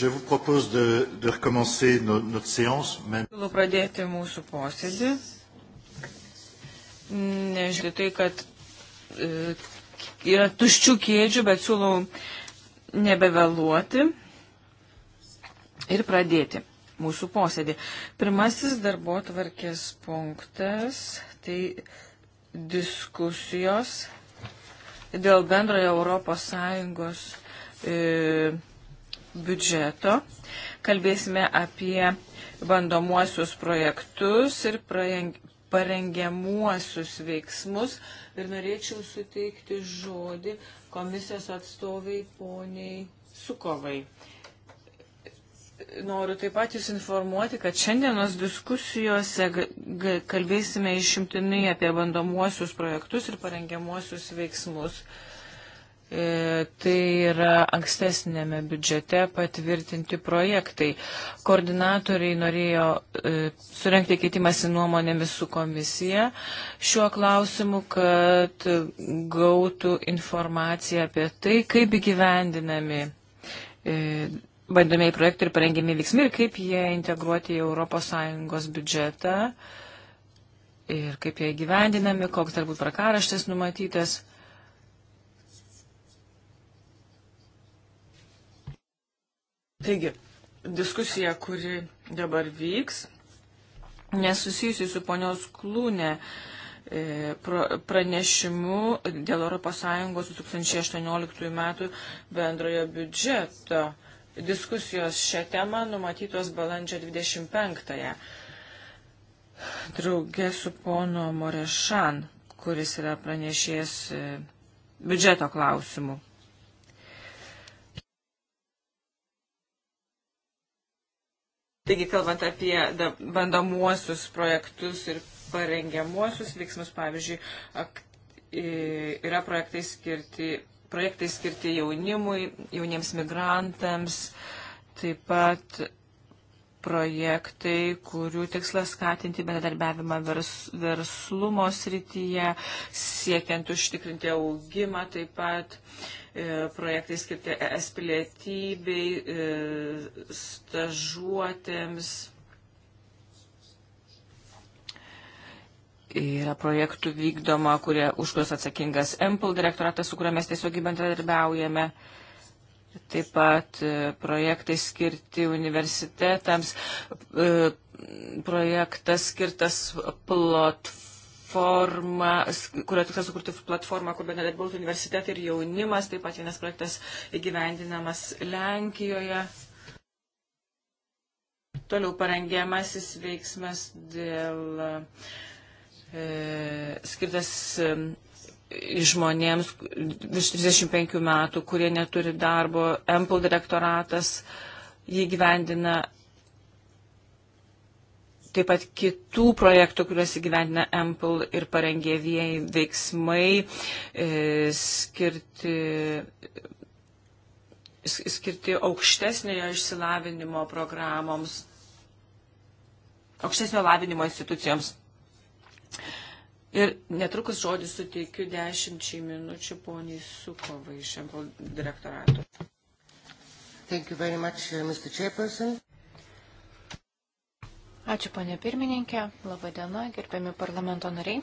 Je vous propose de, de recommencer no, notre séance. Siūlau pradėti mūsų posėdį. Nežinau tai, kad e, yra tuščių kėdžių, bet siūlau nebevėluoti ir pradėti mūsų posėdį. Pirmasis darbo tvarkės punktas - tai diskusijos dėl bendrojo Europos Sąjungos e, biudžeto. Kalbėsime apie bandomuosius projektus ir parengiamuosius veiksmus. Ir norėčiau suteikti žodį komisijos atstoviai poniai Sukovai. Noriu taip pat Jūs informuoti, kad šiandienos diskusijose kalbėsime išimtinai apie bandomuosius projektus ir parengiamuosius veiksmus. Uh, E, tai yra ankstesnėme biudžete patvirtinti projektai. Koordinatoriai norėjo e, surenkti keitimąsi nuomonėmis su komisija šiuo klausimu, kad gautų informaciją apie tai, kaip įgyvendinami e, bandomieji projektai ir parengiami veiksmai ir kaip jie integruoti į ES biudžetą ir kaip jie įgyvendinami, koks galbūt prakaraštis numatytas. Taigi, diskusija, kuri dabar vyks, nesusijusi su ponios klūne e, pranešimu dėl ES 2018 metų bendrojo biudžeto. Diskusijos šią temą numatytos balandžio 25-ąją. Draugė su pono Morešan, kuris yra pranešėjęs e, biudžeto klausimų. Taigi, kalbant apie bandomuosius projektus ir parengiamuosius veiksmus, pavyzdžiui, ak, yra projektai skirti, projektai skirti jaunimui, jauniems migrantams, taip pat projektai, kurių tikslas skatinti bendradarbiavimą vers, verslumo srityje, siekiant užtikrinti augimą, taip pat E, projektai skirti es pilietybei, e, stažuotėms. Yra projektų vykdoma, kurie, už kuriuos atsakingas MPL direktoratas, su kuriuo mes tiesiog bendradarbiaujame. Taip pat e, projektai skirti universitetams, projektas skirtas platformai platformą, kurio tikslas sukurti platformą, kur bendradarbiautų universitetai ir jaunimas, taip pat vienas projektas įgyvendinamas Lenkijoje. Toliau parengiamasis veiksmas dėl e, skirtas e, žmonėms virš 35 metų, kurie neturi darbo. MPL direktoratas jį gyvendina taip pat kitų projektų, kuriuos įgyvendina Ample ir parengėvėjai veiksmai e, skirti skirti aukštesniojo išsilavinimo programoms, aukštesnio lavinimo institucijoms. Ir netrukus žodį suteikiu dešimčiai minučių poniai Sukovai iš Ample direktorato. Thank you very much, uh, Mr. Chairperson. Ačiū, ponė pirmininkė. Labadiena, gerbiami parlamento nariai.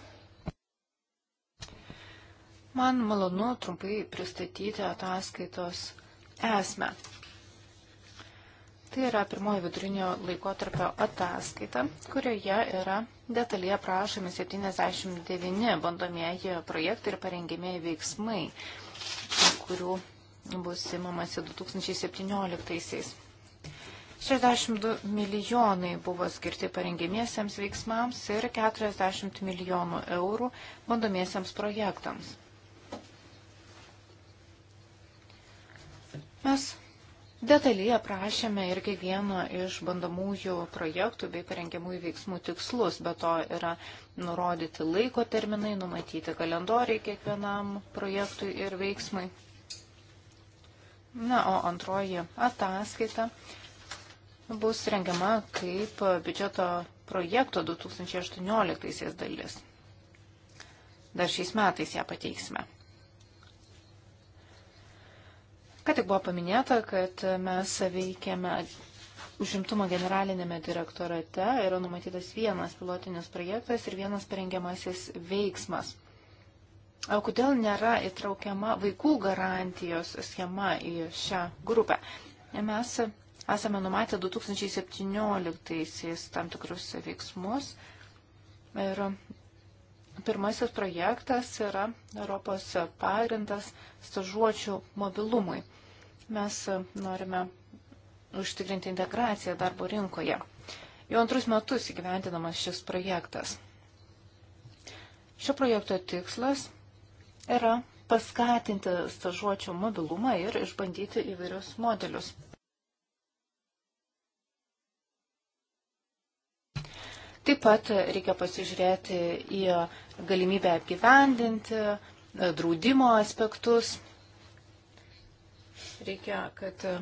Man malonu trumpai pristatyti ataskaitos esmę. Tai yra pirmoji vidurinio laikotarpio ataskaita, kurioje yra detaliai aprašomi 79 bandomieji projektai ir parengimieji veiksmai, kurių bus įmamasi 2017. -aisiais. 62 milijonai buvo skirti parengimiesiems veiksmams ir 40 milijonų eurų bandomiesiems projektams. Mes detaliai aprašėme ir kiekvieno iš bandomųjų projektų bei parengiamųjų veiksmų tikslus, be to yra nurodyti laiko terminai, numatyti kalendoriai kiekvienam projektui ir veiksmai. Na, o antroji ataskaita bus rengiama kaip biudžeto projekto 2018 dalis. Dar šiais metais ją pateiksime. Ką tik buvo paminėta, kad mes veikiame užimtumo generalinėme direktorate, yra numatytas vienas pilotinis projektas ir vienas parengiamasis veiksmas. O kodėl nėra įtraukiama vaikų garantijos schema į šią grupę? Mes Esame numatę 2017 tam tikrus veiksmus ir pirmasis projektas yra Europos pagrindas stažuočių mobilumui. Mes norime užtikrinti integraciją darbo rinkoje. Jau antrus metus įgyventinamas šis projektas. Šio projekto tikslas yra paskatinti stažuočių mobilumą ir išbandyti įvairius modelius. Taip pat reikia pasižiūrėti į galimybę apgyvendinti, e, draudimo aspektus. Reikia, kad e,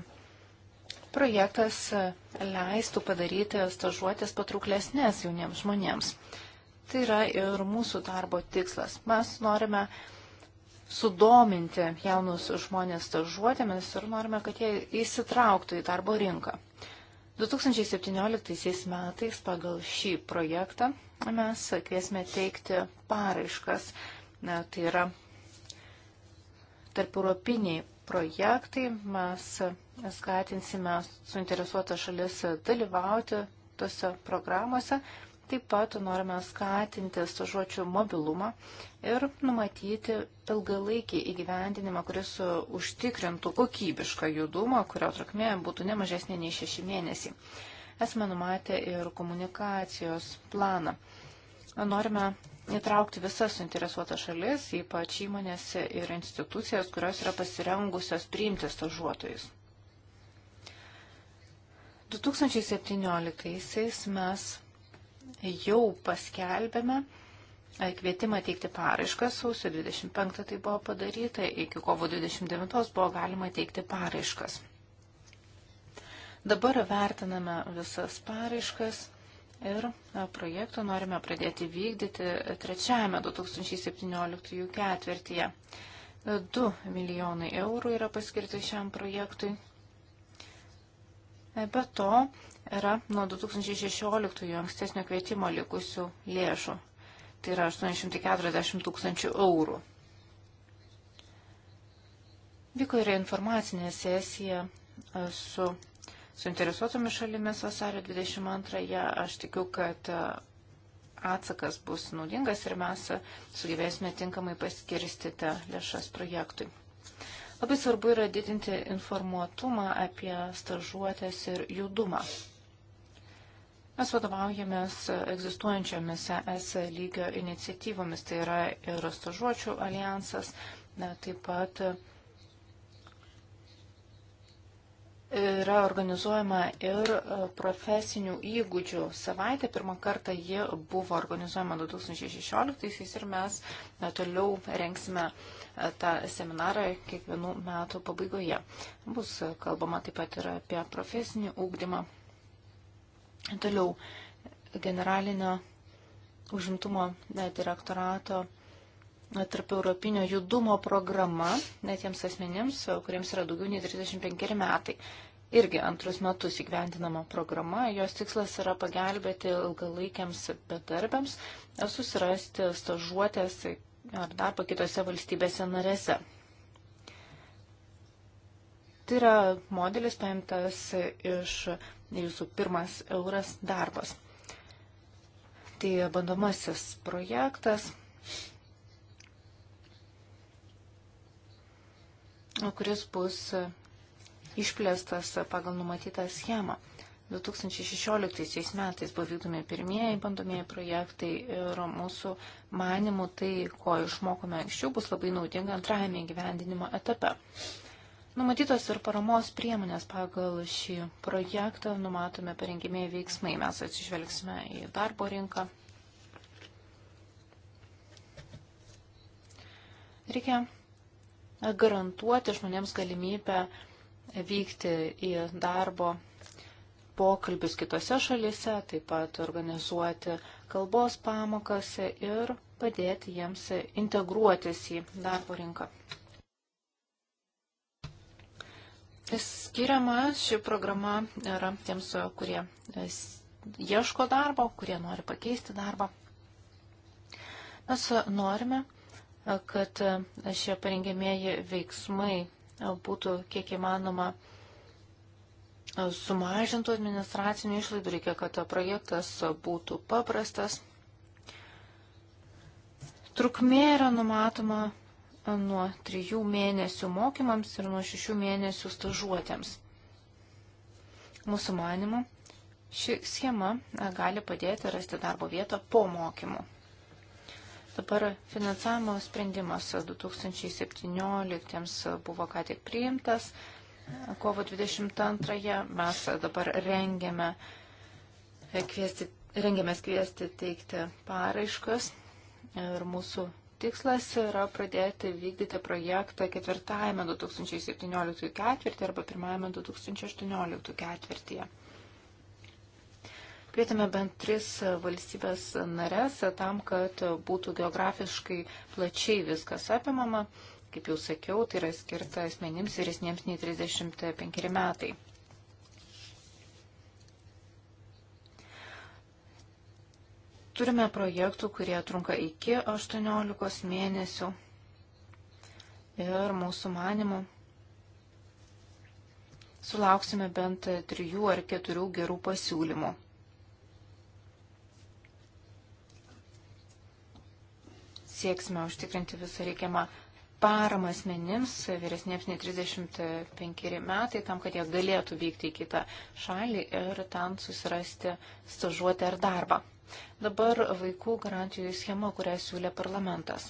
projektas e, leistų padaryti stažuotės patrauklesnės jauniems žmonėms. Tai yra ir mūsų darbo tikslas. Mes norime sudominti jaunus žmonės stažuotėmis ir norime, kad jie įsitrauktų į darbo rinką. 2017 metais pagal šį projektą mes kviesime teikti paraiškas, na, tai yra tarp europiniai projektai, mes skatinsime suinteresuotas šalis dalyvauti tose programuose Taip pat norime skatinti stažuočių mobilumą ir numatyti ilgalaikį įgyvendinimą, kuris užtikrintų kokybišką judumą, kurio trukmė būtų ne mažesnė nei šeši mėnesiai. Esame numatę ir komunikacijos planą. Norime įtraukti visas suinteresuotas šalis, ypač įmonės ir institucijas, kurios yra pasirengusios priimti stažuotojus. 2017 mes jau paskelbėme kvietimą teikti paraišką, sausio 25 tai buvo padaryta, iki kovo 29 buvo galima teikti paraiškas. Dabar vertiname visas paraiškas ir e, projektą norime pradėti vykdyti trečiajame 2017 ketvirtyje. 2 e, milijonai eurų yra paskirti šiam projektui. E, be to, yra nuo 2016 ankstesnio kvietimo likusių lėšų. Tai yra 840 tūkstančių eurų. Vyko ir informacinė sesija e, su suinteresuotomis šalimis vasario 22-ąją. Aš tikiu, kad e, atsakas bus naudingas ir mes sugyvėsime tinkamai paskirstyti lėšas projektui. Labai svarbu yra didinti informuotumą apie stažuotės ir judumą. Mes vadovaujamės egzistuojančiomis ES lygio iniciatyvomis, tai yra ir stažuočių alijansas, na, taip pat yra organizuojama ir profesinių įgūdžių savaitė. Pirmą kartą ji buvo organizuojama 2016 ir mes toliau renksime tą seminarą kiekvienų metų pabaigoje. Bus kalbama taip pat ir apie profesinį ūkdymą. Toliau generalinio užimtumo direktorato tarp Europinio judumo programa netiems asmenims, kuriems yra daugiau nei 35 metai. Irgi antrus metus įgyvendinama programa, jos tikslas yra pagelbėti ilgalaikiams bedarbiams susirasti stažuotės ar darbą kitose valstybėse narėse. Tai yra modelis paimtas iš jūsų pirmas euras darbas. Tai bandomasis projektas, kuris bus išplėstas pagal numatytą schemą. 2016 metais buvo vykdomi pirmieji bandomieji projektai ir mūsų manimų tai, ko išmokome anksčiau, bus labai naudinga antrajame gyvendinimo etape. Numatytos ir paramos priemonės pagal šį projektą, numatome parengimieji veiksmai, mes atsižvelgsime į darbo rinką. Reikia garantuoti žmonėms galimybę vykti į darbo pokalbius kitose šalise, taip pat organizuoti kalbos pamokas ir padėti jiems integruotis į darbo rinką skiriama ši programa yra tiems, kurie e, ieško darbo, kurie nori pakeisti darbą. Mes norime, e, kad e, šie parengėmėji veiksmai būtų kiek įmanoma sumažintų administracinių išlaidų, reikia, kad projektas būtų paprastas. Trukmė yra numatoma nuo 3 mėnesių mokymams ir nuo 6 mėnesių stažuotėms. Mūsų manimu, ši schema gali padėti rasti darbo vietą po mokymų. Dabar finansavimo sprendimas 2017 buvo ką tik priimtas. Kovo 22 mes dabar rengiame, kviesti, rengiamės kviesti teikti paraiškas ir mūsų Tikslas yra pradėti vykdyti projektą ketvirtajame 2017 ketvirtį arba pirmajame 2018 ketvirtyje. Kvietėme bent tris valstybės narės tam, kad būtų geografiškai plačiai viskas apimama. Kaip jau sakiau, tai yra skirta asmenims vyresniems nei 35 metai. Turime projektų, kurie trunka iki 18 mėnesių. Ir mūsų manimu sulauksime bent trijų ar keturių gerų pasiūlymų. Sieksime užtikrinti visą reikiamą paramą asmenims vyresniems nei 35 metai, tam, kad jie galėtų vykti į kitą šalį ir ten susirasti stažuotę ar darbą. Dabar vaikų garantijų schema, kurią siūlė parlamentas.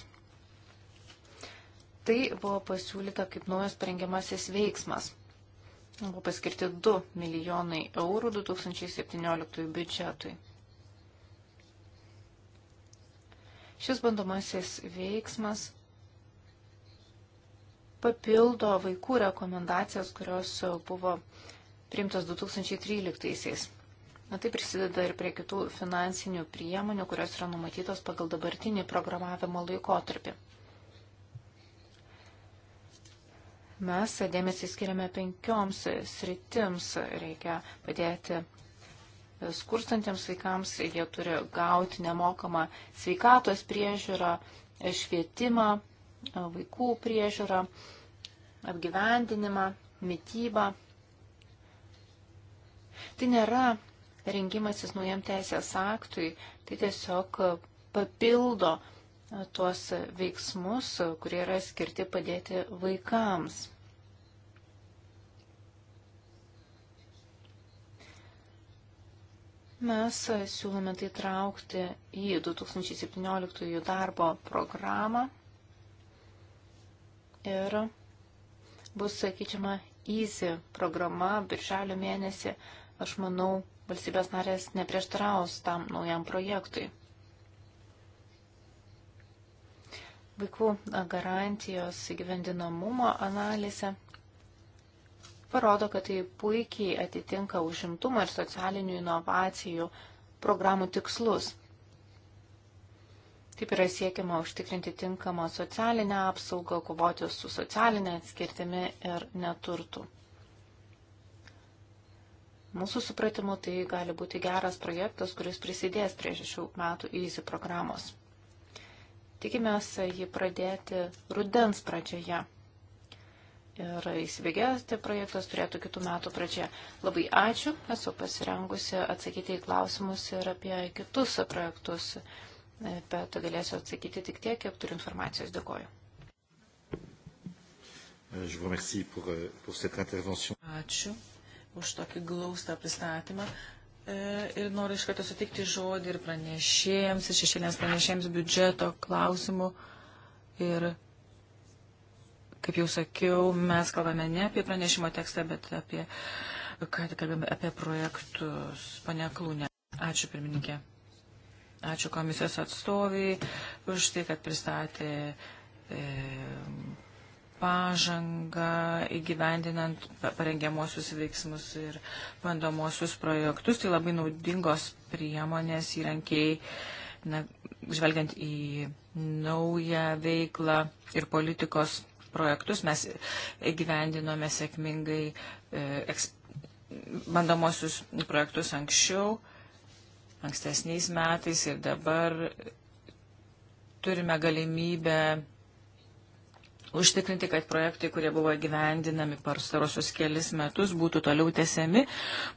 Tai buvo pasiūlyta kaip naujas parengiamasis veiksmas. Buvo paskirti 2 milijonai eurų 2017 biudžetui. Šis bandomasis veiksmas papildo vaikų rekomendacijas, kurios buvo priimtos 2013-aisiais. Na tai prisideda ir prie kitų finansinių priemonių, kurios yra numatytos pagal dabartinį programavimo laikotarpį. Mes dėmesį skiriame penkioms sritims. Reikia padėti skurstantiems vaikams, jie turi gauti nemokamą sveikatos priežiūrą, švietimą, vaikų priežiūrą, apgyvendinimą, mytybą. Tai nėra rengimasis naujam teisės aktui, tai tiesiog papildo tuos veiksmus, kurie yra skirti padėti vaikams. Mes siūlome tai traukti į 2017 darbo programą ir bus keičiama EASY programa birželio mėnesį. Aš manau, valstybės narės neprieštaraus tam naujam projektui. Vaikų garantijos gyvendinamumo analizė parodo, kad tai puikiai atitinka užimtumo ir socialinių inovacijų programų tikslus. Taip yra siekiama užtikrinti tinkamą socialinę apsaugą, kovoti su socialinė atskirtimi ir neturtu. Mūsų supratimu tai gali būti geras projektas, kuris prisidės prie šešių metų EASY programos. Tikimės jį pradėti rudens pradžioje. Ir įsibėgėjęs tai projektas turėtų kitų metų pradžioje. Labai ačiū, esu pasirengusi atsakyti į klausimus ir apie kitus projektus bet galėsiu atsakyti tik tiek, kiek turiu informacijos. Dėkoju. Euh, euh, Ačiū už tokį glaustą pristatymą. E, ir noriu iš karto sutikti žodį ir pranešėjams, ir šešėlėms pranešėjams biudžeto klausimų. Ir, kaip jau sakiau, mes kalbame ne apie pranešimo tekstą, bet apie, ką tik kalbame apie projektus. Pane Klūne. Ačiū, pirmininkė. Ačiū komisijos atstoviai už tai, kad pristatė e, pažangą įgyvendinant parengiamuosius veiksmus ir bandomuosius projektus. Tai labai naudingos priemonės įrankiai, na, žvelgiant į naują veiklą ir politikos projektus. Mes įgyvendinome sėkmingai e, eks, bandomosius projektus anksčiau. E, ankstesniais metais ir dabar turime galimybę užtikrinti, kad projektai, kurie buvo gyvendinami per starosius kelis metus, būtų toliau tesiami,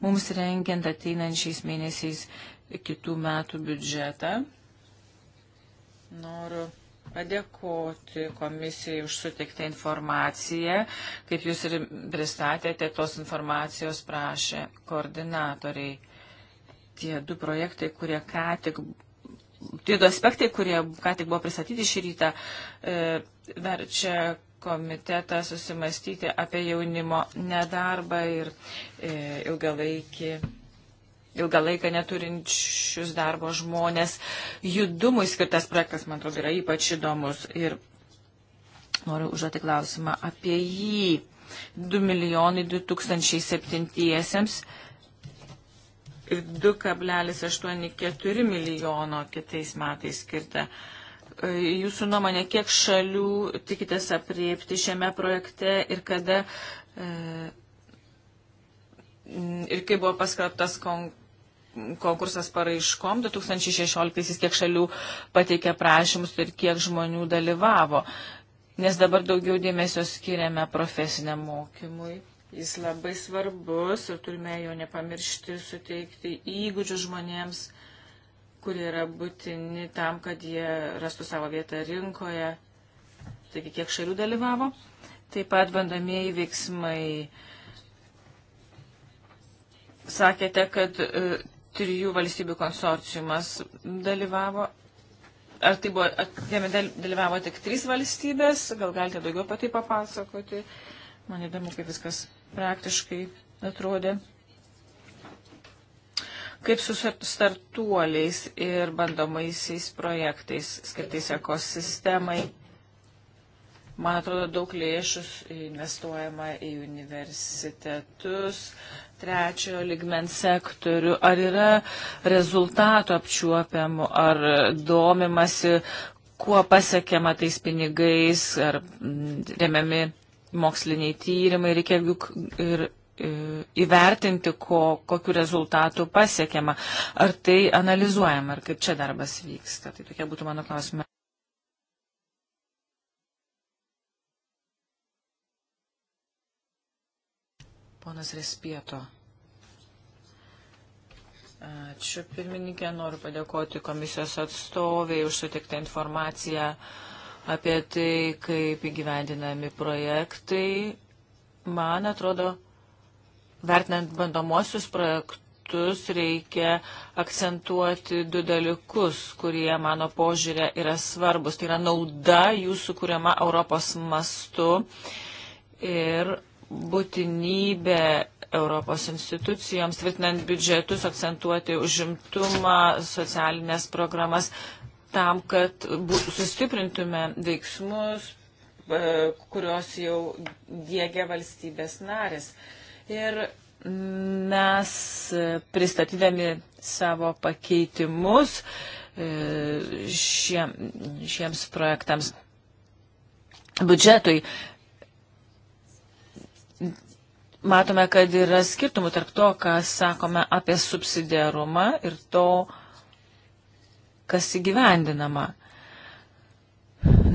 mums rengiant ateinančiais mėnesiais kitų metų biudžetą. Noriu padėkoti komisijai už suteiktą informaciją. Kaip jūs ir pristatėte, tos informacijos prašė koordinatoriai tie du projektai, kurie ką tik, tie du aspektai, kurie ką tik buvo pristatyti šį rytą, e, verčia komitetą susimastyti apie jaunimo nedarbą ir e, ilgalaikį ilgą laiką neturinčius darbo žmonės. Judumui skirtas projektas, man atrodo, yra ypač įdomus ir noriu užduoti klausimą apie jį. 2 milijonai 2007-iesiems 2,84 milijono kitais metais skirta. E, jūsų nuomonė, kiek šalių tikitės apriepti šiame projekte ir kada e, ir kai buvo paskelbtas kon, konkursas paraiškom 2016-aisiais, kiek šalių pateikė prašymus ir kiek žmonių dalyvavo. Nes dabar daugiau dėmesio skiriame profesiniam mokymui Jis labai svarbus ir turime jo nepamiršti suteikti įgūdžių žmonėms, kurie yra būtini tam, kad jie rastų savo vietą rinkoje. Taigi, kiek šalių dalyvavo. Taip pat bandomieji veiksmai. Sakėte, kad e, trijų valstybių konsorciumas dalyvavo. Ar tai buvo, jame dalyvavo tik trys valstybės? Gal galite daugiau apie tai papasakoti? Man įdomu, kaip viskas praktiškai atrodė kaip su startuoliais ir bandomaisiais projektais skirtais ekosistemai. Man atrodo, daug lėšų investuojama į universitetus, trečiojo ligmens sektorių. Ar yra rezultatų apčiuopiamų, ar domimasi, kuo pasiekiama tais pinigais, ar mm, remiami moksliniai tyrimai, reikia juk ir e, įvertinti, ko, kokiu rezultatu pasiekiama. Ar tai analizuojama, ar kaip čia darbas vyksta. Tai tokie būtų mano klausimai. Ponas Respieto. Ačiū pirmininkė, noriu padėkoti komisijos atstoviai už sutiktą informaciją. Uh, apie tai, kaip įgyvendinami projektai. Man atrodo, vertinant bandomosius projektus, reikia akcentuoti du dalykus, kurie mano požiūrė yra svarbus. Tai yra nauda jūsų kuriama Europos mastu ir būtinybė Europos institucijoms, tvirtinant biudžetus, akcentuoti užimtumą, socialinės programas tam, kad sustiprintume veiksmus, e, kurios jau dėgia valstybės narės. Ir mes e, pristatydami savo pakeitimus e, šie, šiems projektams biudžetui matome, kad yra skirtumų tarp to, ką sakome apie subsidiarumą ir to, kas įgyvendinama.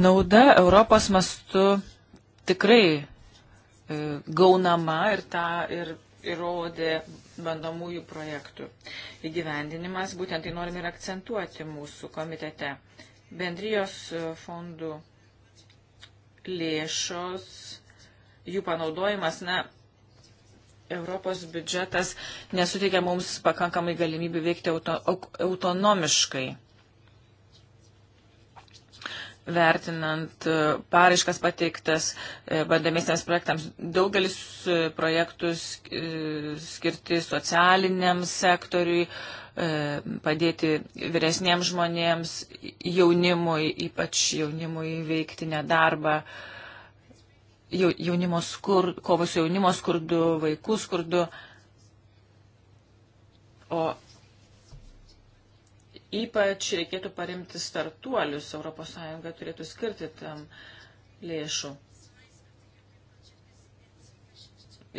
Nauda Europos mastu tikrai e, gaunama ir tą ir įrodė bandomųjų projektų įgyvendinimas. Būtent tai norim ir akcentuoti mūsų komitete. Bendrijos e, fondų lėšos, jų panaudojimas, na, Europos biudžetas nesuteikia mums pakankamai galimybių veikti auto, autonomiškai vertinant e, paraiškas pateiktas e, bandamiesiams projektams. Daugelis e, projektų skirti socialiniam sektoriui, padėti vyresniems žmonėms, jaunimui, ypač jaunimui veikti nedarbą, jaunimo skur, kovos jaunimo skurdu, vaikų skurdu. O Ypač reikėtų paremti startuolius, ES turėtų skirti tam lėšų.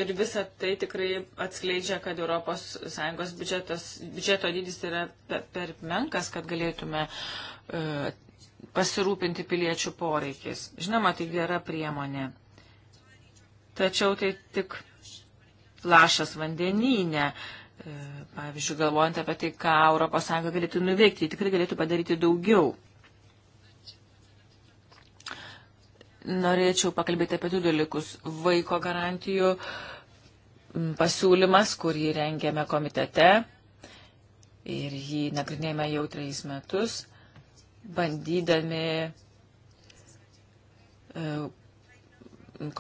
Ir visa tai tikrai atskleidžia, kad ES biudžetas, biudžeto dydis yra per menkas, kad galėtume uh, pasirūpinti piliečių poreikiais. Žinoma, tai gera priemonė. Tačiau tai tik lašas vandenyne. Uh, E, pavyzdžiui, galvojant apie tai, ką ES galėtų nuveikti, tikrai galėtų padaryti daugiau. Norėčiau pakalbėti apie du dalykus. Vaiko garantijų pasiūlymas, kurį rengėme komitete ir jį nagrinėjame jau trejus metus, bandydami e,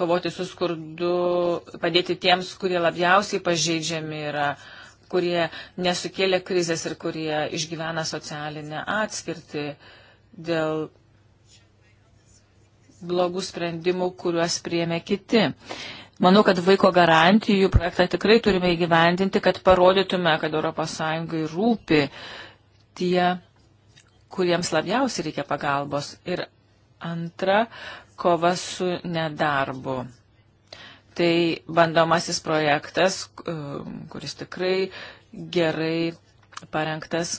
kovoti su skurdu, padėti tiems, kurie labiausiai pažeidžiami yra kurie nesukėlė krizės ir kurie išgyvena socialinę atskirtį dėl blogų sprendimų, kuriuos priemė kiti. Manau, kad vaiko garantijų projektą tikrai turime įgyvendinti, kad parodytume, kad ES rūpi tie, kuriems labiausiai reikia pagalbos. Ir antra, kova su nedarbu tai bandomasis projektas, kuris tikrai gerai parengtas.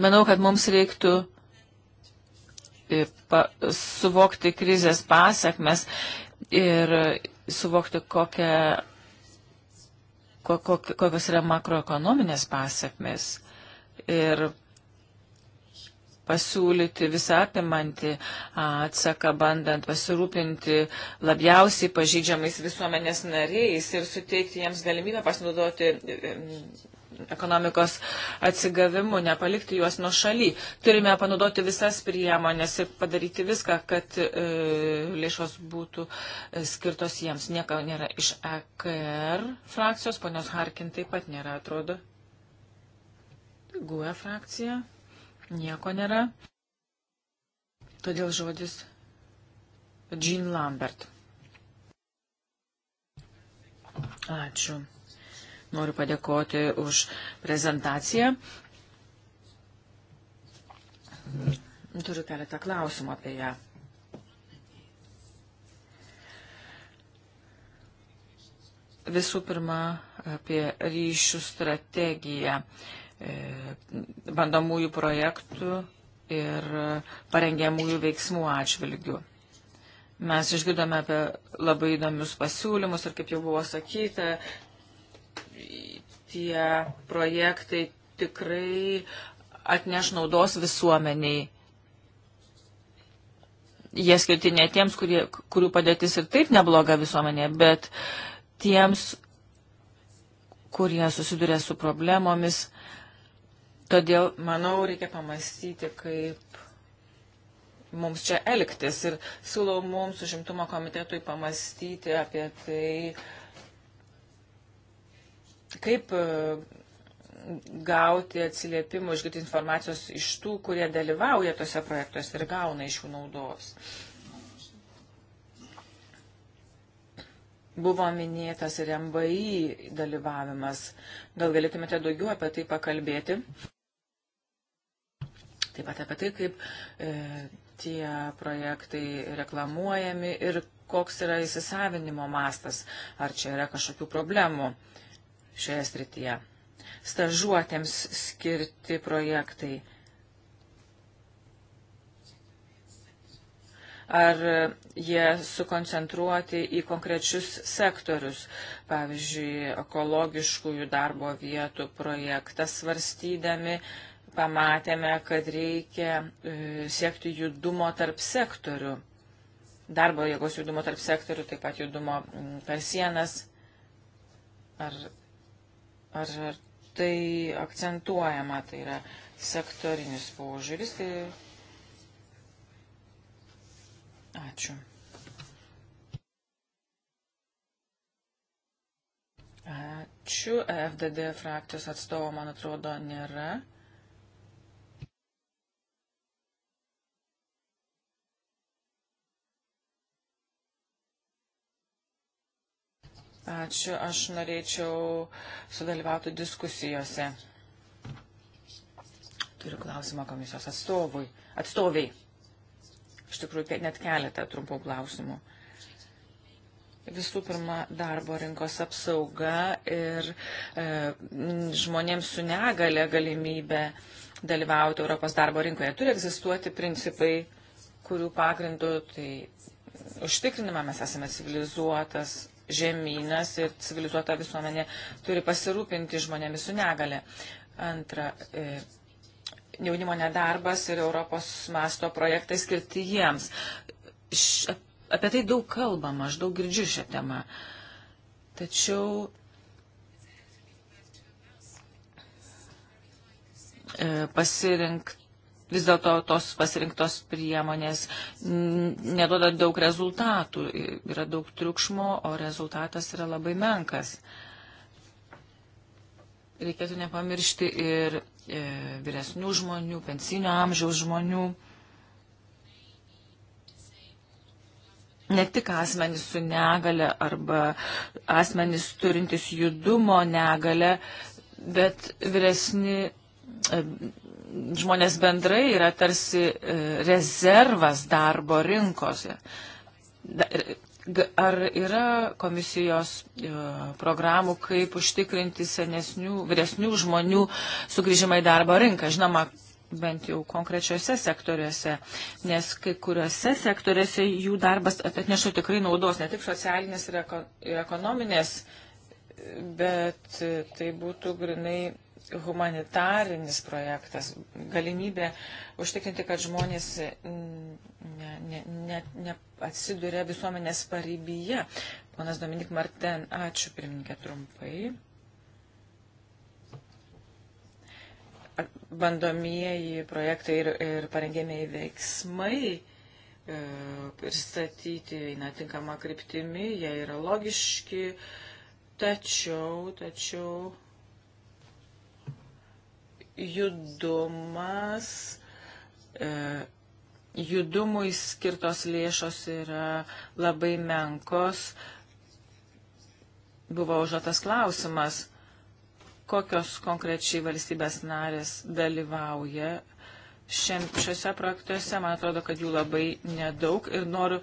Manau, kad mums reiktų e, suvokti krizės pasakmes ir suvokti, kokia, kokios yra makroekonominės pasakmes. Ir pasiūlyti visą apimantį atsaką, bandant pasirūpinti labiausiai pažydžiamais visuomenės nariais ir suteikti jiems galimybę pasinaudoti ekonomikos atsigavimu, nepalikti juos nuo šaly. Turime panaudoti visas priemonės ir padaryti viską, kad e, lėšos būtų e, skirtos jiems. Nieko nėra iš EKR frakcijos, ponios Harkin taip pat nėra, atrodo. GUE frakcija. Nieko nėra. Todėl žodis Jean Lambert. Ačiū. Noriu padėkoti už prezentaciją. Turiu keletą klausimų apie ją. Visų pirma, apie ryšių strategiją. Uh, E, bandomųjų projektų ir parengiamųjų veiksmų atžvilgių. Mes išgirdome apie labai įdomius pasiūlymus ir, kaip jau buvo sakyta, tie projektai tikrai atneš naudos visuomeniai. Jie skirti ne tiems, kurie, kurių padėtis ir taip nebloga visuomenė, bet tiems, kurie susiduria su problemomis, Todėl, manau, reikia pamastyti, kaip mums čia elgtis. Ir siūlau mums užimtumo komitetui pamastyti apie tai, kaip e, gauti atsiliepimų, išgirti informacijos iš tų, kurie dalyvauja tose projektuose ir gauna iš jų naudos. Buvo minėtas ir MBI dalyvavimas. Gal galėtumėte daugiau apie tai pakalbėti? taip pat apie tai, kaip e, tie projektai reklamuojami ir koks yra įsisavinimo mastas, ar čia yra kažkokių problemų šioje srityje. Stažuotėms skirti projektai. Ar jie sukoncentruoti į konkrečius sektorius, pavyzdžiui, ekologiškųjų darbo vietų projektas svarstydami, e, pamatėme, kad reikia e, siekti judumo tarp sektorių. Darbo jėgos judumo tarp sektorių, taip pat judumo mm, per sienas. Ar, ar, ar tai akcentuojama, tai yra sektorinis požiūris. Tai... Ačiū. Ačiū. E FDD frakcijos atstovo, man atrodo, nėra. Ačiū, aš norėčiau sudalyvauti diskusijose. Turiu klausimą komisijos atstovui. Atstoviai. Iš tikrųjų, net keletą trumpų klausimų. Visų pirma, darbo rinkos apsauga ir e, žmonėms su negale galimybė dalyvauti Europos darbo rinkoje. Turi egzistuoti principai, kurių pagrindu tai užtikrinama, mes esame civilizuotas žemynas ir civilizuota visuomenė turi pasirūpinti žmonėmis su negale. Antra, e, jaunimo nedarbas ir Europos masto projektai skirti jiems. Š, apie tai daug kalbama, aš daug girdžiu šią temą. Tačiau e, pasirinkti vis dėlto tos pasirinktos priemonės neduoda daug rezultatų. Yra daug triukšmo, o rezultatas yra labai menkas. Reikėtų nepamiršti ir e, vyresnių žmonių, pensinio amžiaus žmonių. Ne tik asmenys su negale arba asmenys turintis judumo negale, bet vyresni e, žmonės bendrai yra tarsi e, rezervas darbo rinkose. E, ar yra komisijos e, programų, kaip užtikrinti senesnių, vyresnių žmonių sugrįžimą į darbo rinką? Žinoma, bent jau konkrečiose sektoriuose, nes kai kuriuose sektoriuose jų darbas atneša tikrai naudos, ne tik socialinės ir, eko, ir ekonominės, bet tai būtų grinai humanitarinis projektas, galimybė užtikrinti, kad žmonės neatsiduria ne, ne, ne, ne visuomenės pareibyje. Ponas Dominik Marten, ačiū pirmininkė trumpai. Bandomieji projektai ir, ir parengėmėjai veiksmai e, pristatyti eina tinkama kryptimi, jie yra logiški, tačiau, tačiau judumas, e, judumui skirtos lėšos yra labai menkos. Buvo užduotas klausimas, kokios konkrečiai valstybės narės dalyvauja šiam, šiuose projektuose. Man atrodo, kad jų labai nedaug ir noriu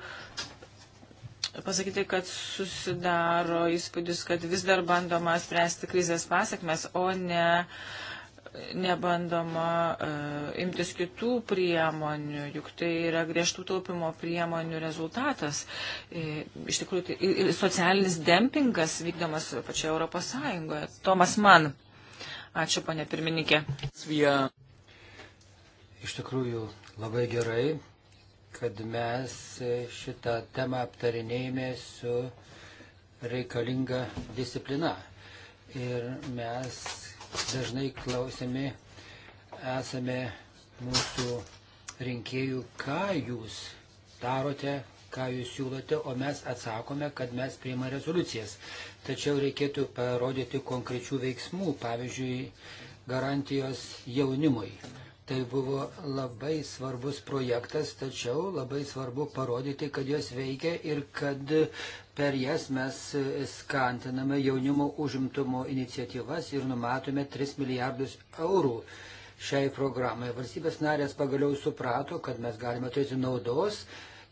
pasakyti, kad susidaro įspūdis, kad vis dar bandoma spręsti krizės pasiekmes, o ne uh, nebandoma uh, imtis kitų priemonių, juk tai yra griežtų taupimo priemonių rezultatas. E, iš tikrųjų, tai, socialinis dempingas vykdomas pačioje Europos Sąjungoje. Tomas Man. Ačiū, ponė pirmininkė. Svija. Iš tikrųjų, labai gerai, kad mes šitą temą aptarinėjame su reikalinga disciplina. Ir mes dažnai klausėme, esame mūsų rinkėjų, ką jūs darote, ką jūs siūlote, o mes atsakome, kad mes priima rezoliucijas. Tačiau reikėtų parodyti konkrečių veiksmų, pavyzdžiui, garantijos jaunimui. Tai buvo labai svarbus projektas, tačiau labai svarbu parodyti, kad jos veikia ir kad Per jas mes skantiname jaunimo užimtumo iniciatyvas ir numatome 3 milijardus eurų šiai programai. Valstybės narės pagaliau suprato, kad mes galime turėti naudos,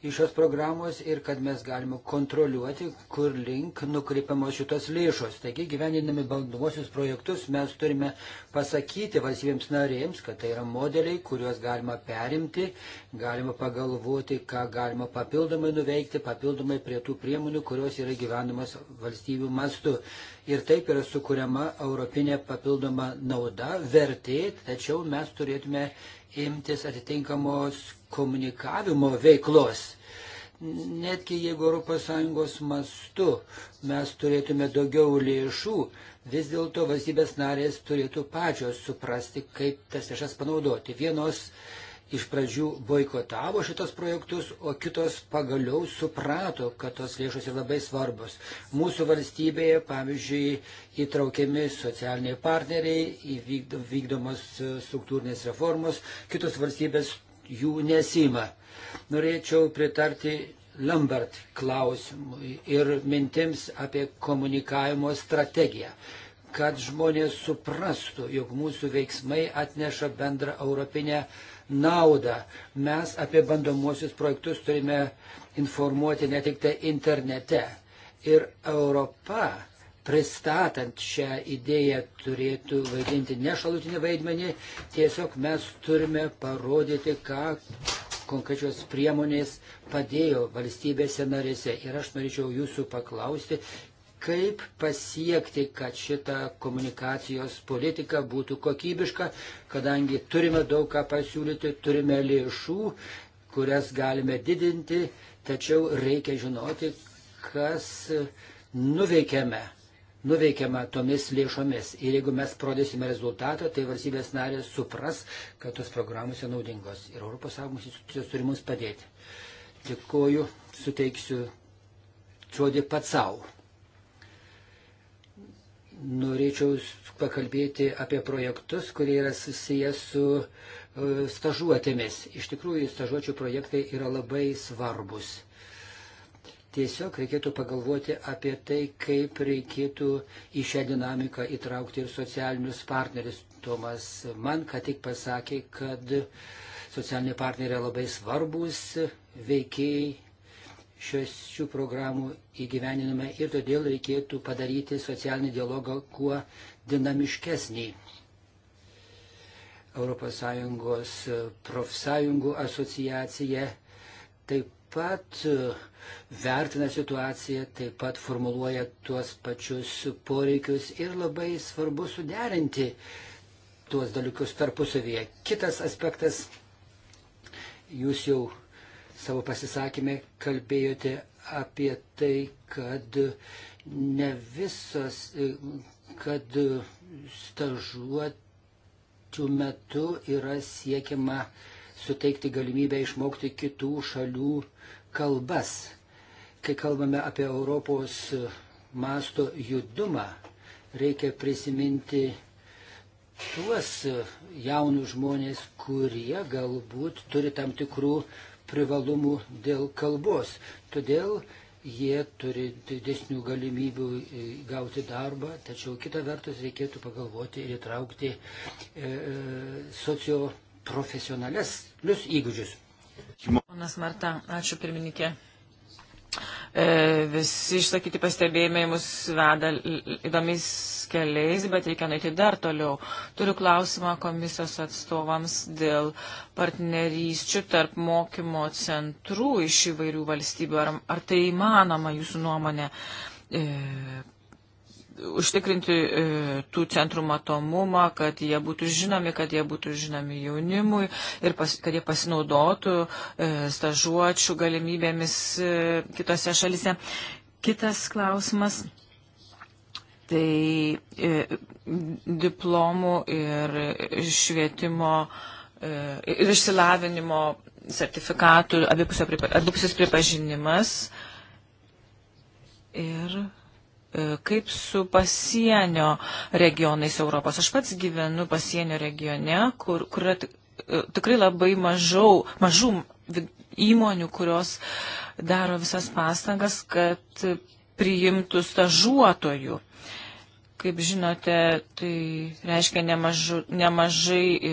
iš šios programos ir kad mes galime kontroliuoti, kur link nukreipiamos šitos lėšos. Taigi, gyvenindami bandomosius projektus, mes turime pasakyti valstybėms narėms, kad tai yra modeliai, kuriuos galima perimti, galima pagalvoti, ką galima papildomai nuveikti, papildomai prie tų priemonių, kurios yra gyvenamas valstybių mastu. Ir taip yra sukūriama europinė papildoma nauda, vertė, tačiau mes turėtume imtis atitinkamos komunikavimo veiklos. Netgi jeigu ES mastu mes turėtume daugiau lėšų, vis dėlto valstybės narės turėtų pačios suprasti, kaip tas lėšas panaudoti. Vienos iš pradžių boikotavo šitos projektus, o kitos pagaliau suprato, kad tos lėšos yra labai svarbos. Mūsų valstybėje, pavyzdžiui, įtraukiami socialiniai partneriai, vykdomos struktūrinės reformos, kitos valstybės jų nesima. Norėčiau pritarti Lambert klausimui ir mintims apie komunikavimo strategiją, kad žmonės suprastų, jog mūsų veiksmai atneša bendrą europinę naudą. Mes apie bandomuosius projektus turime informuoti ne tik tai internete. Ir Europa pristatant šią idėją turėtų vaidinti ne šalutinį vaidmenį, tiesiog mes turime parodyti, ką konkrečios priemonės padėjo valstybėse narėse. Ir aš norėčiau jūsų paklausti, kaip pasiekti, kad šita komunikacijos politika būtų kokybiška, kadangi turime daug ką pasiūlyti, turime lėšų, kurias galime didinti, tačiau reikia žinoti, kas nuveikiame nuveikiama tomis lėšomis. Ir jeigu mes prodėsime rezultatą, tai valstybės narės supras, kad tos programos yra naudingos. Ir ES institucijos turi mums padėti. Dėkuoju, suteiksiu žodį pats savo. Norėčiau pakalbėti apie projektus, kurie yra susijęs su e, stažuotėmis. Iš tikrųjų, stažuočių projektai yra labai svarbus Tiesiog reikėtų pagalvoti apie tai, kaip reikėtų į šią dinamiką įtraukti ir socialinius partnerius. Tomas man ką tik pasakė, kad socialiniai partneriai labai svarbus veikiai šios, šių programų įgyveninime ir todėl reikėtų padaryti socialinį dialogą kuo dinamiškesnį. ES profsąjungų asociacija taip pat e, vertina situaciją, taip pat formuluoja tuos pačius poreikius ir labai svarbu suderinti tuos dalykus tarpusavyje. Kitas aspektas, jūs jau savo pasisakymę kalbėjote apie tai, kad ne visas, e, kad stažuotų metu yra siekiama uh, suteikti galimybę išmokti kitų šalių kalbas. Kai kalbame apie Europos masto judumą, reikia prisiminti tuos jaunus žmonės, kurie galbūt turi tam tikrų privalumų dėl kalbos. Todėl jie turi didesnių galimybių gauti darbą, tačiau kita vertus reikėtų pagalvoti ir įtraukti e, e socio profesionales lius įgūdžius. Ponas Marta, ačiū pirmininkė. E, visi išsakyti pastebėjimai mus veda įdomiais keliais, bet reikia nueiti dar toliau. Turiu klausimą komisijos atstovams dėl partnerysčių tarp mokymo centrų iš įvairių valstybių. Ar, ar tai įmanoma jūsų nuomonė? E, užtikrinti e, tų centrų matomumą, kad jie būtų žinomi, kad jie būtų žinomi jaunimui ir pas, kad jie pasinaudotų e, stažuočių galimybėmis e, kitose šalise. Kitas klausimas. Tai e, diplomų ir švietimo e, ir išsilavinimo sertifikatų abipusės pripa, abipusios pripažinimas. Ir E, kaip su pasienio regionais Europos. Aš pats gyvenu pasienio regione, kur, kur yra e, tikrai labai mažau, mažų įmonių, kurios daro visas pastangas, kad priimtų stažuotojų. Kaip žinote, tai reiškia nemažu, nemažai e,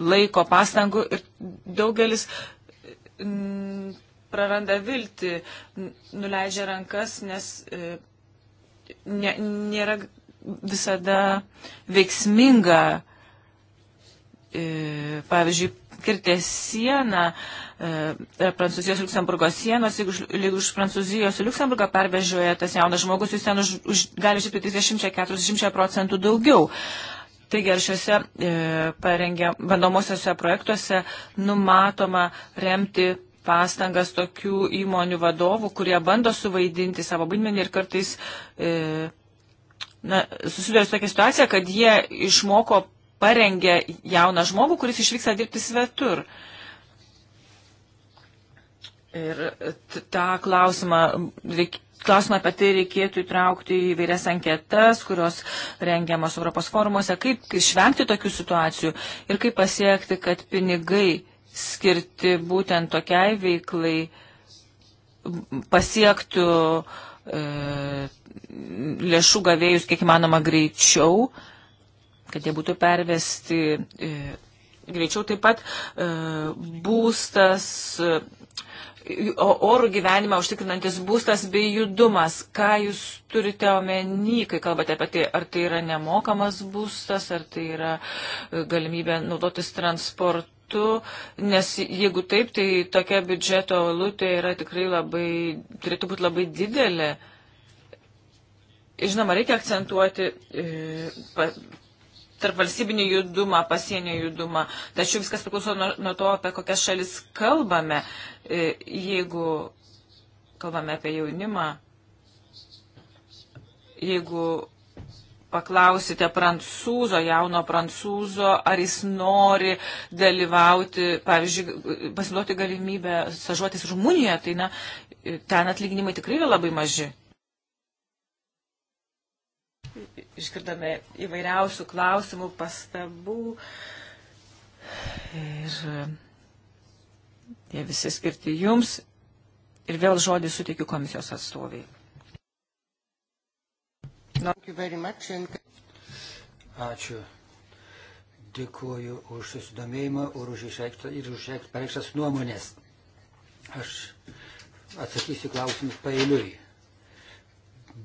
laiko pastangų ir daugelis praranda viltį, nuleidžia rankas, nes ne, nėra visada veiksminga. E, pavyzdžiui, kirtė sieną e, e, Prancūzijos ir Luksemburgo sienos, jeigu iš Prancūzijos į Luksemburgą pervežioja tas jaunas žmogus, jis ten už, už, gali uždirbti 30-40 procentų daugiau. Taigi ar šiuose e, parengia, bandomosiuose projektuose numatoma remti pastangas tokių įmonių vadovų, kurie bando suvaidinti savo vaidmenį ir kartais e, na, susiduria su tokia situacija, kad jie išmoko parengė jauną žmogų, kuris išvyksta dirbti svetur. Ir tą klausimą reik, Klausimą apie tai reikėtų įtraukti į vairias anketas, kurios rengiamos Europos forumuose, kaip išvengti tokių situacijų ir kaip pasiekti, kad pinigai skirti būtent tokiai veiklai pasiektų e, lėšų gavėjus kiek įmanoma greičiau, kad jie būtų pervesti e, greičiau taip pat e, būstas. E, orų gyvenimą užtikrinantis būstas bei judumas. Ką jūs turite omeny, kai kalbate apie tai, ar tai yra nemokamas būstas, ar tai yra e, galimybė naudotis transportu? metu, nes jeigu taip, tai tokia biudžeto valutė yra tikrai labai, turėtų būti labai didelė. Žinoma, reikia akcentuoti e, pa, tarp valstybinį judumą, pasienio judumą, tačiau viskas priklauso nuo, nuo to, apie kokias šalis kalbame. E, jeigu kalbame apie jaunimą, jeigu paklausite prancūzo, jauno prancūzo, ar jis nori dalyvauti, pavyzdžiui, pasinaudoti galimybę stažuotis Rumunijoje, tai na, ten atlyginimai tikrai yra labai maži. Iškirdame įvairiausių klausimų, pastabų ir e, jie visi skirti jums. Ir vėl žodį suteikiu komisijos atstoviai. Ačiū. Dėkuoju už susidomėjimą ir už išreikštas nuomonės. Aš atsakysiu klausimus pailiui.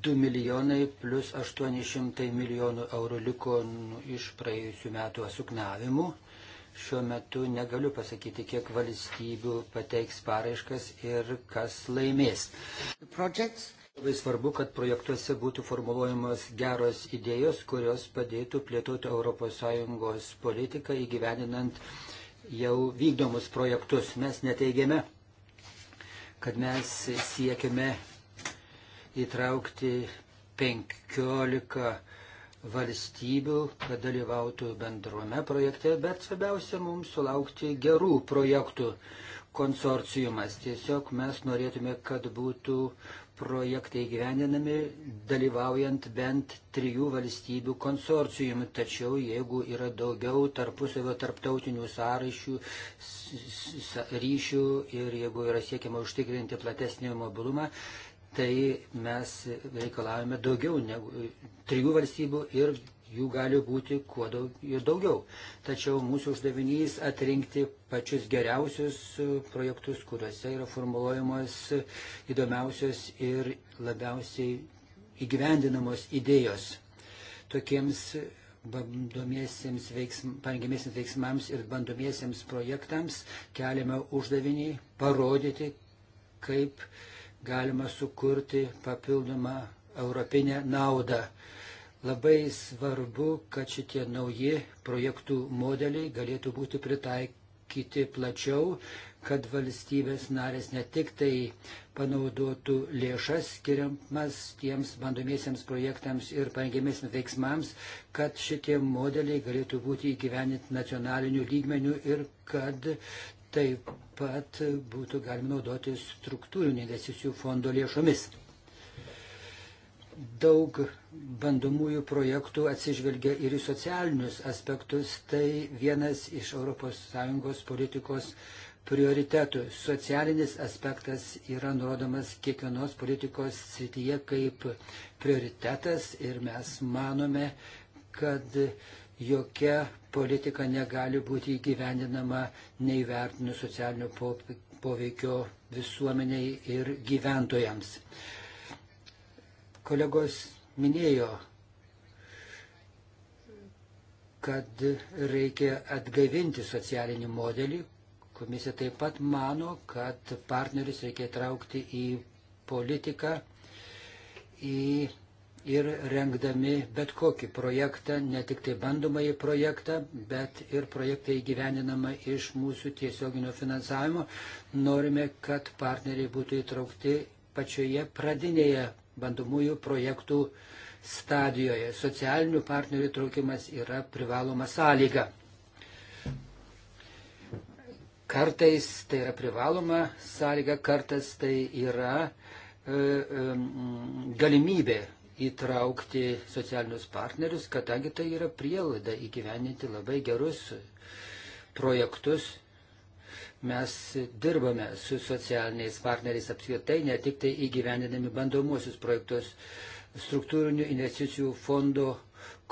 2 milijonai plus 800 milijonų eurų liko iš praėjusių metų asuknavimų. Šiuo metu negaliu pasakyti, kiek valstybių pateiks paraiškas ir kas laimės. Projects. Labai svarbu, kad projektuose būtų formuluojamos geros idėjos, kurios padėtų plėtoti ES politiką įgyveninant jau vykdomus projektus. Mes neteigiame, kad mes siekime įtraukti 15 valstybių, kad dalyvautų bendruome projekte, bet svarbiausia mums sulaukti gerų projektų konsorciumas. Tiesiog mes norėtume, kad būtų projektai gyveninami dalyvaujant bent trijų valstybių konsorcijumi, tačiau jeigu yra daugiau tarpusavio tarptautinių sąryšių, ryšių ir jeigu yra siekiama užtikrinti platesnį mobilumą, tai mes reikalavome daugiau negu trijų valstybių ir jų gali būti kuo daugiau. Tačiau mūsų uždavinys atrinkti pačius geriausius e, projektus, kuriuose yra formuluojamos įdomiausios ir labiausiai įgyvendinamos idėjos. Tokiems bandomiesiems veiksm, veiksmams ir bandomiesiems projektams keliame uždavinį parodyti, kaip galima sukurti papildomą europinę naudą. Labai svarbu, kad šitie nauji projektų modeliai galėtų būti pritaikyti plačiau, kad valstybės narės ne tik tai panaudotų lėšas skiriamas tiems bandomiesiems projektams ir parengiamiesiems veiksmams, kad šitie modeliai galėtų būti įgyveninti nacionaliniu lygmeniu ir kad taip pat būtų galima naudoti struktūrinių investicijų fondo lėšomis. Daug bandomųjų projektų atsižvelgia ir į socialinius aspektus. Tai vienas iš ES politikos prioritetų. Socialinis aspektas yra nurodomas kiekvienos politikos srityje kaip prioritetas ir mes manome, kad jokia politika negali būti įgyvendinama neįvertinus socialinio poveikio visuomeniai ir gyventojams. Kolegos minėjo, kad reikia atgaivinti socialinį modelį. Komisija taip pat mano, kad partneris reikia traukti į politiką į, ir rengdami bet kokį projektą, ne tik tai bandomąjį projektą, bet ir projektą įgyveninamą iš mūsų tiesioginio finansavimo. Norime, kad partneriai būtų įtraukti pačioje pradinėje bandomųjų projektų stadijoje. Socialinių partnerių traukimas yra privaloma sąlyga. Kartais tai yra privaloma sąlyga, kartais tai yra e, e, galimybė įtraukti socialinius partnerius, kadangi tai yra prielaida įgyveninti labai gerus projektus Mes dirbame su socialiniais partneriais apskritai, ne tik tai įgyvendinami bandomuosius projektus struktūrinių investicijų fondo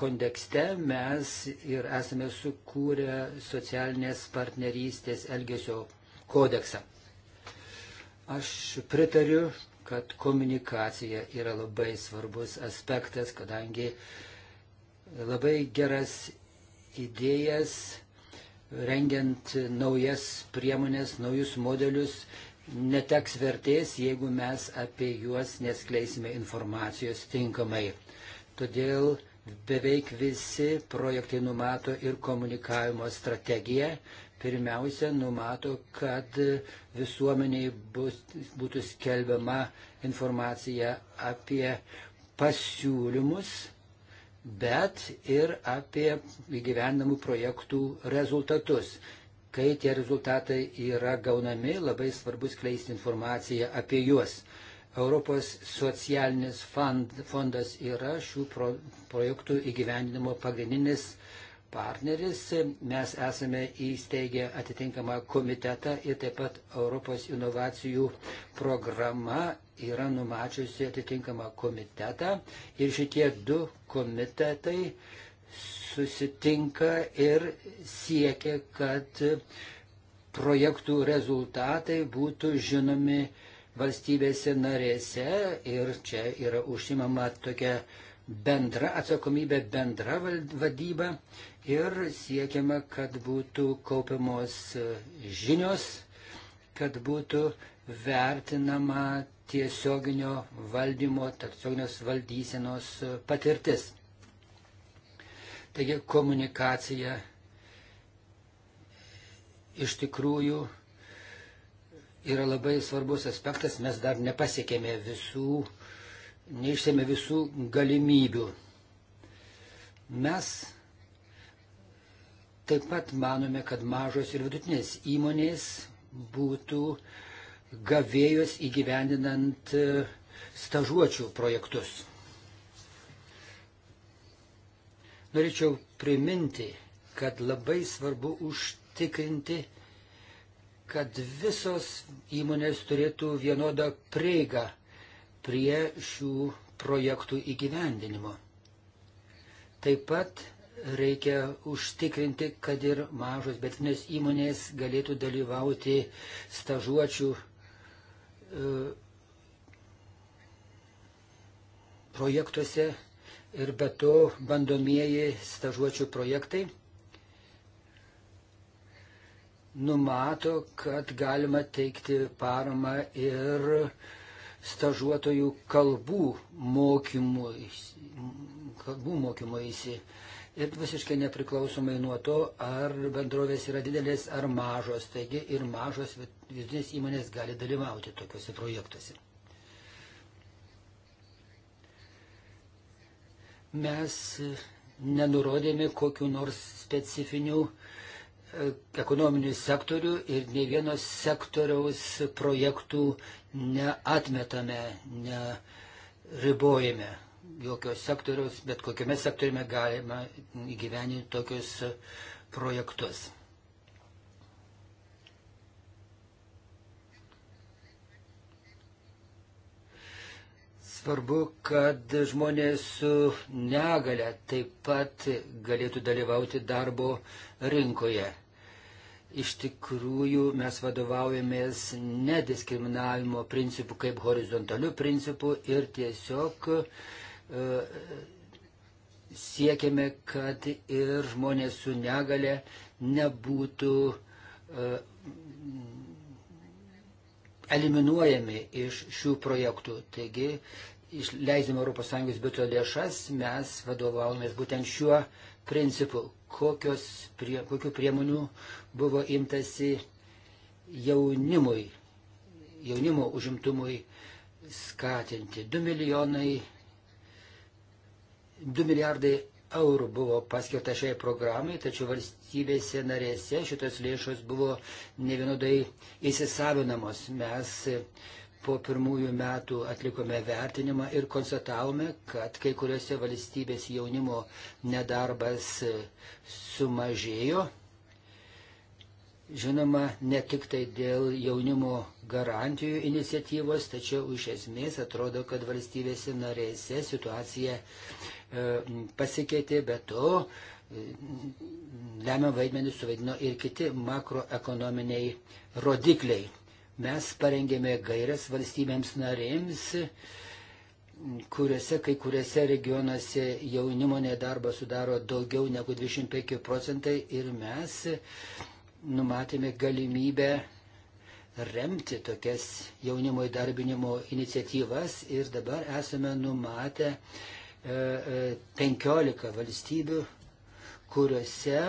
kontekste mes ir esame sukūrę socialinės partnerystės elgesio kodeksą. Aš pritariu, kad komunikacija yra labai svarbus aspektas, kadangi labai geras idėjas rengiant naujas priemonės, naujus modelius, neteks vertės, jeigu mes apie juos neskleisime informacijos tinkamai. Todėl beveik visi projektai numato ir komunikavimo strategiją. Pirmiausia, numato, kad visuomeniai bus, būtų skelbiama informacija apie pasiūlymus bet ir apie įgyvendamų projektų rezultatus. Kai tie rezultatai yra gaunami, labai svarbus kleisti informaciją apie juos. Europos socialinis fond, fondas yra šių pro, projektų įgyvendinimo pagrindinis partneris. Mes esame įsteigę atitinkamą komitetą ir taip pat Europos inovacijų programa yra numačiusi atitinkamą komitetą. Ir šitie du komitetai susitinka ir siekia, kad projektų rezultatai būtų žinomi valstybėse narėse ir čia yra užsimama tokia bendra atsakomybė, bendra vadyba ir siekiama, kad būtų kaupiamos žinios, kad būtų vertinama tiesioginio valdymo, tiesioginės valdysenos patirtis. Taigi komunikacija iš tikrųjų yra labai svarbus aspektas, mes dar nepasiekėme visų, neišsėmė visų galimybių. Mes Taip pat manome, kad mažos ir vidutinės įmonės būtų gavėjos įgyvendinant e, stažuočių projektus. Norėčiau priminti, kad labai svarbu užtikrinti, kad visos įmonės turėtų vienodą prieigą prie šių projektų įgyvendinimo. Taip pat reikia užtikrinti, kad ir mažos betinės įmonės galėtų dalyvauti stažuočių e, projektuose ir be to bandomieji stažuočių projektai numato, kad galima teikti paramą ir stažuotojų kalbų mokymui, kalbų mokymuisi. Kalbų ir visiškai nepriklausomai nuo to, ar bendrovės yra didelės ar mažos. Taigi ir mažos vidutinės įmonės gali dalyvauti tokiuose projektuose. Mes nenurodėme kokiu nors specifiniu e, ekonominių sektorių ir ne vienos sektoriaus projektų neatmetame, neribojame jokios sektoriaus, bet kokiame sektoriume galima įgyveninti tokius e, projektus. Svarbu, kad žmonės su negale taip pat galėtų dalyvauti darbo rinkoje. Iš tikrųjų, mes vadovaujamės nediskriminavimo principu kaip horizontaliu principu ir tiesiog uh, E, siekiame, kad ir žmonės su negale nebūtų e, eliminuojami iš šių projektų. Taigi, išleidžiame ES biudžeto lėšas, mes vadovaujamės būtent šiuo principu, kokios, prie, kokių priemonių buvo imtasi jaunimui, jaunimo užimtumui skatinti. 2 milijonai 2 milijardai eurų buvo paskirta šiai programai, tačiau valstybėse narėse šitos lėšos buvo nevienodai įsisavinamos. Mes po pirmųjų metų atlikome vertinimą ir konstatavome, kad kai kuriuose valstybės jaunimo nedarbas sumažėjo. Žinoma, ne tik tai dėl jaunimo garantijų iniciatyvos, tačiau iš esmės atrodo, kad valstybėse narėse situacija uh, E, pasikeitė, bet to e, lemiamą vaidmenį suvaidino ir kiti makroekonominiai rodikliai. Mes parengėme gairias valstybėms narėms, kuriuose, kai kuriuose regionuose jaunimo nedarbą sudaro daugiau negu 25 procentai ir mes numatėme galimybę remti tokias jaunimo įdarbinimo iniciatyvas ir dabar esame numatę uh, 15 e, e, valstybių, kuriuose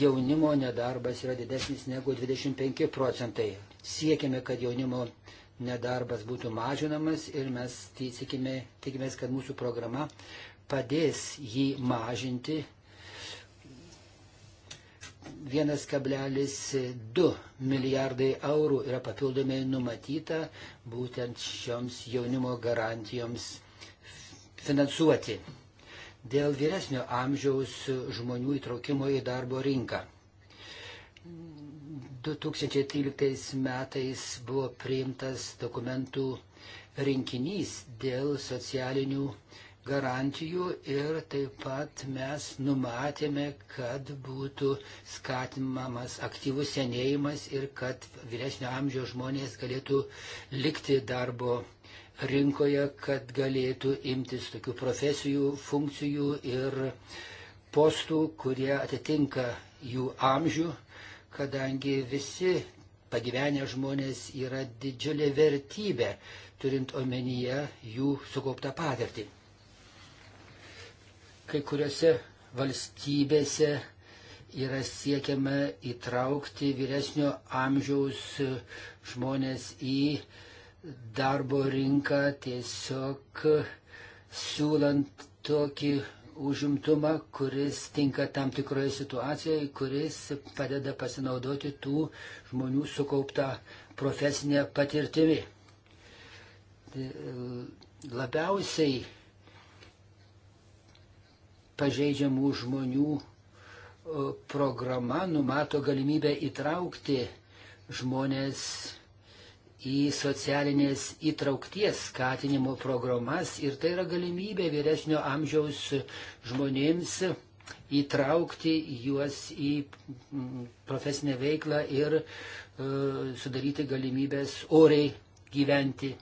jaunimo nedarbas yra didesnis negu 25 procentai. Siekime, kad jaunimo nedarbas būtų mažinamas ir mes tikime, tikimės, kad mūsų programa padės jį mažinti 1,2 milijardai eurų yra papildomai numatyta būtent šioms jaunimo garantijoms finansuoti dėl vyresnio amžiaus žmonių įtraukimo į darbo rinką. 2013 metais buvo priimtas dokumentų rinkinys dėl socialinių garantijų ir taip pat mes numatėme, kad būtų skatinamas aktyvus senėjimas ir kad vyresnio amžiaus žmonės galėtų likti darbo rinkoje rinkoje, kad galėtų imtis tokių profesijų, funkcijų ir postų, kurie atitinka jų amžių, kadangi visi pagyvenę žmonės yra didžiulė vertybė, turint omenyje jų sukauptą patirtį. Kai kuriuose valstybėse yra siekiama įtraukti vyresnio amžiaus žmonės į darbo rinką tiesiog siūlant tokį užimtumą, kuris tinka tam tikroje situacijoje, kuris padeda pasinaudoti tų žmonių sukauptą profesinę patirtimį. Tai, e, labiausiai pažeidžiamų žmonių e, programa numato galimybę įtraukti žmonės į socialinės įtraukties skatinimo programas ir tai yra galimybė vyresnio amžiaus žmonėms įtraukti juos į mm, profesinę veiklą ir e, sudaryti galimybės oriai gyventi.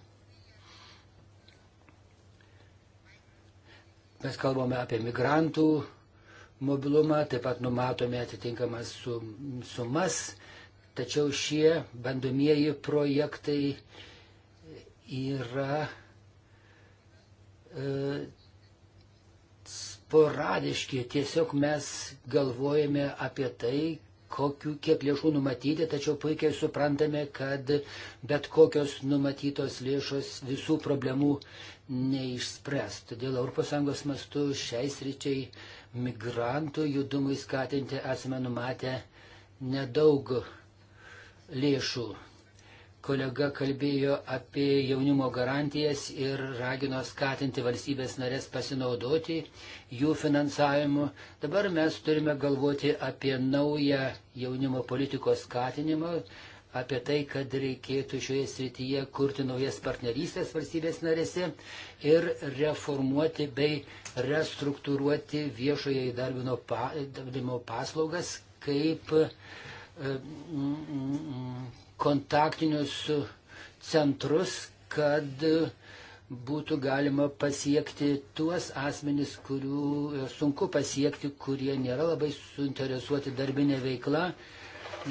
Mes kalbame apie migrantų mobilumą, taip pat numatome atitinkamas sumas. Su Tačiau šie bandomieji projektai yra e, sporadiški. Tiesiog mes galvojame apie tai, kokiu, kiek lėšų numatyti, tačiau puikiai suprantame, kad bet kokios numatytos lėšos visų problemų neišspręs. Todėl ES mastu šiais ryčiai migrantų judumui skatinti esame numatę nedaug lėšų. Kolega kalbėjo apie jaunimo garantijas ir ragino skatinti valstybės narės pasinaudoti jų finansavimu. Dabar mes turime galvoti apie naują jaunimo politikos skatinimą, apie tai, kad reikėtų šioje srityje kurti naujas partnerystės valstybės narėse ir reformuoti bei restruktūruoti viešoje įdarbinimo paslaugas kaip kontaktinius centrus, kad būtų galima pasiekti tuos asmenys, kurių sunku pasiekti, kurie nėra labai suinteresuoti darbinė veikla.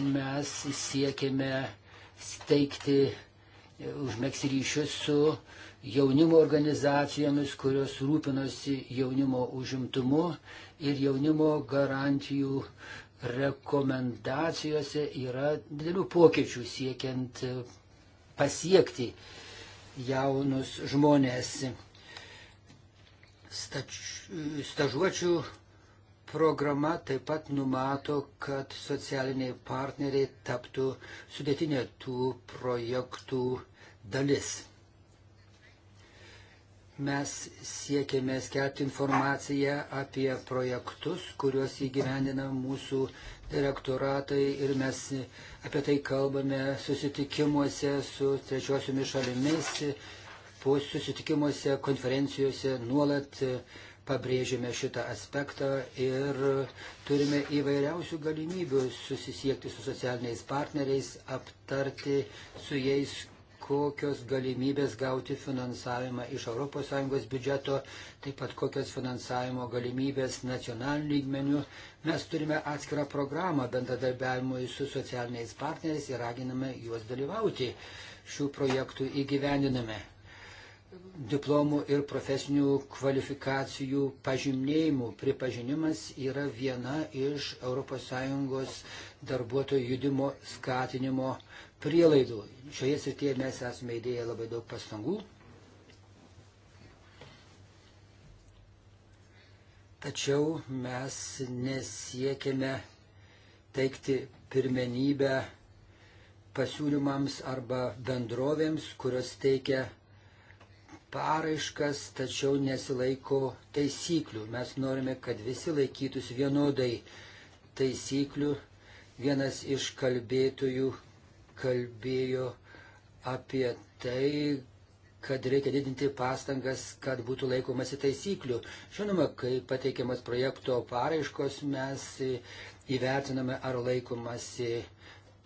Mes siekime steigti, užmėgsti ryšius su jaunimo organizacijomis, kurios rūpinosi jaunimo užimtumu ir jaunimo garantijų rekomendacijose yra didelių pokyčių siekiant pasiekti jaunus žmonės. Stač... Stažuočių programa taip pat numato, kad socialiniai partneriai taptų sudėtinė tų projektų dalis. Mes siekėme skelbti informaciją apie projektus, kuriuos įgyvendina mūsų direktoratai ir mes apie tai kalbame susitikimuose su trečiosiomis šalimis, po susitikimuose, konferencijose nuolat pabrėžėme šitą aspektą ir turime įvairiausių galimybių susisiekti su socialiniais partneriais, aptarti su jais kokios galimybės gauti finansavimą iš ES biudžeto, taip pat kokios finansavimo galimybės nacionalinių lygmenių. Mes turime atskirą programą bendradarbiavimui su socialiniais partneriais ir raginame juos dalyvauti šių projektų įgyvendiname. Diplomų ir profesinių kvalifikacijų pažymėjimų pripažinimas yra viena iš ES darbuotojų judimo skatinimo prielaidų. Šioje srityje mes esame įdėję labai daug pastangų. Tačiau mes nesiekime teikti pirmenybę pasiūlymams arba bendrovėms, kurios teikia paraiškas, tačiau nesilaiko taisyklių. Mes norime, kad visi laikytųsi vienodai taisyklių. Vienas iš kalbėtojų kalbėjo apie tai, kad reikia didinti pastangas, kad būtų laikomasi taisyklių. Žinoma, kai pateikiamas projekto paraiškos, mes įvertiname, ar laikomasi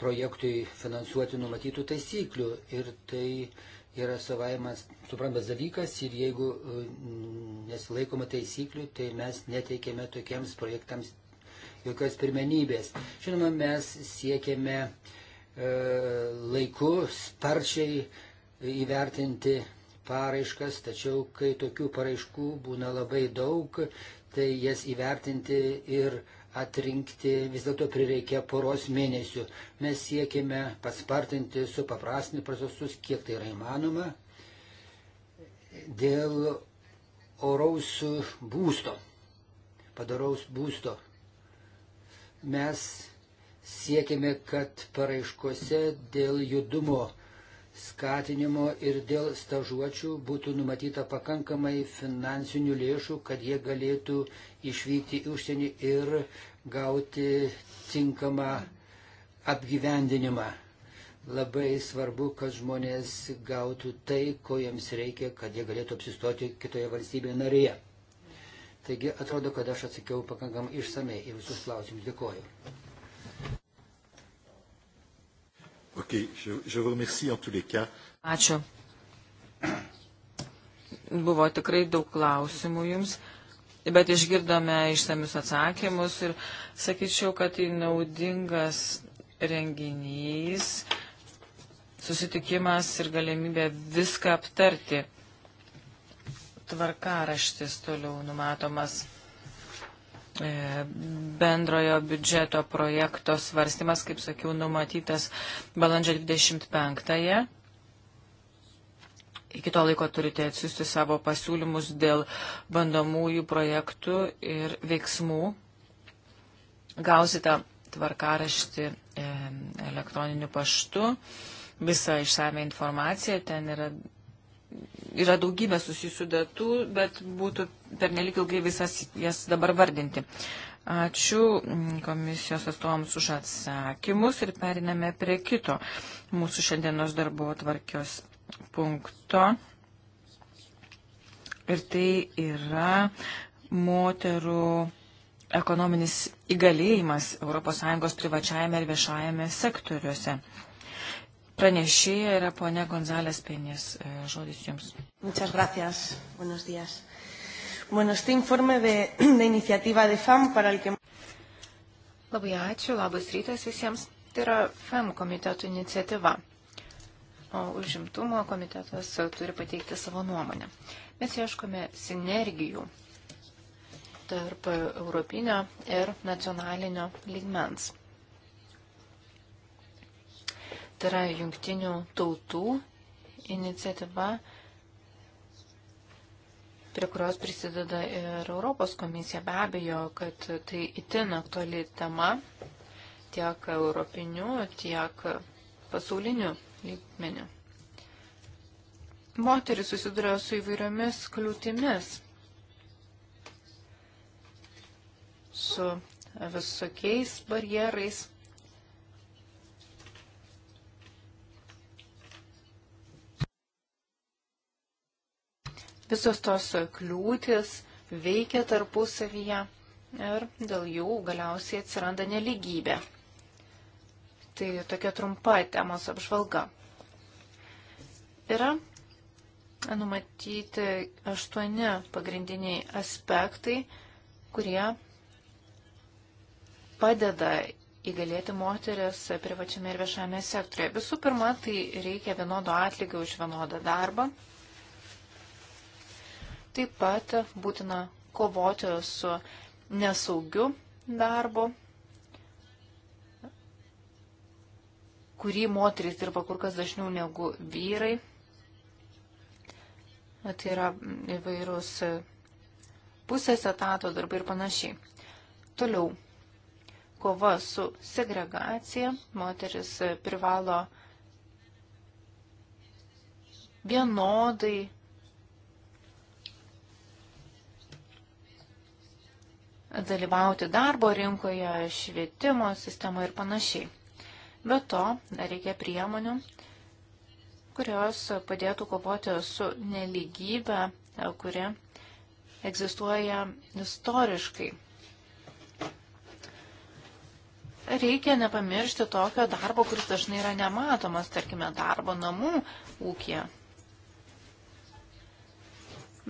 projektui finansuoti numatytų taisyklių. Ir tai yra savaimas suprantas dalykas ir jeigu e, nesilaikoma taisyklių, tai mes neteikėme tokiems projektams jokios pirmenybės. Žinoma, mes siekėme uh, E, laiku sparčiai įvertinti paraiškas, tačiau kai tokių paraiškų būna labai daug, tai jas įvertinti ir atrinkti vis dėlto prireikia poros mėnesių. Mes siekime paspartinti, supaprastinti procesus, kiek tai yra įmanoma, dėl oraus būsto, padaraus būsto. Mes siekėme, kad paraiškose dėl judumo skatinimo ir dėl stažuočių būtų numatyta pakankamai finansinių lėšų, kad jie galėtų išvykti į užsienį ir gauti tinkamą apgyvendinimą. Labai svarbu, kad žmonės gautų tai, ko jiems reikia, kad jie galėtų apsistoti kitoje valstybėje narėje. Taigi atrodo, kad aš atsakiau pakankamai išsamei į visus klausimus. Dėkoju. Okay, je, je vous remercie en tous les cas. Ačiū. Buvo tikrai daug klausimų jums, bet išgirdome išsamius atsakymus ir sakyčiau, kad tai naudingas renginys, susitikimas ir galimybė viską aptarti. Tvarkaraštis toliau numatomas E, bendrojo biudžeto projekto svarstymas, kaip sakiau, numatytas balandžio 25-ąją. Iki to laiko turite atsiųsti savo pasiūlymus dėl bandomųjų projektų ir veiksmų. Gausite tvarkaraštį e, elektroniniu paštu. Visa išsame informacija ten yra yra daugybė susijusių datų, bet būtų per nelik ilgai visas jas dabar vardinti. Ačiū mm, komisijos atstovams už atsakymus ir periname prie kito mūsų šiandienos darbo atvarkios punkto. Ir tai yra moterų ekonominis įgalėjimas ES privačiajame ir viešajame sektoriuose. Pranešėja yra ponia Gonzalės Penės. E, žodis jums. Muchas gracias. Buenos días. Bueno, este informe de, de iniciativa de FAM para el que... Labai ačiū, labas rytas visiems. Tai yra FEM komiteto iniciatyva. O užimtumo komitetas turi pateikti savo nuomonę. Mes ieškome sinergijų tarp europinio ir nacionalinio lygmens. Tai yra jungtinių tautų iniciatyva, prie kurios prisideda ir Europos komisija. Be abejo, kad tai itin aktuali tema tiek europiniu, tiek pasauliniu lygmeniu. Moteris susiduria su įvairiomis kliūtimis, su visokiais barjerais, Visos tos kliūtis veikia tarpusavyje ir dėl jų galiausiai atsiranda neligybė. Tai tokia trumpa temos apžvalga. Yra numatyti aštuoni pagrindiniai aspektai, kurie padeda įgalėti moteris privačiame ir viešame sektorėje. Visų pirma, tai reikia vienodo atlygio už vienodą darbą. Taip pat būtina kovoti su nesaugiu darbu, kurį moteris dirba kur kas dažniau negu vyrai. Tai yra įvairūs pusės etato darbai ir panašiai. Toliau, kova su segregacija. Moteris privalo vienodai dalyvauti darbo rinkoje, švietimo sistemoje ir panašiai. Be to, reikia priemonių, kurios padėtų kovoti su neligybė, kuri egzistuoja istoriškai. Reikia nepamiršti tokio darbo, kuris dažnai yra nematomas, tarkime, darbo namų ūkija.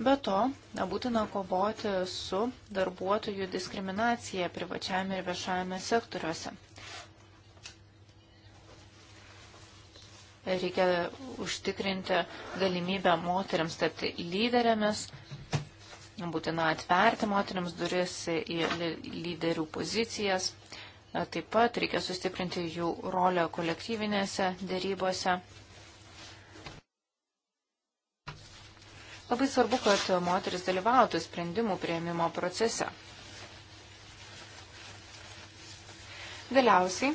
Be to, būtina kovoti su darbuotojų diskriminacija privačiame ir viešajame sektoriuose. Reikia užtikrinti galimybę moteriams tapti lyderėmis, būtina atverti moteriams duris į lyderių pozicijas. Taip pat reikia sustiprinti jų rolę kolektyvinėse dėrybose. Labai svarbu, kad moteris dalyvautų sprendimų prieimimo procese. Galiausiai,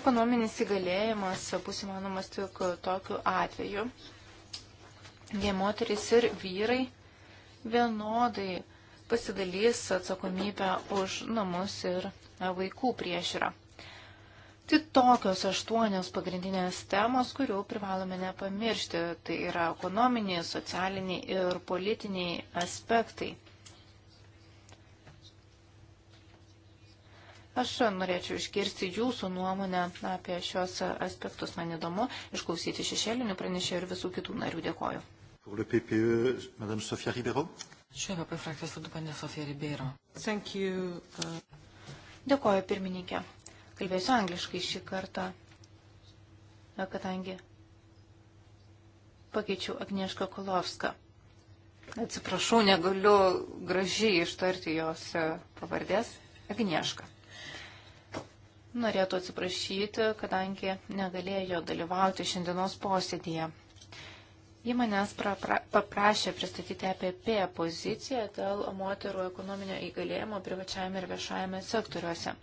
ekonominis įgalėjimas bus įmanomas tik tokiu atveju, jei moteris ir vyrai vienodai pasidalys atsakomybę už namus ir vaikų priežiūrą. Tai tokios aštuonios pagrindinės temos, kurių privalome nepamiršti. Tai yra ekonominiai, socialiniai ir politiniai aspektai. Aš norėčiau išgirsti jūsų nuomonę apie šios aspektus. Man įdomu išklausyti šešėlinių pranešėjų ir visų kitų narių. Dėkoju. Šiuo e, apie frakcijos vadovą Sofija Ribeiro. Uh, Dėkoju, pirmininkė. Kalbėsiu angliškai šį kartą, kadangi pakeičiau Agniešką Kolovską. Atsiprašau, negaliu gražiai ištarti jos e, pavardės. Agnieška. Norėtų atsiprašyti, kadangi negalėjo dalyvauti šiandienos posėdėje. Ji manęs prapra, paprašė pristatyti EPP poziciją dėl moterų ekonominio įgalėjimo privačiajame ir viešajame sektoriuose.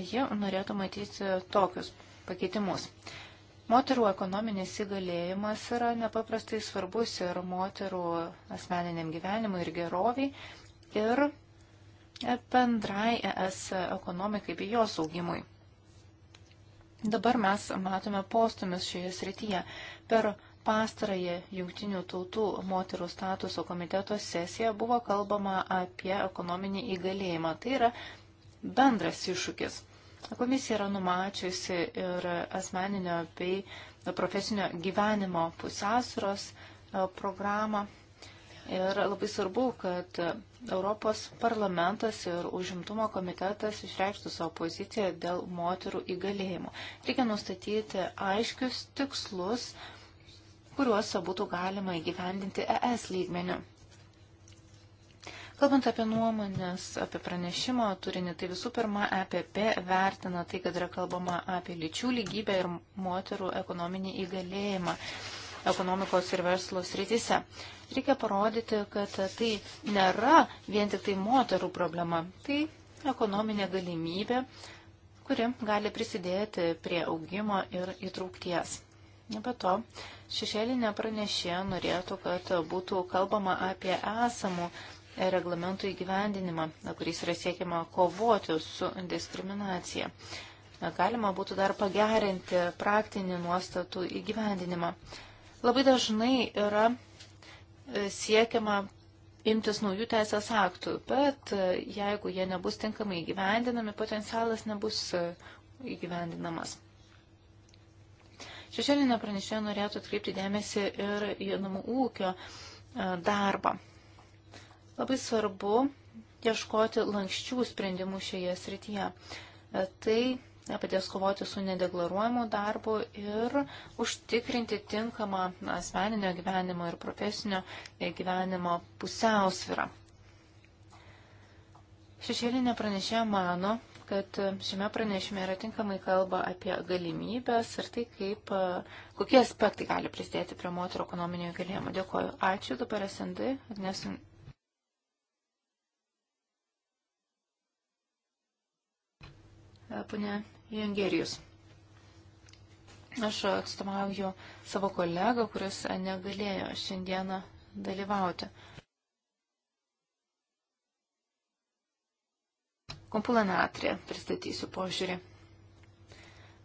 Ji norėtų matyti tokius pakeitimus. Moterų ekonominis įgalėjimas yra nepaprastai svarbus ir moterų asmeniniam gyvenimui ir geroviai ir bendrai ES ekonomikai bei jos augimui. Dabar mes matome postumis šioje srityje. Per pastarąją Junktinių tautų moterų statuso komiteto sesiją buvo kalbama apie ekonominį įgalėjimą. Tai yra bendras iššūkis. Komisija yra numačiusi ir asmeninio bei profesinio gyvenimo pusiausvėros e, programą. Ir labai svarbu, kad Europos parlamentas ir užimtumo komitetas išreikštų savo poziciją dėl moterų įgalėjimų. Reikia nustatyti aiškius tikslus, kuriuos būtų galima įgyvendinti ES lygmeniu. Kalbant apie nuomonės, apie pranešimo turinį, tai visų pirma, EPP vertina tai, kad yra kalbama apie lyčių lygybę ir moterų ekonominį įgalėjimą ekonomikos ir verslo srityse. Reikia parodyti, kad tai nėra vien tik tai moterų problema. Tai ekonominė galimybė, kuri gali prisidėti prie augimo ir įtraukties. Be to, šešėlinė pranešė norėtų, kad būtų kalbama apie esamų reglamentų įgyvendinimą, kuriais yra siekiama kovoti su diskriminacija. Galima būtų dar pagerinti praktinį nuostatų įgyvendinimą. Labai dažnai yra e, siekiama imtis naujų teisės aktų, bet e, jeigu jie nebus tinkamai įgyvendinami, potencialas nebus e, įgyvendinamas. Šešėlinė pranešėja norėtų atkreipti dėmesį ir į namų ūkio darbą. Labai svarbu ieškoti lankščių sprendimų šioje srityje. E, tai padės kovoti su nedeklaruojamu darbu ir užtikrinti tinkamą asmeninio gyvenimo ir profesinio gyvenimo pusiausvyrą. Šešėlinė pranešė mano, kad šiame pranešime yra tinkamai kalba apie galimybės ir tai, kaip, e, kokie aspektai gali prisidėti prie moterų ekonominio galėjimo. Dėkoju. Ačiū dabar SND, Agnes ponė Jangerijus. Aš atstovauju savo kolegą, kuris negalėjo šiandieną dalyvauti. Kompulanatrė pristatysiu požiūrį.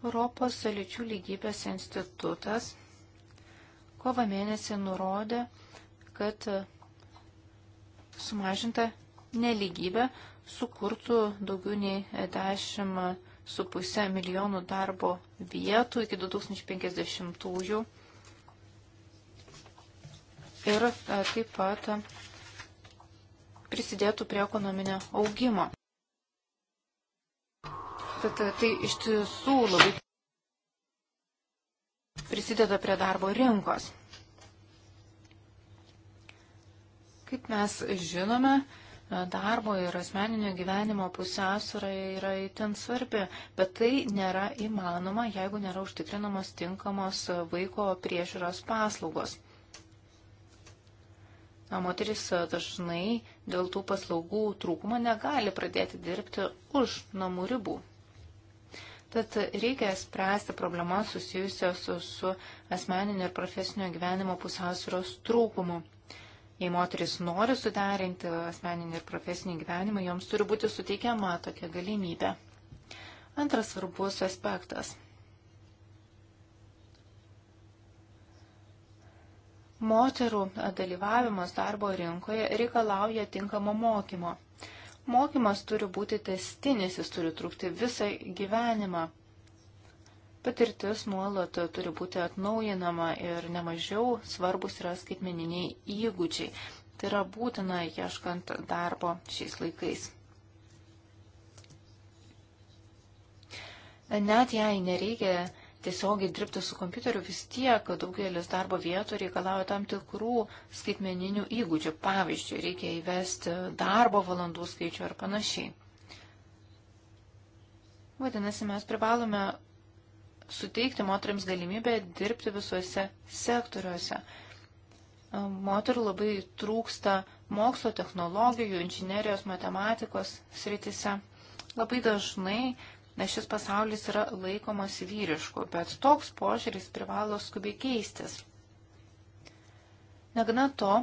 Europos lyčių lygybės institutas kovo mėnesį nurodė, kad sumažinta neligybė sukurtų daugiau nei 10,5 milijonų darbo vietų iki 2050-ųjų. Ir e, taip pat prisidėtų prie ekonominio augimo. Tad e, tai iš tiesų labai prisideda prie darbo rinkos. Kaip mes žinome, darbo ir asmeninio gyvenimo pusiausvara yra itin svarbi, bet tai nėra įmanoma, jeigu nėra užtikrinamos tinkamos vaiko priežiūros paslaugos. Na, moteris dažnai dėl tų paslaugų trūkumo negali pradėti dirbti už namų ribų. Tad reikia spręsti problemas susijusios su, su asmeninio ir profesinio gyvenimo pusiausvėros trūkumu. Jei moteris nori suderinti asmeninį ir profesinį gyvenimą, joms turi būti suteikiama tokia galimybė. Antras svarbus aspektas. Moterų dalyvavimas darbo rinkoje reikalauja tinkamo mokymo. Mokymas turi būti testinis, jis turi trukti visą gyvenimą. Patirtis nuolat turi būti atnaujinama ir nemažiau svarbus yra skaitmeniniai įgūdžiai. Tai yra būtina ieškant darbo šiais laikais. Net jei nereikia tiesiogiai dirbti su kompiuteriu, vis tiek daugelis darbo vietų reikalauja tam tikrų skaitmeninių įgūdžių. Pavyzdžiui, reikia įvesti darbo valandų skaičių ar panašiai. Vadinasi, mes privalome suteikti moteriams galimybę dirbti visuose sektoriuose. Moterų labai trūksta mokslo technologijų, inžinerijos, matematikos sritise. Labai dažnai šis pasaulis yra laikomas vyrišku, bet toks požiūris privalo skubiai keistis. Negana to,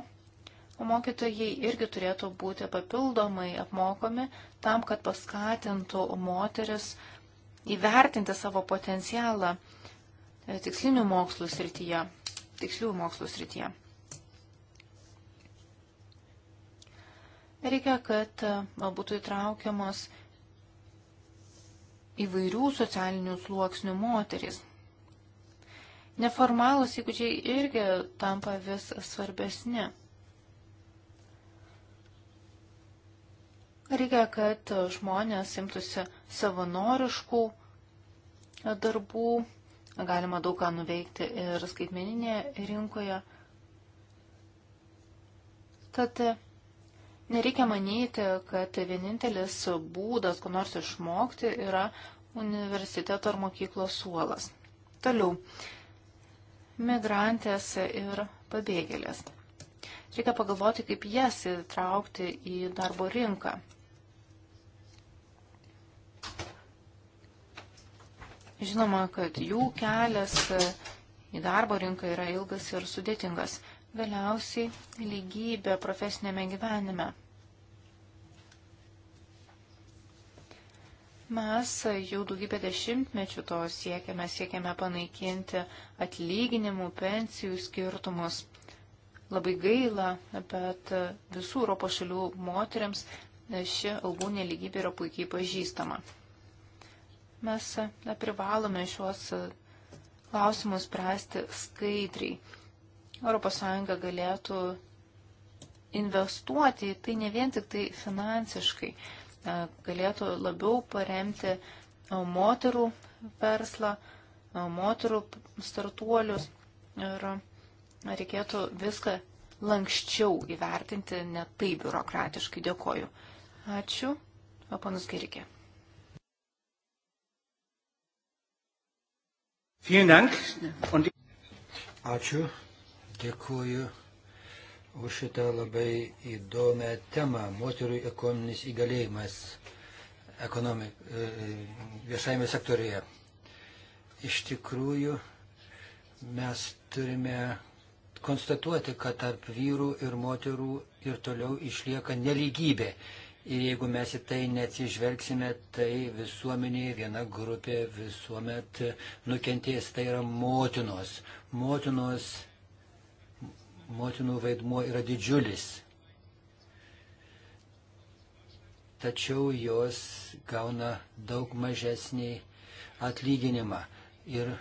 mokytojai irgi turėtų būti papildomai apmokomi tam, kad paskatintų moteris uh, įvertinti savo potencialą e, tikslinių mokslų srityje, tikslių mokslų srityje. Reikia, kad e, būtų įtraukiamos įvairių socialinių sluoksnių moteris. Neformalus įgūdžiai irgi tampa vis svarbesni. Reikia, kad žmonės imtųsi savanoriškų darbų, galima daug ką nuveikti ir skaitmeninėje rinkoje. Tad nereikia manyti, kad vienintelis būdas, ko nors išmokti, yra universiteto ar mokyklos suolas. Toliau. Migrantės ir pabėgėlės. Reikia pagalvoti, kaip jas įtraukti į darbo rinką. Žinoma, kad jų kelias e, į darbo rinką yra ilgas ir sudėtingas. Galiausiai lygybė profesinėme gyvenime. Mes jau daugybę dešimtmečių to siekiame, siekiame panaikinti atlyginimų, pensijų skirtumus. Labai gaila, bet visų Europos šalių moteriams e, ši algų neligybė yra puikiai pažįstama. Mes na, privalome šios e, klausimus spręsti skaidriai. ES galėtų investuoti į tai ne vien tik tai finansiškai, e, galėtų labiau paremti e, moterų verslą, moterų startuolius ir reikėtų viską lankščiau įvertinti, ne taip biurokratiškai. Dėkoju. Ačiū. O panus Gerikė. Ačiū. Dėkuoju už šitą labai įdomią temą - moterų ekonominis įgalėjimas ekonomik, e, e, viešajame sektorėje. Iš tikrųjų, mes turime konstatuoti, kad tarp vyrų ir moterų ir toliau išlieka neligybė. Ir jeigu mes į tai neatsižvelgsime, tai visuomenėje viena grupė visuomet nukentės, tai yra motinos. Motinos, motinų vaidmuo yra didžiulis. Tačiau jos gauna daug mažesnį atlyginimą. Ir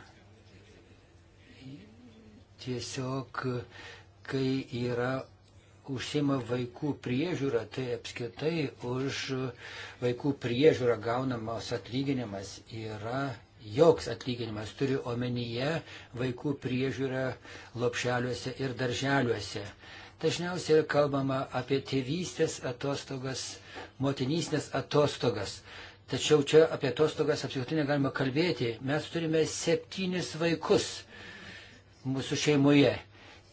tiesiog, kai yra užsima vaikų priežiūrą, tai apskritai už vaikų priežiūrą gaunamas atlyginimas yra joks atlyginimas, turiu omenyje vaikų priežiūrą lopšeliuose ir darželiuose. Dažniausiai kalbama apie tėvystės atostogas, motinystės atostogas. Tačiau čia apie atostogas apskritai negalima kalbėti. Mes turime septynis vaikus mūsų šeimoje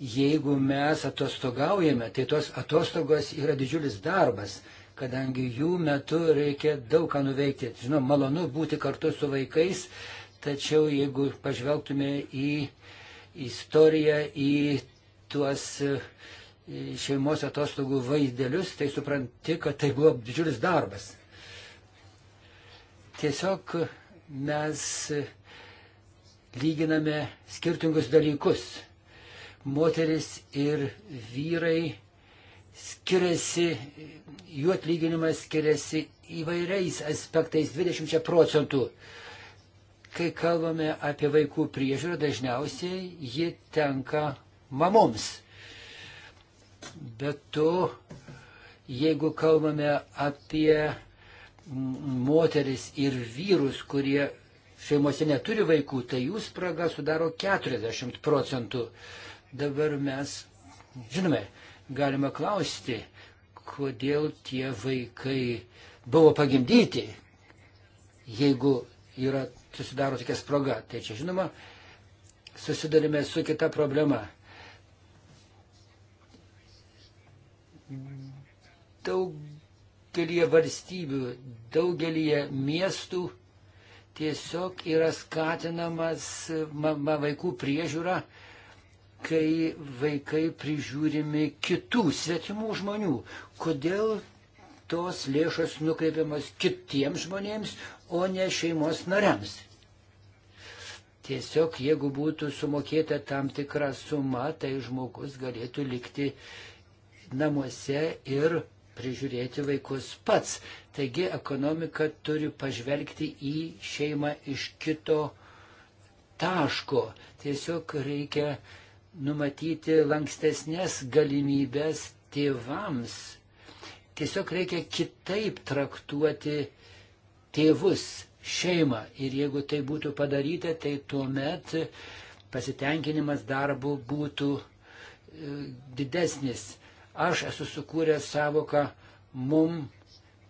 jeigu mes atostogaujame, tai tos atostogos yra didžiulis darbas, kadangi jų metu reikia daug ką nuveikti. Žinoma, malonu būti kartu su vaikais, tačiau jeigu pažvelgtume į istoriją, į tuos e, šeimos atostogų vaizdelius, tai supranti, kad tai buvo didžiulis darbas. Tiesiog mes lyginame skirtingus dalykus moteris ir vyrai skiriasi, jų atlyginimas skiriasi įvairiais aspektais 20 procentų. Kai kalbame apie vaikų priežiūrą, dažniausiai ji tenka mamoms. Bet to, jeigu kalbame apie moteris ir vyrus, kurie šeimose neturi vaikų, tai jų spraga sudaro 40 procentų. Dabar mes, žinome, galima klausti, kodėl tie vaikai buvo pagimdyti, jeigu yra susidaro tokia sproga. Tai čia, žinoma, susidarime su kita problema. Daugelie valstybių, daugelie miestų tiesiog yra skatinamas ma, ma, vaikų priežiūra kai vaikai prižiūrimi kitų svetimų žmonių. Kodėl tos lėšos nukreipiamas kitiems žmonėms, o ne šeimos nariams? Tiesiog jeigu būtų sumokėta tam tikra suma, tai žmogus galėtų likti namuose ir prižiūrėti vaikus pats. Taigi ekonomika turi pažvelgti į šeimą iš kito taško. Tiesiog reikia uh, numatyti lankstesnės galimybės tėvams. Tiesiog reikia kitaip traktuoti tėvus, šeimą. Ir jeigu tai būtų padaryta, tai tuomet pasitenkinimas darbu būtų e, didesnis. Aš esu sukūręs savoką mum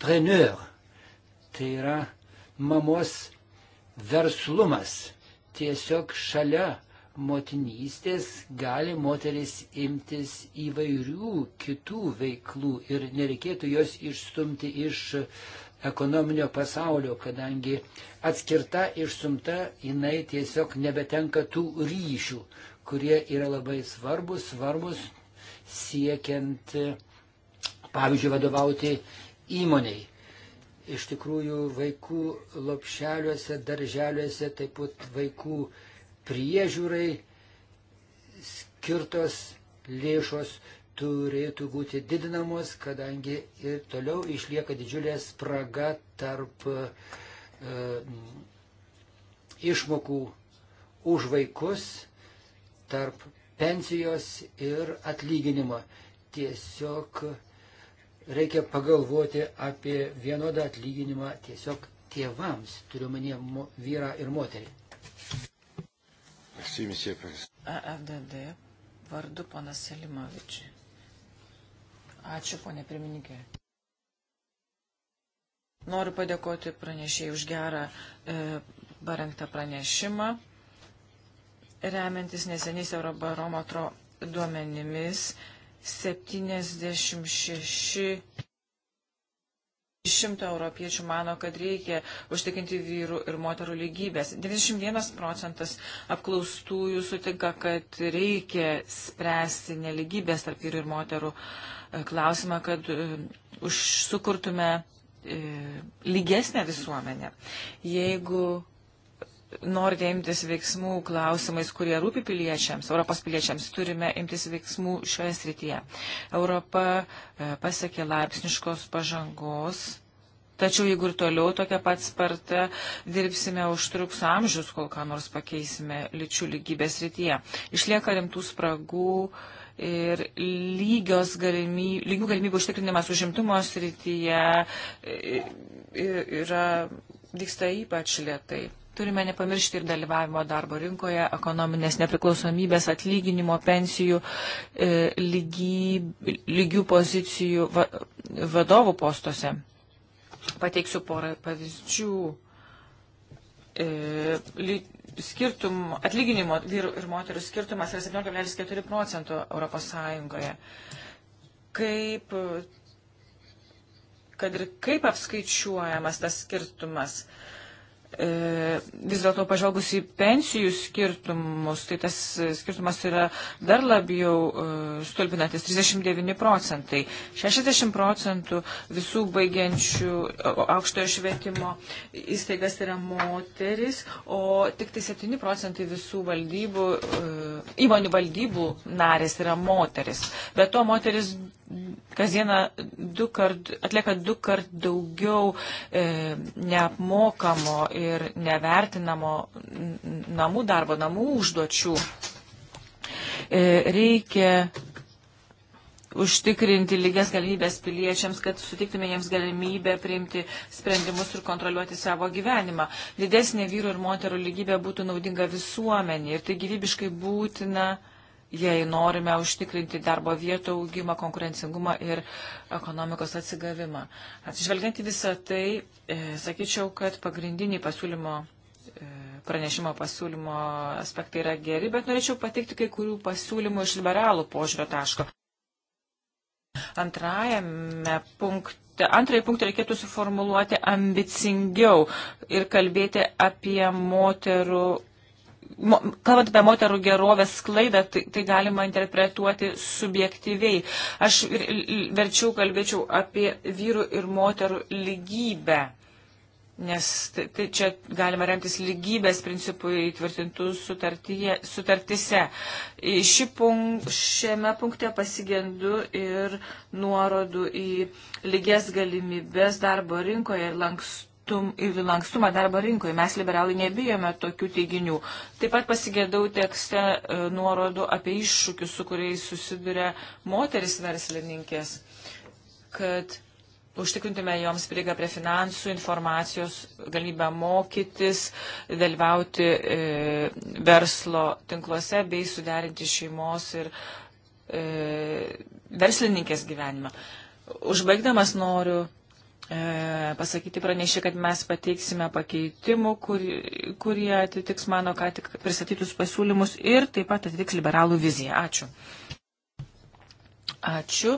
preneur. Tai yra mamos verslumas. Tiesiog šalia motinystės gali moteris imtis įvairių kitų veiklų ir nereikėtų jos išstumti iš ekonominio pasaulio, kadangi atskirta, išsumta, jinai tiesiog nebetenka tų ryšių, kurie yra labai svarbus, svarbus siekiant, pavyzdžiui, vadovauti įmoniai iš tikrųjų vaikų lopšeliuose, darželiuose, taip pat vaikų priežiūrai skirtos lėšos turėtų būti didinamos, kadangi ir toliau išlieka didžiulė spraga tarp e, išmokų už vaikus, tarp pensijos ir atlyginimo. Tiesiog reikia pagalvoti apie vienodą atlyginimą tiesiog tėvams, turiu mane vyrą ir moterį. Merci, monsieur Prezident. AFDD vardu panas Selimovičiui. Ačiū, ponė pirmininkė. Noriu padėkoti pranešėjai už gerą e, parengtą pranešimą. Remiantis neseniais Eurobarometro duomenimis, 76 Šimto europiečių mano, kad reikia užtikinti vyrų ir moterų lygybės. 91 procentas apklaustųjų sutinka, kad reikia spręsti neligybės tarp vyrų ir moterų e, klausimą, kad e, užsukurtume e, lygesnę visuomenę. Jeigu norite imtis veiksmų klausimais, kurie rūpi piliečiams, Europos piliečiams, turime imtis veiksmų šioje srityje. Europa e, pasiekė laipsniškos pažangos. Tačiau jeigu ir toliau tokia pat sparta dirbsime, užtruks amžius, kol ką nors pakeisime lyčių lygybės rytyje. Išlieka rimtų spragų ir lygios galimybių, lygių galimybių užtikrinimas užimtumo srityje e, e, yra, vyksta ypač lietai. Turime nepamiršti ir dalyvavimo darbo rinkoje, ekonominės nepriklausomybės, atlyginimo, pensijų, e, lygy, lygių pozicijų va, vadovų postuose. Pateiksiu porą pavyzdžių. E, ly, skirtum, atlyginimo vyrų ir moterų skirtumas yra 7,4 procentų Europos Sąjungoje. Kaip, kad ir kaip apskaičiuojamas tas skirtumas? E, E, vis dėlto pažvelgus į pensijų skirtumus, tai tas skirtumas yra dar labiau e, stulbinantis - 39 procentai. 60 procentų visų baigiančių aukštojo švietimo įstaigas yra moteris, o tik tai 7 procentai visų valdybų, e, įmonių valdybų narės yra moteris. Be to, moteris kasdieną du kart, atlieka du kart daugiau e, neapmokamo ir nevertinamo namų darbo, namų užduočių. E, reikia užtikrinti lygias galimybės piliečiams, kad sutiktume jiems galimybę priimti sprendimus ir kontroliuoti savo gyvenimą. Didesnė vyru ir moterų lygybė būtų naudinga visuomenė ir tai gyvybiškai būtina jei norime užtikrinti darbo vietų augimą, konkurencingumą ir ekonomikos atsigavimą. Atsižvelgiant į visą tai, e, sakyčiau, kad pagrindiniai pasiūlymo e, pranešimo pasiūlymo aspektai yra geri, bet norėčiau patikti kai kurių pasiūlymų iš liberalų požiūrio taško. Antrajame punkte, antrąjį punktą reikėtų suformuluoti ambicingiau ir kalbėti apie moterų kalbant apie moterų gerovės sklaidą, tai, tai galima interpretuoti subjektyviai. Aš verčiau kalbėčiau apie vyrų ir moterų lygybę, nes tai, tai čia galima remtis lygybės principų įtvirtintų sutartise. Ši punk, šiame punkte pasigendu ir nuorodų į lygias galimybės darbo rinkoje ir lankstų lanktum, lankstumą darbo rinkoje. Mes liberalai nebijome tokių teiginių. Taip pat pasigėdau tekste e, nuorodų apie iššūkius, su kuriais susiduria moteris verslininkės, kad užtikrintume joms prieigą prie finansų, informacijos, galimybę mokytis, dalyvauti e, verslo tinkluose bei suderinti šeimos ir e, verslininkės gyvenimą. Užbaigdamas noriu E, pasakyti pranešė, kad mes pateiksime pakeitimų, kur, kurie atitiks mano ką tik pristatytus pasiūlymus ir taip pat atitiks liberalų viziją. Ačiū. Ačiū.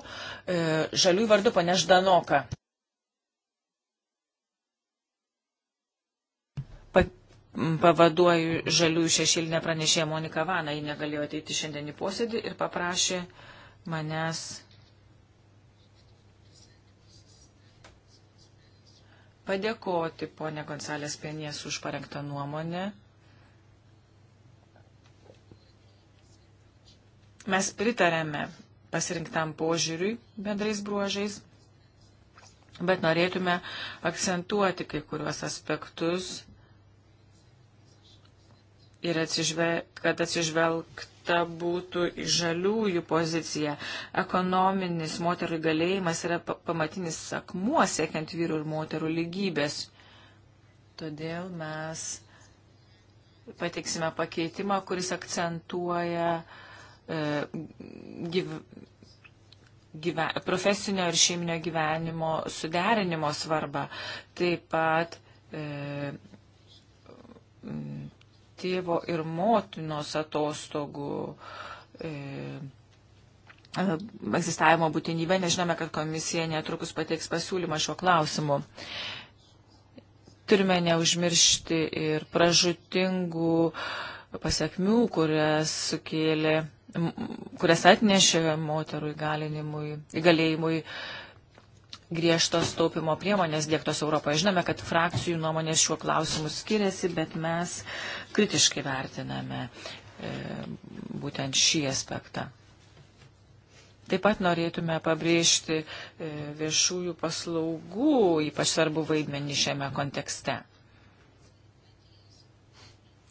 E, žaliųjų vardu pane Ždanoka. Pa, pavaduoju žaliųjų šešilinę pranešėją Moniką Vaną. Ji negalėjo ateiti šiandien į posėdį ir paprašė manęs padėkoti ponė Gonsalės Pienies už parengtą nuomonę. Mes pritarėme pasirinktam požiūriui bendrais bruožais, bet norėtume akcentuoti kai kuriuos aspektus ir atsižvel, kad atsižvelgta būtų į žaliųjų poziciją. Ekonominis moterų galėjimas yra pamatinis sakmuo siekiant vyrų ir moterų lygybės. Todėl mes pateiksime pakeitimą, kuris akcentuoja e, gyv, gyve, profesinio ir šeiminio gyvenimo suderinimo svarbą. Taip pat e, tėvo ir motinos atostogų e, e, egzistavimo būtinybę, nežinome, kad komisija netrukus pateiks pasiūlymą šiuo klausimu. Turime neužmiršti ir pražutingų pasiekmių, kurias sukėlė, kurias atnešė moterų įgalinimui, įgalėjimui griežtos taupimo priemonės dėktos Europoje. Žinome, kad frakcijų nuomonės šiuo klausimu skiriasi, bet mes kritiškai vertiname e, būtent šį aspektą. Taip pat norėtume pabrėžti e, viešųjų paslaugų ypač svarbu vaidmenį šiame kontekste.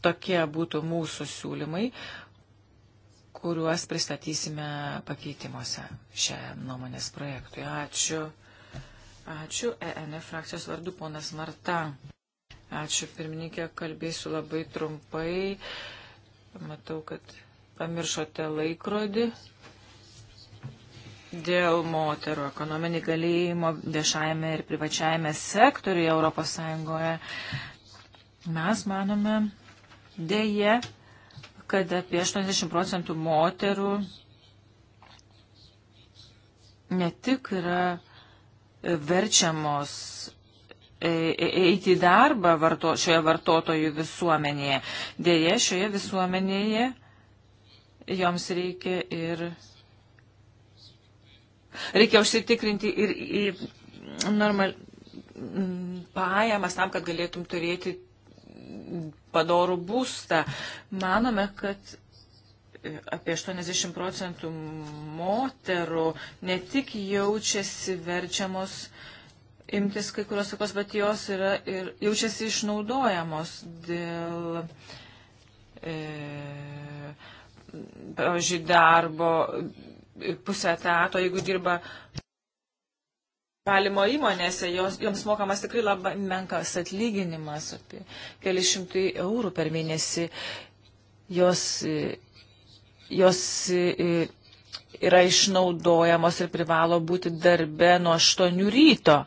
Tokie būtų mūsų siūlymai, kuriuos pristatysime pakeitimuose šią nuomonės projektui. Ačiū. Ačiū. ENF frakcijos vardu ponas Marta. Ačiū pirmininkė, kalbėsiu labai trumpai. Matau, kad pamiršote laikrodį. Dėl moterų ekonominį galėjimo viešajame ir privačiajame sektoriuje ES mes manome dėje, kad apie 80 procentų moterų ne tik yra verčiamos e, e, eiti į darbą varto, šioje vartotojų visuomenėje. Dėje šioje visuomenėje joms reikia ir. Reikia užsitikrinti ir į normal pajamas tam, kad galėtum turėti padorų būstą. Manome, kad apie 80 procentų moterų ne tik jaučiasi verčiamos imtis kai kurios sakos, bet jos yra ir jaučiasi išnaudojamos dėl, e, pavyzdžiui, darbo pusę etato, jeigu dirba valymo įmonėse, jos, joms mokamas tikrai labai menkas atlyginimas, apie keli šimtai eurų per mėnesį. Jos jos e, yra išnaudojamos ir privalo būti darbe nuo 8 ryto.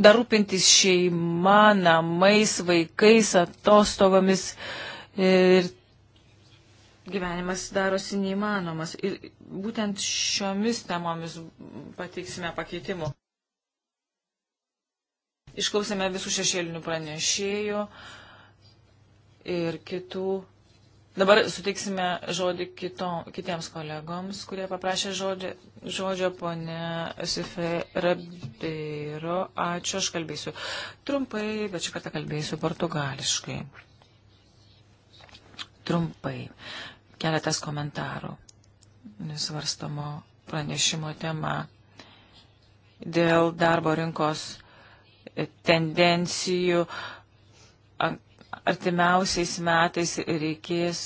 Dar rūpintis šeima, namais, vaikais, atostogomis ir gyvenimas darosi neįmanomas. Ir būtent šiomis temomis pateiksime pakeitimų. Išklausėme visų šešėlinių pranešėjų ir kitų Dabar suteiksime žodį kito, kitiems kolegoms, kurie paprašė žodžio, žodžio ponė Sife Rabeiro. Ačiū, aš kalbėsiu trumpai, bet šį kartą kalbėsiu portugališkai. Trumpai. Keletas komentarų. Nesvarstamo pranešimo tema dėl darbo rinkos tendencijų artimiausiais metais reikės,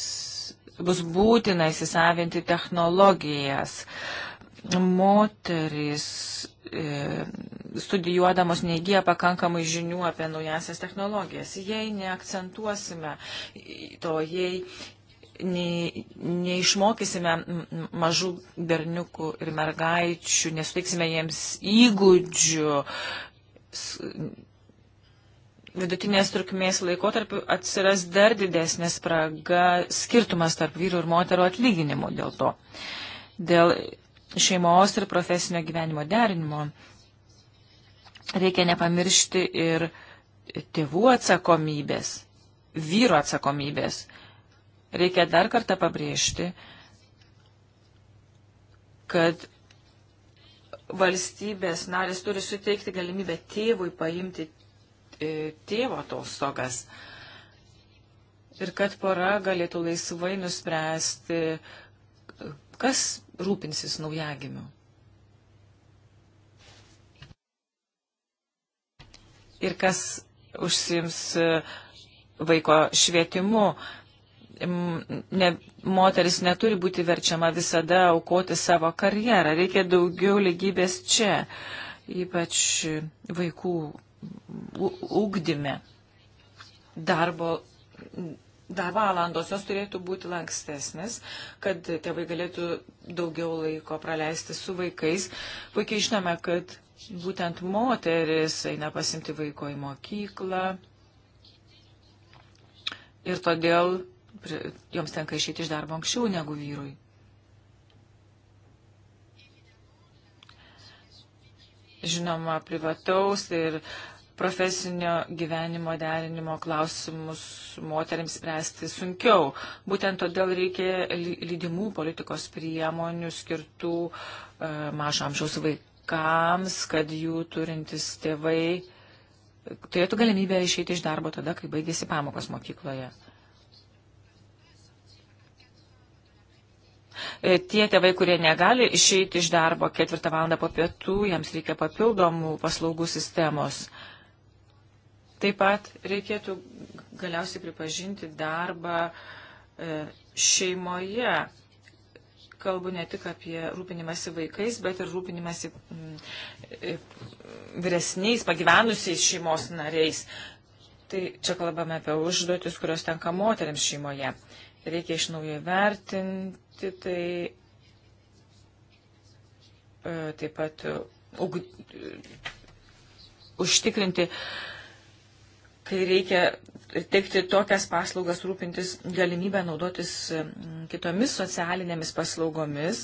bus būtina įsisavinti technologijas. Moteris e, studijuodamos neįgyja pakankamai žinių apie naujasias technologijas. Jei neakcentuosime to, jei nei, neišmokysime mažų berniukų ir mergaičių, nesuteiksime jiems įgūdžių vidutinės trukmės laikotarpiu atsiras dar didesnė spraga, skirtumas tarp vyrų ir moterų atlyginimų dėl to. Dėl šeimos ir profesinio gyvenimo derinimo reikia nepamiršti ir tėvų atsakomybės, vyro atsakomybės. Reikia dar kartą pabrėžti, kad valstybės narės turi suteikti galimybę tėvui paimti E, tėvo atostogas. Ir kad pora galėtų laisvai nuspręsti, kas rūpinsis naujagimiu. Ir kas užsims e, vaiko švietimu. Ne, moteris neturi būti verčiama visada aukoti savo karjerą. Reikia daugiau lygybės čia, ypač vaikų ūkdyme. Darbo dar valandos jos turėtų būti lankstesnės, kad tėvai galėtų daugiau laiko praleisti su vaikais. Puikiai žinome, kad būtent moteris eina pasimti vaiko į mokyklą ir todėl joms tenka išėti iš darbo anksčiau negu vyrui. Žinoma, privataus ir profesinio gyvenimo derinimo klausimus moteriams spręsti sunkiau. Būtent todėl reikia lydimų politikos priemonių skirtų e, mažo amžiaus vaikams, kad jų turintis tėvai e, turėtų galimybę išeiti iš darbo tada, kai baigėsi pamokos mokykloje. E, tie tėvai, kurie negali išeiti iš darbo ketvirtą valandą po pietų, jiems reikia papildomų paslaugų sistemos. Taip pat reikėtų galiausiai pripažinti darbą e, šeimoje. Kalbu ne tik apie rūpinimąsi vaikais, bet ir rūpinimąsi mm, e, vyresniais, pagyvenusiais šeimos nariais. Tai čia kalbame apie užduotis, kurios tenka moteriams šeimoje. Reikia iš naujo vertinti tai e, taip pat ug, užtikrinti uh, kai reikia teikti tokias paslaugas, rūpintis galimybę naudotis mm, kitomis socialinėmis paslaugomis,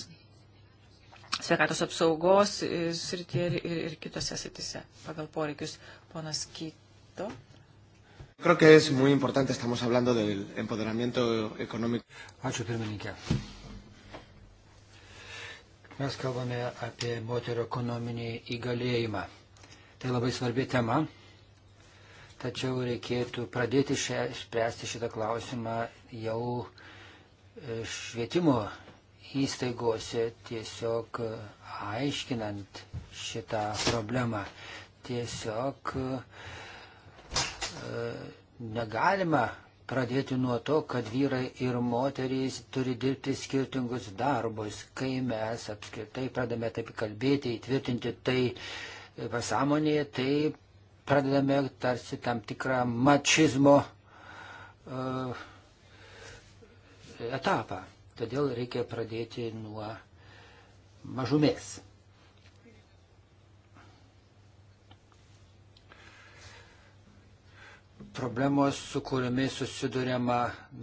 sveikatos apsaugos e, srityje ir, ir, ir kitose srityse pagal poreikius. Ponas Kito. Creo que es muy importante, estamos hablando del empoderamiento económico. Ačiū pirmininkė. Mes kalbame apie moterio ekonominį įgalėjimą. Tai labai svarbi tema. Tačiau reikėtų pradėti šią, spręsti šitą klausimą jau e, švietimo įstaigose, tiesiog e, aiškinant šitą problemą. Tiesiog e, negalima pradėti nuo to, kad vyrai ir moterys turi dirbti skirtingus darbus. Kai mes apskritai pradame taip kalbėti, įtvirtinti tai pasąmonėje, tai pradedame tarsi tam tikrą mačizmo uh, etapą. Todėl reikia pradėti nuo mažumės. problemos, su kuriomis susidurėma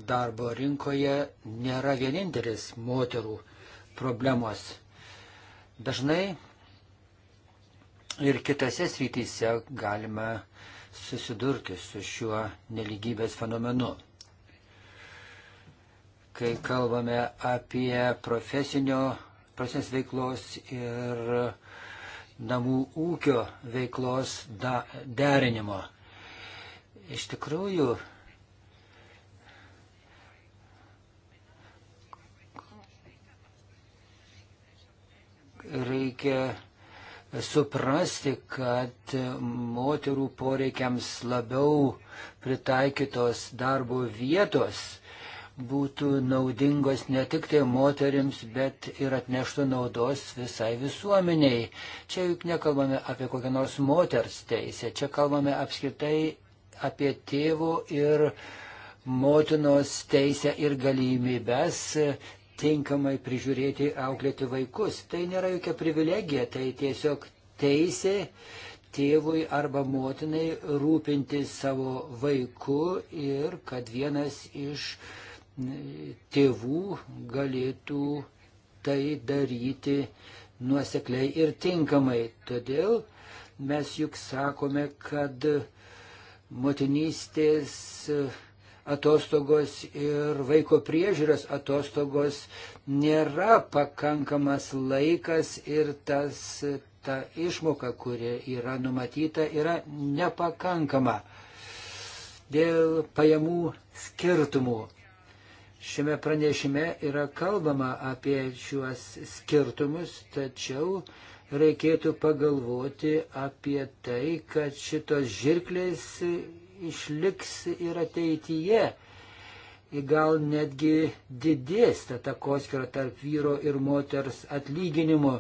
darbo rinkoje, nėra vienintelis moterų problemos. Dažnai ir kitose srityse galima susidurti su šiuo neligybės fenomenu. Kai kalbame apie profesinio, profesinės veiklos ir namų ūkio veiklos da, derinimo. Iš tikrųjų, reikia suprasti, kad moterų poreikiams labiau pritaikytos darbo vietos būtų naudingos ne tik tai moteriams, bet ir atneštų naudos visai visuomeniai. Čia juk nekalbame apie kokią nors moters teisę, čia kalbame apskritai apie tėvo ir motinos teisę ir galimybės tinkamai prižiūrėti, auklėti vaikus. Tai nėra jokia privilegija, tai tiesiog teisė tėvui arba motinai rūpinti savo vaiku ir kad vienas iš tėvų galėtų tai daryti nuosekliai ir tinkamai. Todėl mes juk sakome, kad motinystės uh, atostogos ir vaiko priežiūros atostogos nėra pakankamas laikas ir tas, ta išmoka, kuri yra numatyta, yra nepakankama dėl pajamų skirtumų. Šiame pranešime yra kalbama apie šiuos skirtumus, tačiau reikėtų pagalvoti apie tai, kad šitos žirklės išliks ir ateityje. Gal netgi didės ta takoskira tarp vyro ir moters atlyginimo.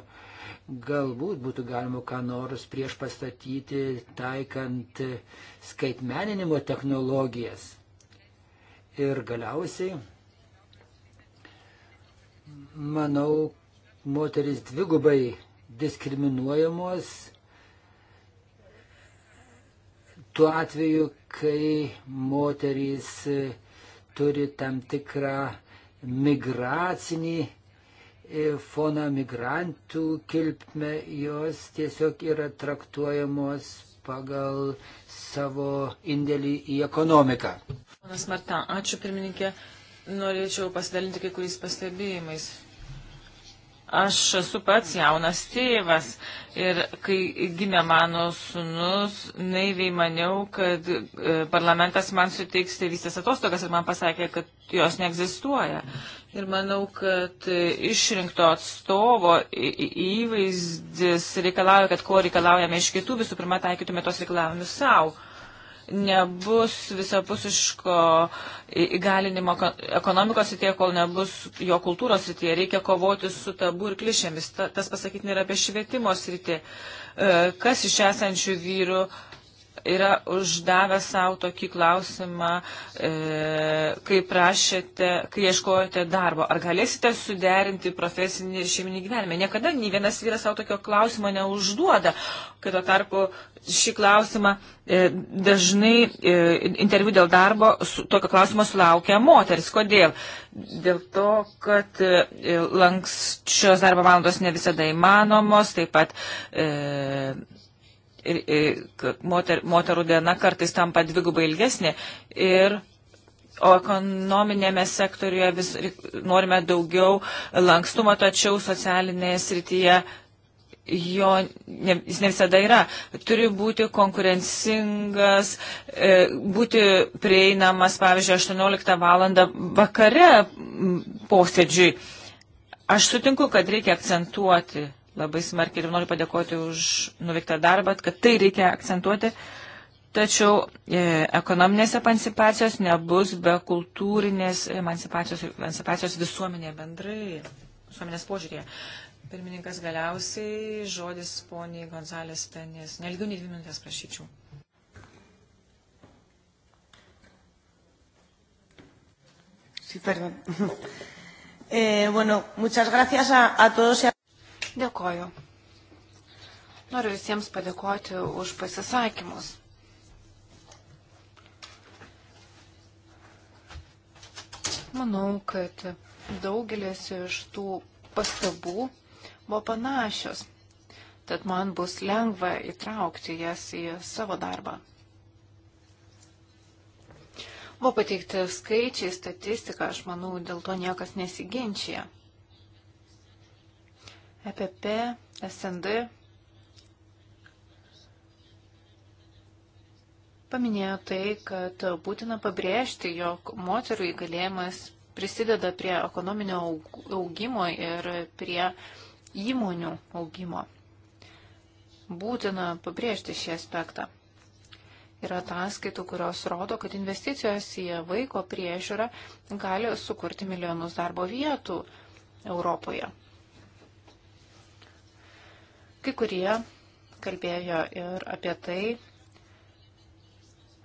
Galbūt būtų galima ką nors prieš pastatyti, taikant skaitmeninimo technologijas. Ir galiausiai, manau, moteris dvigubai diskriminuojamos tuo atveju, kai moterys e, turi tam tikrą migracinį e, foną migrantų kilpmę, jos tiesiog yra traktuojamos pagal savo indėlį į ekonomiką. Panas Marta, ačiū pirmininkė. Norėčiau pasidalinti kai kuriais pastebėjimais. Aš esu pats jaunas tėvas ir kai gimė mano sunus, naiviai maniau, kad e, parlamentas man suteiks tėvystės atostogas ir man pasakė, kad jos neegzistuoja. Ir manau, kad e, išrinkto atstovo įvaizdis reikalauja, kad ko reikalaujame iš kitų, visų pirma, taikytume tos reikalavimus savo nebus visapusiško įgalinimo ekonomikos įtie, kol nebus jo kultūros įtie. Reikia kovoti su tabu ir klišėmis. Ta, tas pasakyti nėra apie švietimo sritį. E, kas iš esančių vyrų yra uždavęs savo tokį klausimą, e, kai prašėte, kai ieškojate darbo. Ar galėsite suderinti profesinį ir šeiminį gyvenimą? Niekada nei vienas vyras savo tokio klausimo neužduoda. Kai tuo tarpu šį klausimą e, dažnai e, interviu dėl darbo su, tokio klausimo sulaukia moteris. Kodėl? Dėl to, kad e, lankščios darbo valandos ne visada įmanomos, taip pat. E, ir, ir moter, moterų diena kartais tampa dvigubai ilgesnė. Ir O ekonominėme sektoriuje vis norime daugiau lankstumo, tačiau socialinėje srityje jo ne, jis ne visada yra. Turi būti konkurencingas, e, būti prieinamas, pavyzdžiui, 18 val. vakare posėdžiui. Aš sutinku, kad reikia akcentuoti labai smarkiai ir noriu padėkoti už nuveiktą darbą, kad tai reikia akcentuoti. Tačiau e, ekonominės emancipacijos nebus be kultūrinės emancipacijos, emancipacijos visuomenėje bendrai, visuomenės požiūrėje. Pirmininkas galiausiai, žodis poniai Gonzalės Penės. Nelgiau nei dvi minutės prašyčiau. Sí, perdón. Eh, bueno, muchas gracias a, a todos y a Dėkoju. Noriu visiems padėkoti už pasisakymus. Manau, kad daugelis iš tų pastabų buvo panašios, tad man bus lengva įtraukti jas į savo darbą. Buvo pateikti skaičiai, statistika, aš manau, dėl to niekas nesiginčia. EPP, SND paminėjo tai, kad būtina pabrėžti, jog moterų įgalėjimas prisideda prie ekonominio augimo ir prie įmonių augimo. Būtina pabrėžti šį aspektą. Yra ataskaitų, kurios rodo, kad investicijos į vaiko priežiūrą gali sukurti milijonus darbo vietų Europoje. Kai kurie kalbėjo ir apie tai,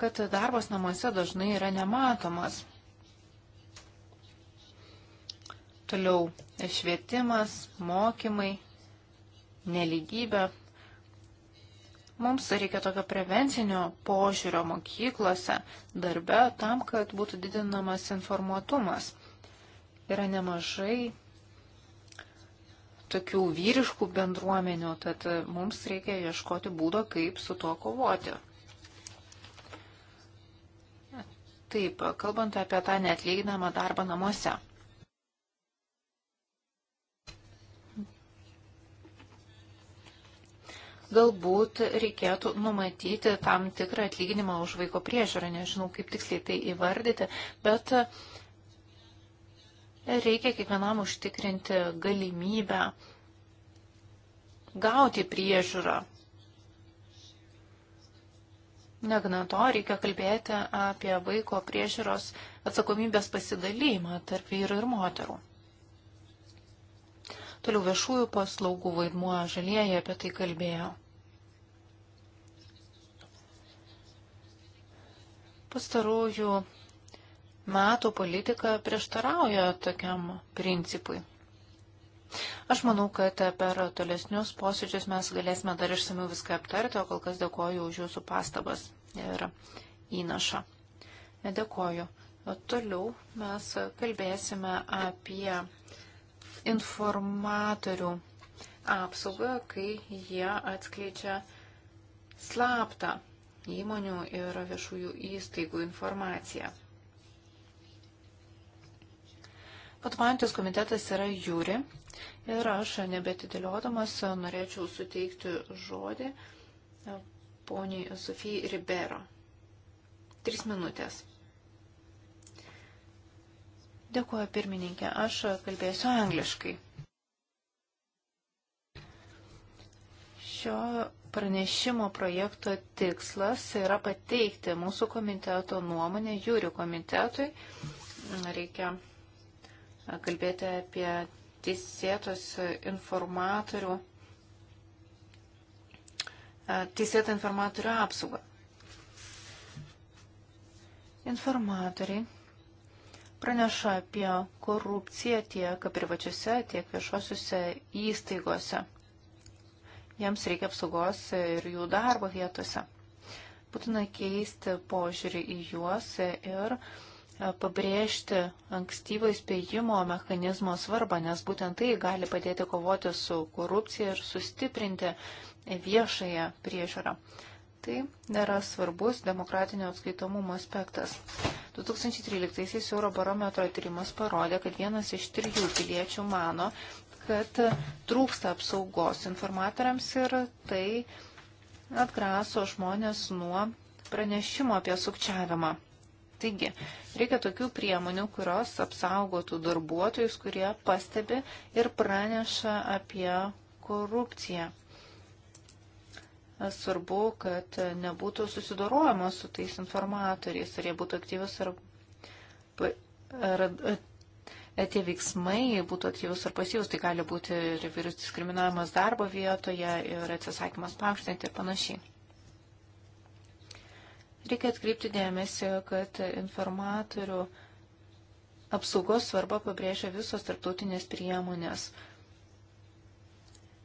kad darbas namuose dažnai yra nematomas. Toliau švietimas, mokymai, neligybė. Mums reikia tokio prevencinio požiūrio mokyklose, darbe, tam, kad būtų didinamas informuotumas. Yra nemažai tokių vyriškų bendruomenių, tad mums reikia ieškoti būdo, kaip su tuo kovoti. Taip, kalbant apie tą neatlyginamą darbą namuose. Galbūt reikėtų numatyti tam tikrą atlyginimą už vaiko priežiūrą, nežinau kaip tiksliai tai įvardyti, bet reikia kiekvienam užtikrinti galimybę gauti priežiūrą. Negana to, reikia kalbėti apie vaiko priežiūros atsakomybės pasidalymą tarp vyrų ir moterų. Toliau viešųjų paslaugų vaidmuo žalieji apie tai kalbėjo. Pastarųjų metų politika prieštarauja tokiam principui. Aš manau, kad per tolesnius posėdžius mes galėsime dar išsamiu viską aptarti, o kol kas dėkoju už jūsų pastabas ir įnašą. Dėkoju. Toliau mes kalbėsime apie informatorių apsaugą, kai jie atskleidžia slaptą įmonių ir viešųjų įstaigų informaciją. Vadovaujantis komitetas yra Jūri ir aš nebetidėliodamas norėčiau suteikti žodį poniai Sofijai Ribero. Tris minutės. Dėkuoju pirmininkė, aš kalbėsiu angliškai. Šio pranešimo projekto tikslas yra pateikti mūsų komiteto nuomonę jūrių komitetui. Reikia kalbėti apie teisėtos informatorių, e, teisėtą informatorių apsaugą. Informatoriai praneša apie korupciją tiek privačiose, tiek viešosiuose įstaigose. Jiems reikia apsaugos ir jų darbo vietose. Būtina keisti požiūrį į juos ir uh, pabrėžti ankstyvo įspėjimo mechanizmo svarbą, nes būtent tai gali padėti kovoti su korupcija ir sustiprinti viešąją priežiūrą. Tai nėra svarbus demokratinio atskaitomumo aspektas. 2013-aisiais Eurobarometro tyrimas parodė, kad vienas iš trijų piliečių mano, kad trūksta apsaugos informatoriams ir tai atgraso žmonės nuo pranešimo apie sukčiavimą. Taigi, reikia tokių priemonių, kurios apsaugotų darbuotojus, kurie pastebi ir praneša apie korupciją. Svarbu, kad nebūtų susidorojama su tais informatoriais, ar jie būtų aktyvus, ar, ar, ar e, e, tie veiksmai būtų aktyvus ar pasyvus. Tai gali būti ir įvairius diskriminavimas darbo vietoje, ir atsisakymas paaukštinti ir panašiai. Reikia atkreipti dėmesį, kad informatorių apsaugos svarba pabrėžia visos tarptautinės priemonės.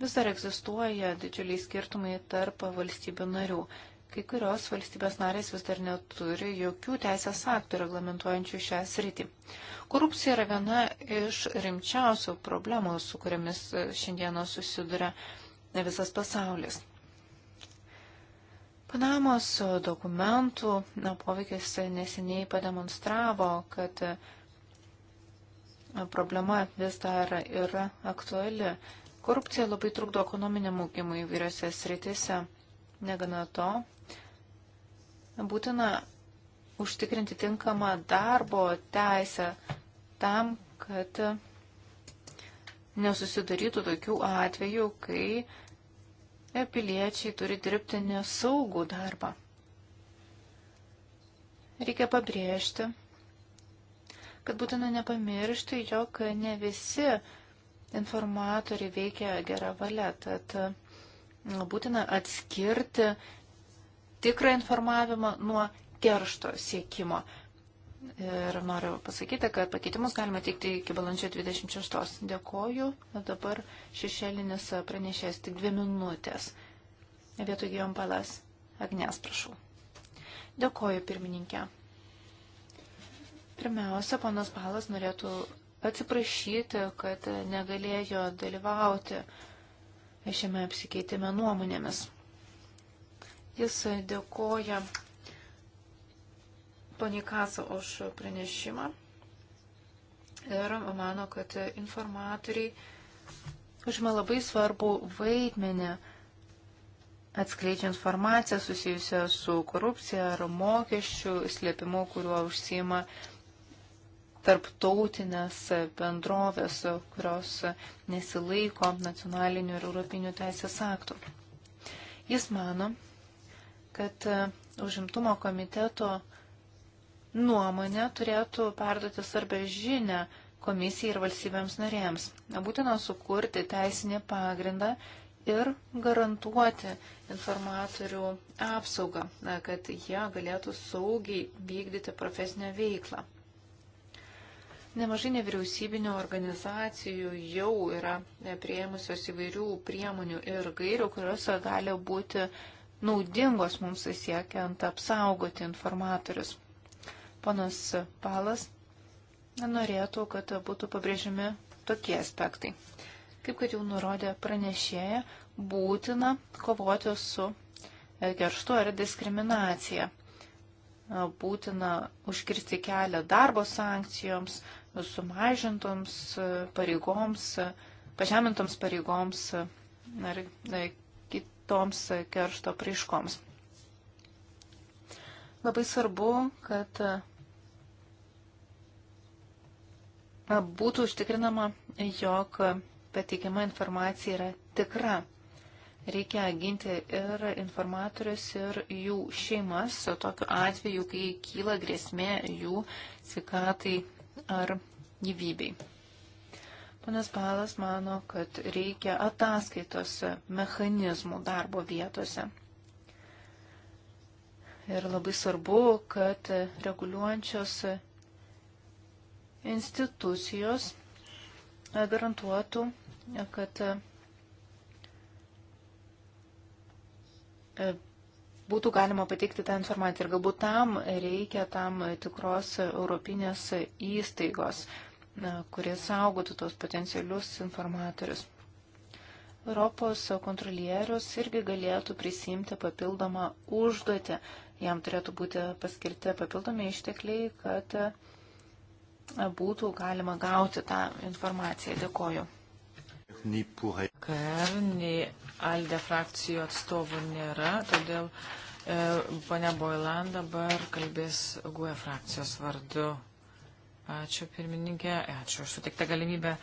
Vis dar egzistuoja didžiuliai skirtumai tarp valstybių narių. Kai kurios valstybės narės vis dar neturi jokių teisės aktų reglamentuojančių šią sritį. Korupcija yra viena iš rimčiausių problemų, su kuriamis šiandieną susiduria visas pasaulis. Panamos dokumentų na, poveikis neseniai pademonstravo, kad problema vis dar yra aktuali. Korupcija labai trukdo ekonominiam augimui įvairiose sritise. Negana to, būtina užtikrinti tinkamą darbo teisę tam, kad nesusidarytų tokių atvejų, kai piliečiai turi dirbti nesaugų darbą. Reikia pabrėžti, kad būtina nepamiršti, jog ne visi informatoriai veikia gerą valią, tad būtina atskirti tikrą informavimą nuo keršto siekimo. Ir noriu pasakyti, kad pakeitimus galima teikti iki balandžio 26. Dėkoju. Dabar šešėlinis pranešės tik dvi minutės. Vietoj Gijompalas. Agnes, prašau. Dėkoju, pirmininkė. Pirmiausia, panas Palas norėtų atsiprašyti, kad negalėjo dalyvauti šiame apsikeitime nuomonėmis. Jis dėkoja poniai Kaso už pranešimą ir mano, kad informatoriai užima labai svarbu vaidmenį atskleidžia informaciją susijusią su korupcija ar mokesčių slėpimu, kuriuo užsima tarptautinės bendrovės, kurios nesilaiko nacionalinių ir europinių teisės aktų. Jis mano, kad užimtumo komiteto nuomonė turėtų perduoti svarbę žinę komisijai ir valstybėms narėms. Būtina sukurti teisinį pagrindą ir garantuoti informatorių apsaugą, kad jie galėtų saugiai vykdyti profesinę veiklą. Nemažai nevyriausybinio organizacijų jau yra prieimusios įvairių priemonių ir gairių, kurios gali būti naudingos mums siekiant apsaugoti informatorius. Ponas Palas norėtų, kad būtų pabrėžiami tokie aspektai. Kaip kad jau nurodė pranešėja, būtina kovoti su kerštu ar diskriminacija. Būtina užkirsti kelią darbo sankcijoms, sumažintoms pareigoms, pažemintoms pareigoms ar e, kitoms keršto praiškoms. Labai svarbu, kad būtų užtikrinama, jog pateikiama informacija yra tikra. Reikia ginti ir informatorius, ir jų šeimas, o tokiu atveju, kai kyla grėsmė jų sveikatai ar gyvybei. Panas Palas mano, kad reikia ataskaitos mechanizmų darbo vietose. Ir labai svarbu, kad reguliuojančios institucijos e, garantuotų, e, kad e, būtų galima pateikti tą informaciją. Ir galbūt tam reikia tam tikros europinės įstaigos, kurie saugotų tos potencialius informatorius. Europos kontrolierius irgi galėtų prisimti papildomą užduotį. Jam turėtų būti paskirti papildomi ištekliai, kad būtų galima gauti tą informaciją. Dėkoju. KR nei Alde frakcijų atstovų nėra, todėl e, ponia Boilan dabar kalbės GUE frakcijos vardu. Ačiū pirmininkė, ačiū už sutiktą galimybę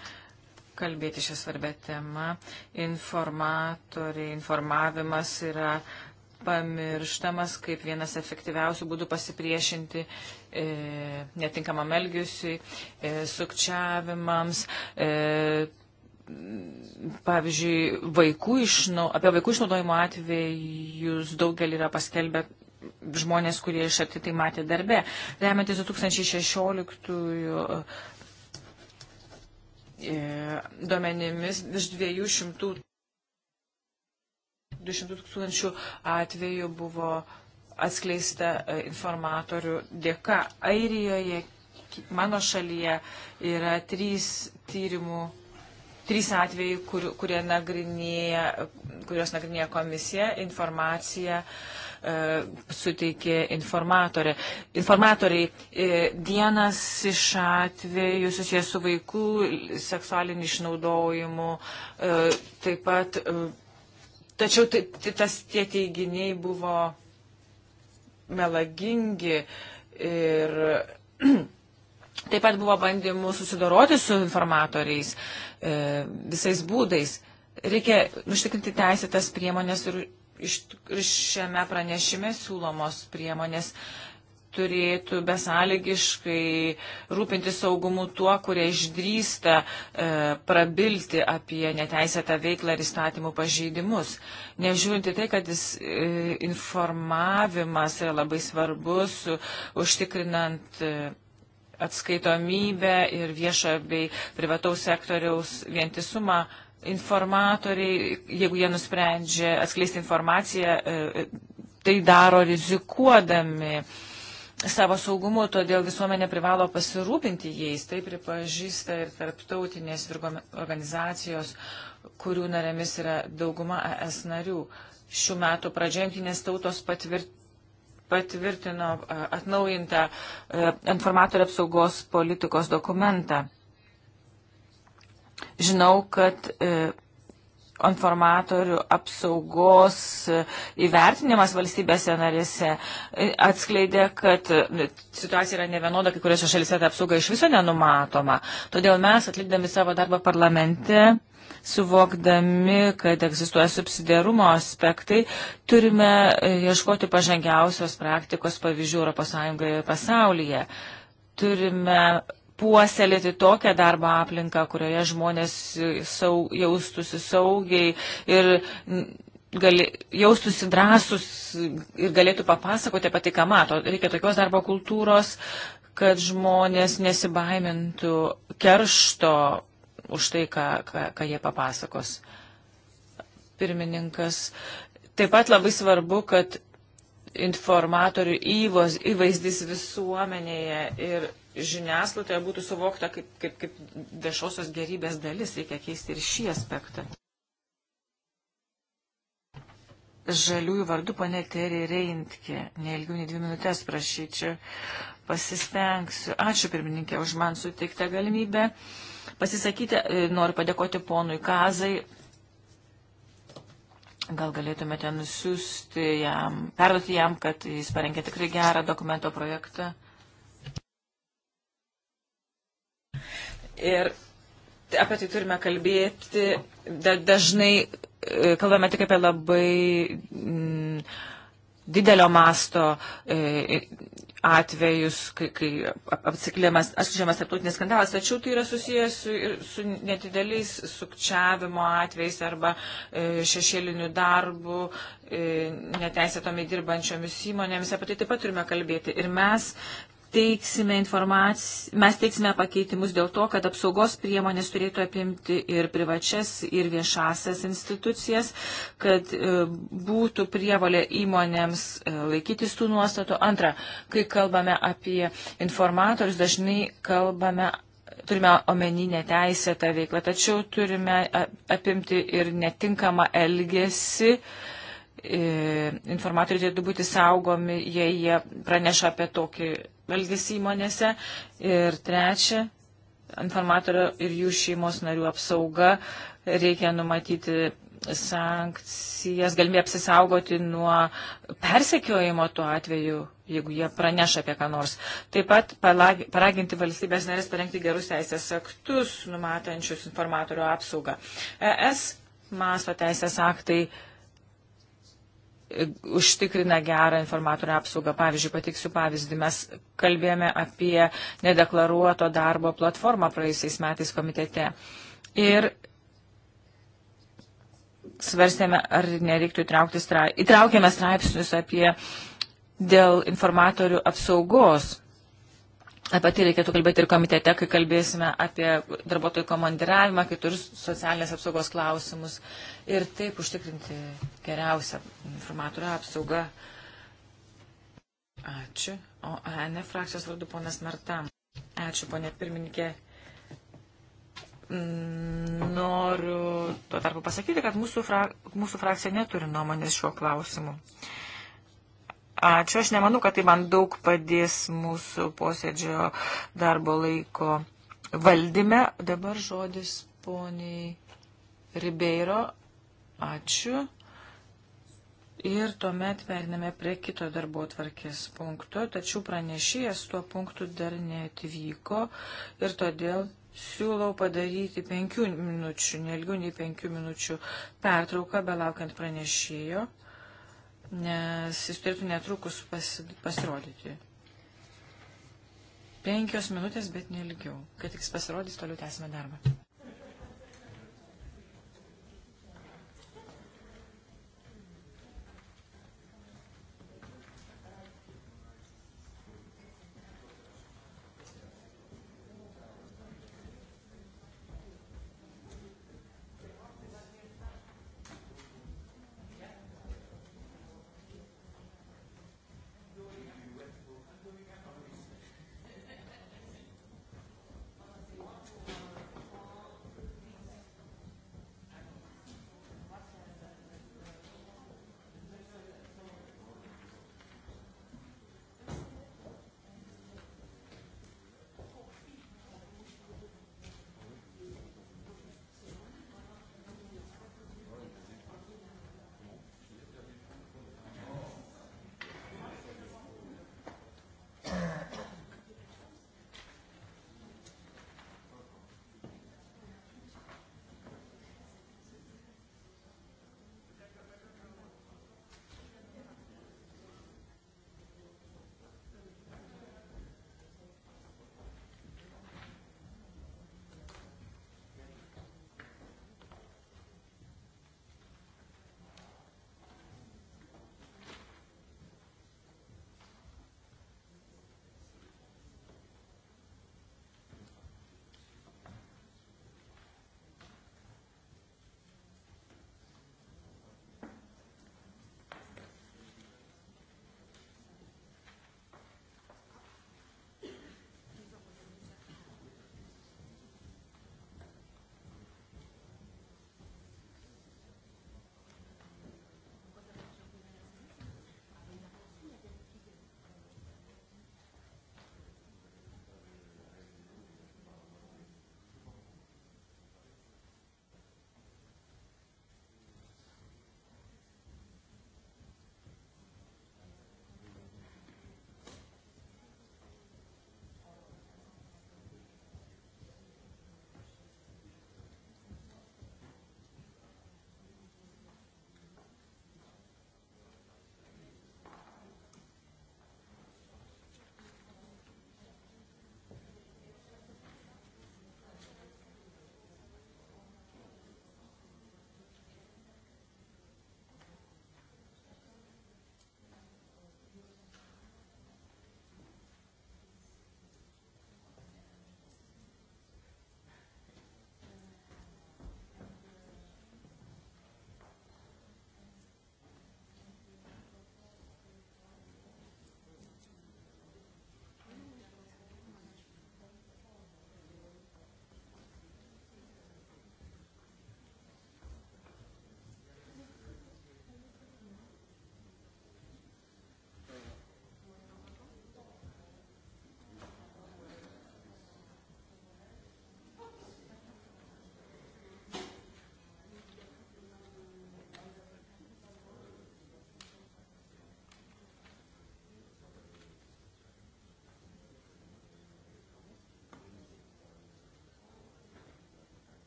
kalbėti šią svarbę temą. Informatoriai, informavimas yra pamirštamas kaip vienas efektyviausių būdų pasipriešinti e, netinkamam elgiusiui, e, sukčiavimams. E, Pavyzdžiui, vaikų išnau, apie vaikų išnaudojimo atvejus daugelį yra paskelbę žmonės, kurie iš arti tai matė darbe. Remiantis 2016 e, duomenimis virš 200 tūkstančių atvejų buvo atskleista e, informatorių dėka. Airijoje, mano šalyje, yra trys tyrimų. Trys atvejai, kur, kurie nagrinėja, kurios nagrinėja komisija, informacija e, suteikė informatorė. Informatoriai, e, vienas iš atvejų susijęs su vaikų seksualiniu išnaudojimu, e, taip pat e, Tačiau tai, tai tas tie teiginiai buvo melagingi ir taip pat buvo bandymų susidoroti su informatoriais e, visais būdais. Reikia užtikrinti teisėtas priemonės ir iš, šiame pranešime siūlomos priemonės turėtų besąlygiškai rūpinti saugumu tuo, kurie išdrįsta e, prabilti apie neteisėtą veiklą ir įstatymų pažeidimus. Nežiūrinti tai, kad jis, e, informavimas yra labai svarbus, užtikrinant. E, atskaitomybę ir viešo bei privataus sektoriaus vientisumą informatoriai, jeigu jie nusprendžia atskleisti informaciją, e, e, tai daro rizikuodami savo saugumu, todėl visuomenė privalo pasirūpinti jais. Tai pripažįsta ir tarptautinės organizacijos, kurių narėmis yra dauguma ES narių. Šių metų pradžiantinės tautos patvirt, patvirtino e, atnaujintą e, informatorių apsaugos politikos dokumentą. Žinau, kad e, informatorių apsaugos įvertinimas valstybėse narėse atskleidė, kad situacija yra nevienoda, kai kuriuose šalise ta apsauga iš viso nenumatoma. Todėl mes, atlikdami savo darbą parlamente, suvokdami, kad egzistuoja subsidiarumo aspektai, turime e, ieškoti pažangiausios praktikos pavyzdžių ES ir pasaulyje. Turime puoselėti tokią darbo aplinką, kurioje žmonės saug, jaustųsi saugiai ir gali, jaustųsi drąsus ir galėtų papasakoti apie tai, ką mato. Reikia tokios darbo kultūros, kad žmonės nesibaimintų keršto už tai, ką, ką, ką jie papasakos. Pirmininkas. Taip pat labai svarbu, kad informatorių įvos, įvaizdis visuomenėje ir žiniasklaidoje būtų suvokta kaip, kaip, kaip viešosios gerybės dalis, reikia keisti ir šį aspektą. Žaliųjų vardu ponė Terė Reintke, neilgiau nei dvi minutės prašyčiau, pasistengsiu. Ačiū pirmininkė už man suteiktą galimybę pasisakyti. E, noriu padėkoti ponui Kazai. Gal galėtumėte nusiųsti jam, perduoti jam, kad jis parengė tikrai gerą dokumento projektą. Ir apie tai turime kalbėti. Da, dažnai e, kalbame tik apie labai m, mm, didelio masto e, atvejus, kai, kai apsikliamas, apsikliamas tarptautinis skandalas, tačiau tai yra susijęs su, su netideliais sukčiavimo atvejais arba e, šešėliniu darbu, e, neteisėtomis dirbančiomis įmonėmis, apie tai taip pat turime kalbėti. Ir mes teiksime informaciją, mes teiksime pakeitimus dėl to, kad apsaugos priemonės turėtų apimti ir privačias, ir viešasias institucijas, kad e, būtų prievalė įmonėms e, laikytis tų nuostatų. Antra, kai kalbame apie informatorius, dažnai kalbame. Turime omeninę teisę tą veiklą, tačiau turime apimti ir netinkamą elgesį, uh, E, informatoriai turėtų būti saugomi, jei jie praneša apie tokį elgesį įmonėse. Ir trečia, informatorio ir jų šeimos narių apsauga reikia numatyti sankcijas, galimybę apsisaugoti nuo persekiojimo tuo atveju, jeigu jie praneša apie ką nors. Taip pat paraginti valstybės narės parengti gerus teisės aktus, numatančius informatorių apsaugą. ES masto teisės aktai uh, užtikrina gerą informatorių apsaugą. Pavyzdžiui, patiksiu pavyzdį, mes kalbėjome apie nedeklaruoto darbo platformą praėjusiais metais komitete. Ir svarstėme, ar nereiktų įtraukti straipsnius, įtraukėme straipsnius apie dėl informatorių apsaugos. Apie tai reikėtų kalbėti ir komitete, kai kalbėsime apie darbuotojų komandiravimą, kitus socialinės apsaugos klausimus ir taip užtikrinti geriausią informatorių apsaugą. Ačiū. O ne frakcijos vardu ponas Martam. Ačiū, ponė pirmininkė. Mm, noriu tuo tarpu pasakyti, kad mūsų, frak, mūsų frakcija neturi nuomonės šiuo klausimu. Uh, Ačiū, aš nemanau, kad tai man daug padės mūsų posėdžio darbo laiko valdyme. Dabar žodis poniai Ribeiro. Ačiū. Ir tuomet periname prie kito darbo tvarkės punkto, tačiau pranešėjas tuo punktu dar neatvyko ir todėl siūlau padaryti penkių minučių, nelgiau nei penkių minučių pertrauką, belaukiant pranešėjo nes jis turėtų netrukus pasirodyti. Penkios minutės, bet nelgiau. Kai tik pasirodys, toliau tęsime darbą.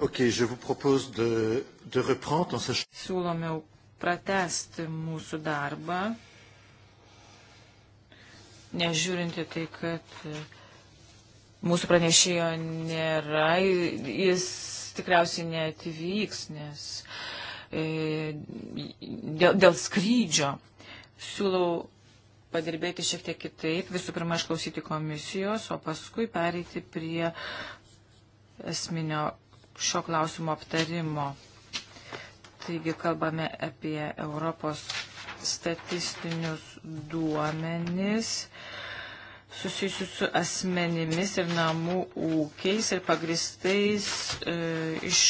Okay, de, de reprendre... Siūlome pratesti mūsų darbą, nežiūrinti tai, kad e, mūsų pranešėjo nėra, jis tikriausiai neatvyks, nes e, dėl, dėl skrydžio siūlau padirbėti šiek tiek kitaip, visų pirma išklausyti komisijos, o paskui pereiti prie esminio šio klausimo aptarimo. Taigi kalbame apie Europos statistinius duomenis susijusius su asmenimis ir namų ūkiais ir pagristais e, iš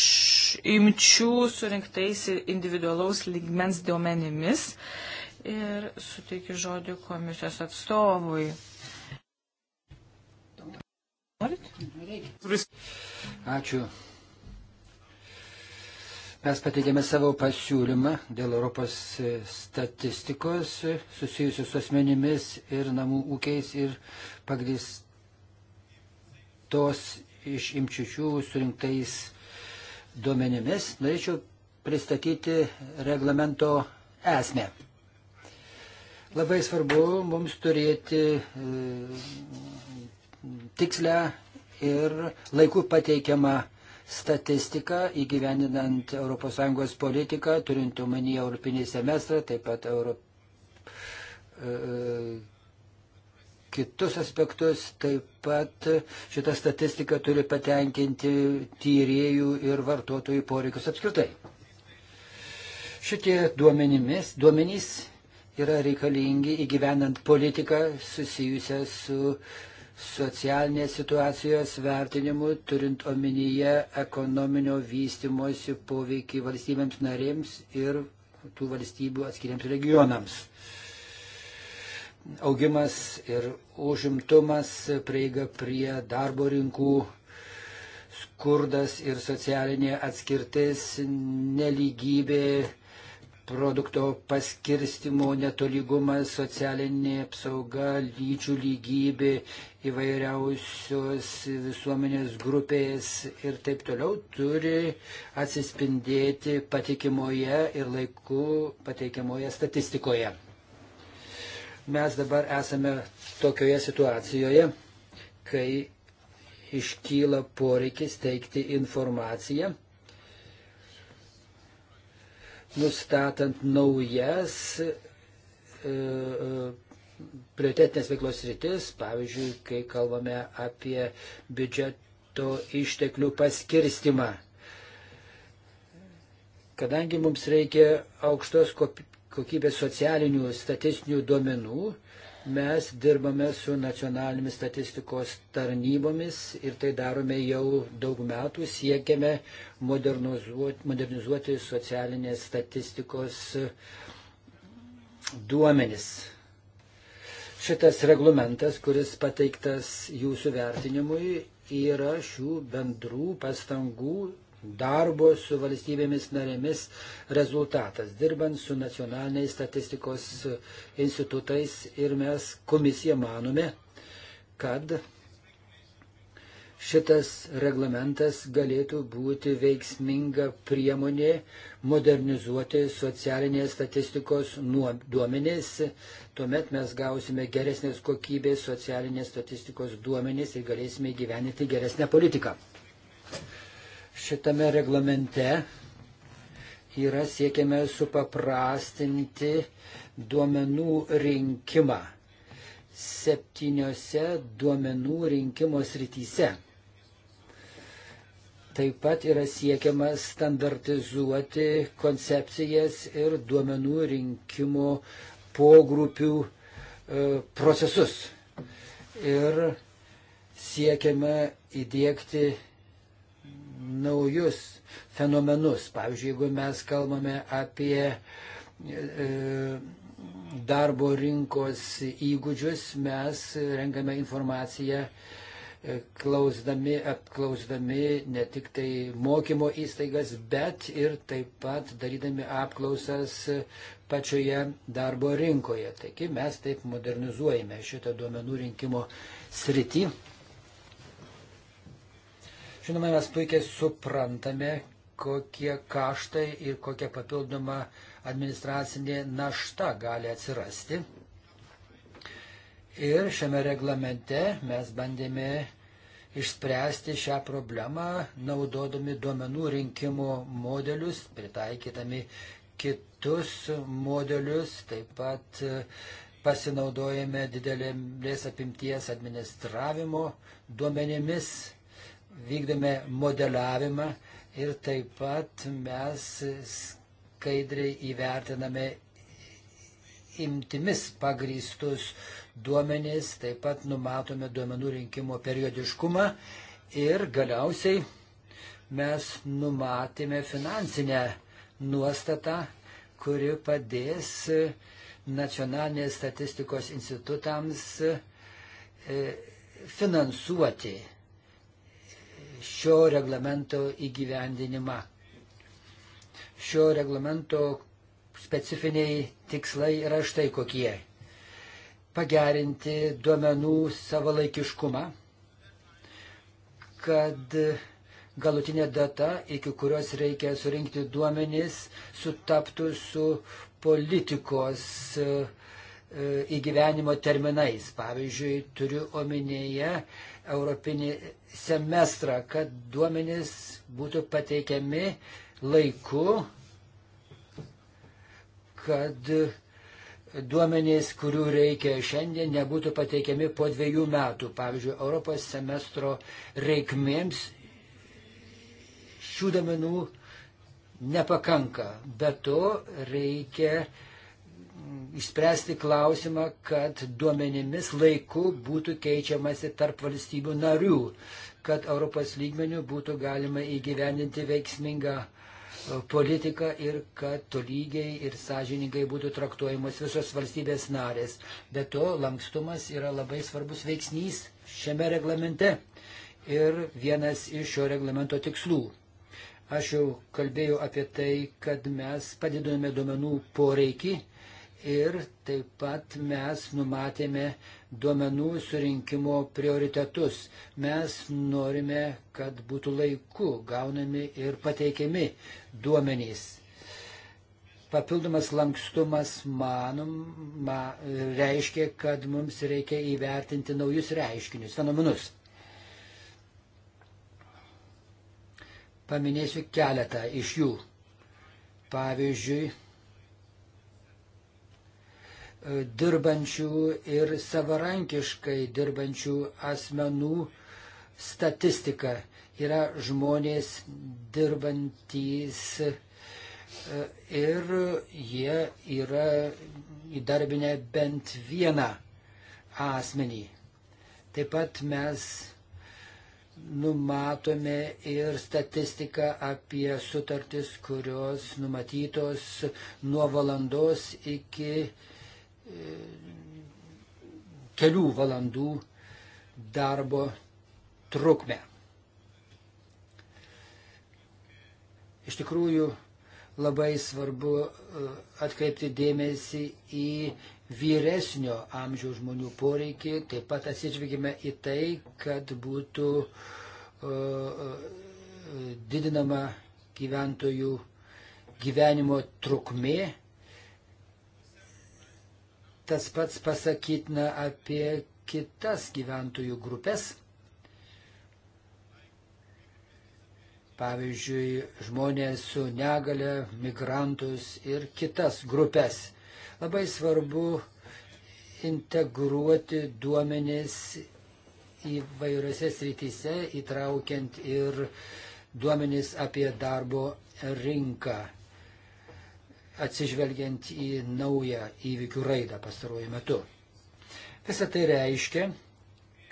imčių surinktais individualaus lygmens duomenimis. Ir suteikiu žodį komisijos atstovui. Ačiū. Mes pateikėme savo pasiūlymą dėl Europos statistikos susijusius su asmenimis ir namų ūkiais ir pagristos iš imčiučių surinktais duomenimis. Norėčiau pristatyti reglamento esmę. Labai svarbu mums turėti e, tikslę ir laiku pateikiamą statistiką įgyvendinant ES politiką, turint omenyje Europinį semestrą, taip pat Euro... E, e, kitus aspektus, taip pat šita statistika turi patenkinti tyriejų ir vartotojų poreikius apskritai. Šitie duomenimis, duomenys yra reikalingi įgyvendant politiką susijusią su uh, socialinės situacijos vertinimu, turint omenyje ekonominio vystimosi poveikį valstybėms narėms ir tų valstybių atskiriams regionams. Augimas ir užimtumas, prieiga prie darbo rinkų, skurdas ir socialinė atskirtis, neligybė, produkto paskirstimo netolygumas, socialinė apsauga, lyčių lygybė, įvairiausios visuomenės grupės ir taip toliau turi atsispindėti patikimoje ir laiku pateikiamoje statistikoje. Mes dabar esame tokioje situacijoje, kai iškyla poreikis teikti informaciją nustatant naujas e, e, prioritetinės veiklos rytis, pavyzdžiui, kai kalbame apie biudžeto išteklių paskirstimą. Kadangi mums reikia aukštos kokybės socialinių statistinių duomenų, Mes dirbame su nacionalinėmis statistikos tarnybomis ir tai darome jau daug metų, siekiame modernizuoti, modernizuoti socialinės statistikos duomenis šitas reglamentas, kuris pateiktas jūsų vertinimui, yra šių bendrų pastangų darbo su valstybėmis narėmis rezultatas, dirbant su nacionaliniais statistikos institutais ir mes komisija manome, kad šitas reglamentas galėtų būti veiksminga priemonė modernizuoti socialinės statistikos duomenys. Tuomet mes gausime geresnės kokybės socialinės statistikos duomenys ir galėsime gyveninti geresnę politiką šitame reglamente yra siekiame supaprastinti duomenų rinkimą septyniose duomenų rinkimo srityse. Taip pat yra siekiama standartizuoti koncepcijas ir duomenų rinkimo pogrupių e, procesus. Ir siekiama įdėkti naujus fenomenus. Pavyzdžiui, jeigu mes kalbame apie e, darbo rinkos įgūdžius, mes renkame informaciją e, klausdami, apklausdami ne tik tai mokymo įstaigas, bet ir taip pat darydami apklausas pačioje darbo rinkoje. Taigi mes taip modernizuojame šitą duomenų rinkimo sritį. Žinoma, mes puikiai suprantame, kokie kaštai ir kokia papildoma administracinė našta gali atsirasti. Ir šiame reglamente mes bandėme išspręsti šią problemą, naudodami duomenų rinkimo modelius, pritaikytami kitus modelius, taip pat e, pasinaudojame didelėmis apimties administravimo duomenimis vykdėme modeliavimą ir taip pat mes skaidriai įvertiname imtimis pagrystus duomenys, taip pat numatome duomenų rinkimo periodiškumą ir galiausiai mes numatėme finansinę nuostatą, kuri padės nacionalinės statistikos institutams e, finansuoti šio reglamento įgyvendinimą. Šio reglamento specifiniai tikslai yra štai kokie. Pagerinti duomenų savalaikiškumą, kad galutinė data, iki kurios reikia surinkti duomenys, sutaptų su politikos e, e, įgyvenimo terminais. Pavyzdžiui, turiu omenyje europinį semestrą, kad duomenys būtų pateikiami laiku, kad duomenys, kurių reikia šiandien, nebūtų pateikiami po dviejų metų. Pavyzdžiui, Europos semestro reikmėms šių duomenų nepakanka. Be to reikia išspręsti klausimą, kad duomenimis laiku būtų keičiamasi tarp valstybių narių, kad Europos lygmenių būtų galima įgyvendinti veiksmingą e, politiką ir kad tolygiai ir sąžiningai būtų traktuojamos visos valstybės narės. Be to, lankstumas yra labai svarbus veiksnys šiame reglamente ir vienas iš šio reglamento tikslų. Aš jau kalbėjau apie tai, kad mes padidinome duomenų poreikį ir taip pat mes numatėme duomenų surinkimo prioritetus. Mes norime, kad būtų laiku gaunami ir pateikiami duomenys. Papildomas lankstumas, manom, ma, reiškia, kad mums reikia įvertinti naujus reiškinius, fenomenus. Paminėsiu keletą iš jų. Pavyzdžiui, dirbančių ir savarankiškai dirbančių asmenų statistika. Yra žmonės dirbantys e, ir jie yra įdarbinę bent vieną asmenį. Taip pat mes numatome ir statistiką apie sutartis, kurios numatytos nuo valandos iki kelių valandų darbo trukmę. Iš tikrųjų, labai svarbu e, atkreipti dėmesį į vyresnio amžiaus žmonių poreikį, taip pat atsižvelgime į tai, kad būtų e, e, didinama gyventojų gyvenimo trukmė Tas pats pasakytina apie kitas gyventojų grupės. Pavyzdžiui, žmonės su negale, migrantus ir kitas grupės. Labai svarbu integruoti duomenis įvairiose srityse, įtraukiant ir duomenis apie darbo rinką atsižvelgiant į naują įvykių raidą pastaruoju metu. Visą tai reiškia,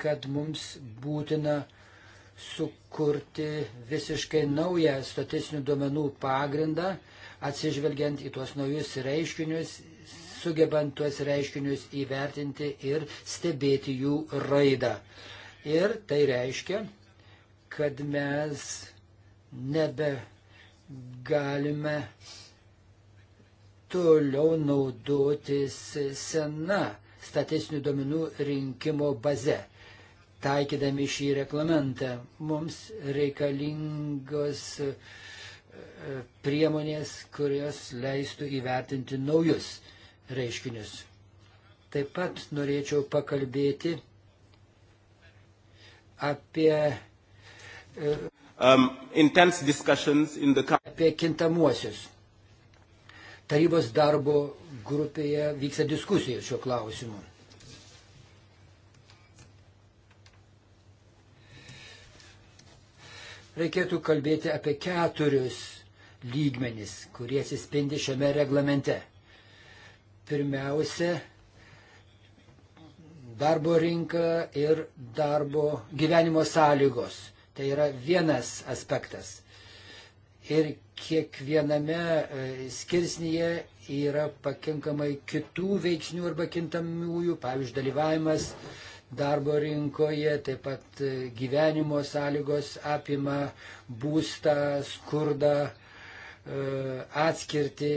kad mums būtina sukurti visiškai naują statistinių duomenų pagrindą, atsižvelgiant į tuos naujus reiškinius, sugebant tuos reiškinius įvertinti ir stebėti jų raidą. Ir tai reiškia, kad mes nebe galime toliau naudotis sena statistinių duomenų rinkimo baze. Taikydami šį reglamentą mums reikalingos e, priemonės, kurios leistų įvertinti naujus reiškinius. Taip pat norėčiau pakalbėti apie, e, um, in the... apie kintamuosius tarybos darbo grupėje vyksta diskusijos šiuo klausimu. Reikėtų kalbėti apie keturius lygmenis, kurie atsispindi šiame reglamente. Pirmiausia, darbo rinka ir darbo gyvenimo sąlygos. Tai yra vienas aspektas. Ir kiekviename e, skirsnyje yra pakankamai kitų veiksnių arba kintamųjų, pavyzdžiui, dalyvavimas darbo rinkoje, taip pat e, gyvenimo sąlygos apima būstą, skurdą, e, atskirti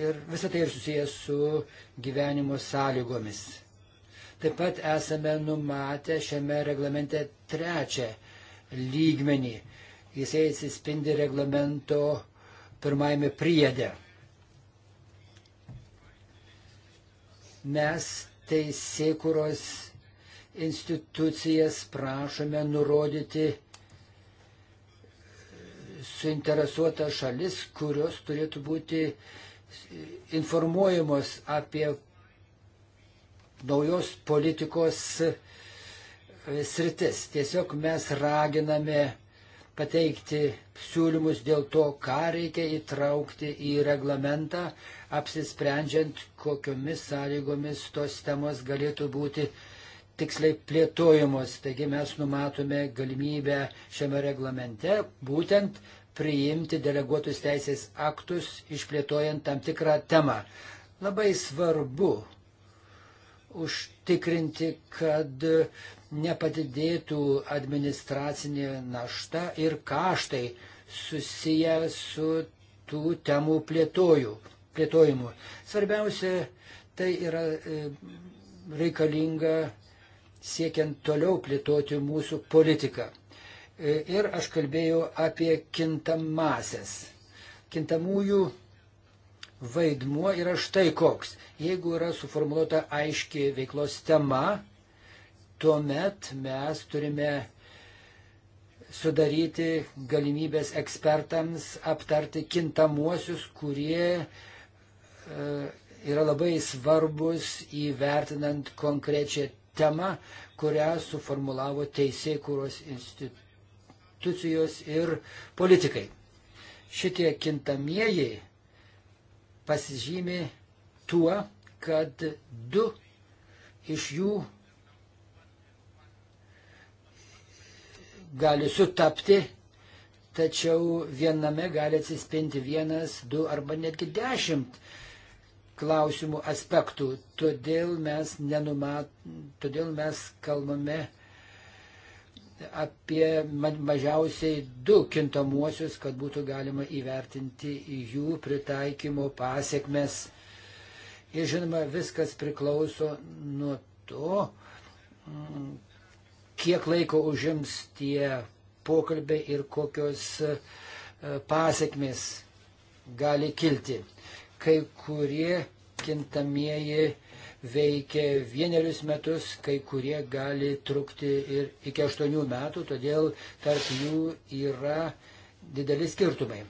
ir visą tai ir susijęs su gyvenimo sąlygomis. Taip pat esame numatę šiame reglamente trečią lygmenį Jisai atsispindi reglamento pirmajame priedė. Mes teisėkuros institucijas prašome nurodyti suinteresuotas šalis, kurios turėtų būti informuojamos apie naujos politikos sritis. Tiesiog mes raginame pateikti siūlymus dėl to, ką reikia įtraukti į reglamentą, apsisprendžiant, kokiomis sąlygomis tos temos galėtų būti tiksliai plėtojamos. Taigi mes numatome galimybę šiame reglamente būtent priimti deleguotus teisės aktus, išplėtojant tam tikrą temą. Labai svarbu užtikrinti, kad nepadidėtų administracinė našta ir kaštai susiję su tų temų plėtoju, plėtojimu. Svarbiausia, tai yra e, reikalinga siekiant toliau plėtoti mūsų politiką. E, ir aš kalbėjau apie kintamasias. Kintamųjų vaidmuo yra štai koks. Jeigu yra suformuoluota aiški veiklos tema, tuomet mes turime sudaryti galimybės ekspertams aptarti kintamuosius, kurie e, yra labai svarbus įvertinant konkrečią temą, kurią suformulavo teisėkūros institucijos ir politikai. Šitie kintamieji pasižymi tuo, kad du iš jų gali sutapti, tačiau viename gali atsispinti vienas, du arba netgi dešimt klausimų aspektų. Todėl mes, nenumat, todėl mes kalbame apie mažiausiai du kintamuosius, kad būtų galima įvertinti jų pritaikymo pasiekmes. Ir žinoma, viskas priklauso nuo to, mm, kiek laiko užims tie pokalbiai ir kokios e, pasiekmes gali kilti. Kai kurie kintamieji veikia vienerius metus, kai kurie gali trukti ir iki aštuonių metų, todėl tarp jų yra dideli skirtumai.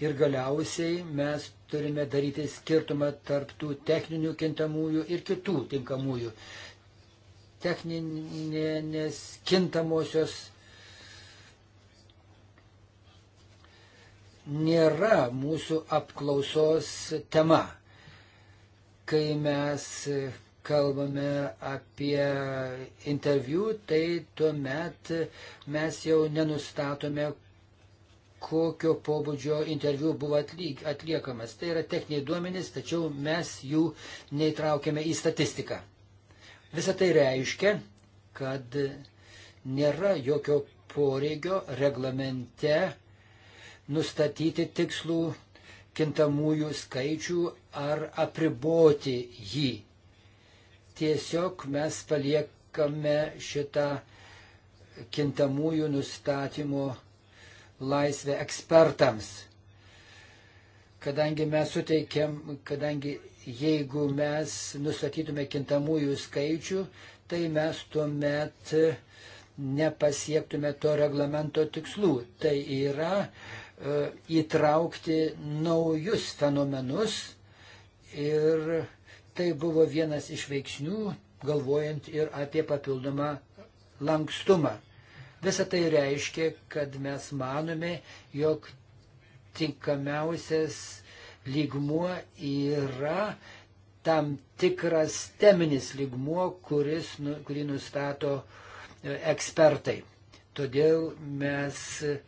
Ir galiausiai mes turime daryti skirtumą tarp tų techninių kintamųjų ir kitų tinkamųjų. Techninės kintamosios nėra mūsų apklausos tema Kai mes kalbame apie interviu, tai tuomet mes jau nenustatome, kokio pobūdžio interviu buvo atliekamas. Tai yra techniniai duomenys, tačiau mes jų neįtraukėme į statistiką. Visą tai reiškia, kad nėra jokio poreigio reglamente nustatyti tikslų kintamųjų skaičių ar apriboti jį. Tiesiog mes paliekame šitą kintamųjų nustatymo laisvę ekspertams. Kadangi mes suteikėm, kadangi jeigu mes nustatytume kintamųjų skaičių, tai mes tuomet nepasiektume to reglamento tikslų. Tai yra e, įtraukti naujus fenomenus, Ir tai buvo vienas iš veiksnių, galvojant ir apie papildomą lankstumą. Visą tai reiškia, kad mes manome, jog tinkamiausias lygmuo yra tam tikras teminis lygmuo, kuris, nu, kurį nustato e, ekspertai. Todėl mes uh,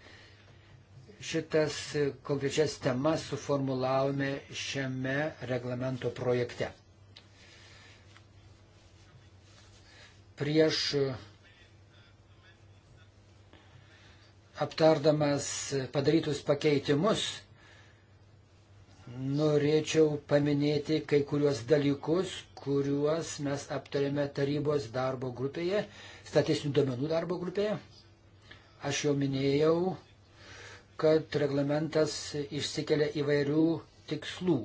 šitas konkrečias temas suformulavome šiame reglamento projekte. Prieš aptardamas padarytus pakeitimus, norėčiau paminėti kai kuriuos dalykus, kuriuos mes aptarėme tarybos darbo grupėje, statistinių domenų darbo grupėje. Aš jau minėjau kad reglamentas išsikelia įvairių tikslų.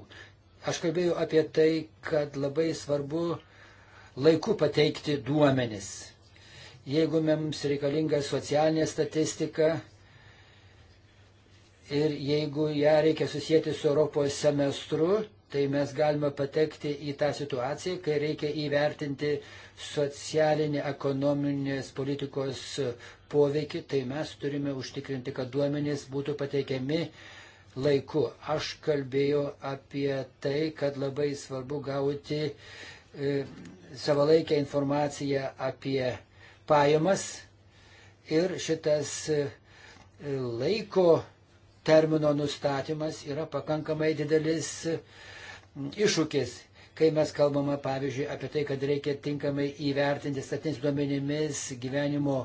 Aš kalbėjau apie tai, kad labai svarbu laiku pateikti duomenis. Jeigu mums reikalinga socialinė statistika ir jeigu ją reikia susijęti su Europos semestru, tai mes galime patekti į tą situaciją, kai reikia įvertinti uh, socialinį ekonominės politikos poveikį, tai mes turime užtikrinti, kad duomenys būtų pateikiami laiku. Aš kalbėjau apie tai, kad labai svarbu gauti e, savalaikę informaciją apie pajamas ir šitas e, laiko termino nustatymas yra pakankamai didelis iššūkis kai mes kalbame, pavyzdžiui, apie tai, kad reikia tinkamai įvertinti statins duomenimis gyvenimo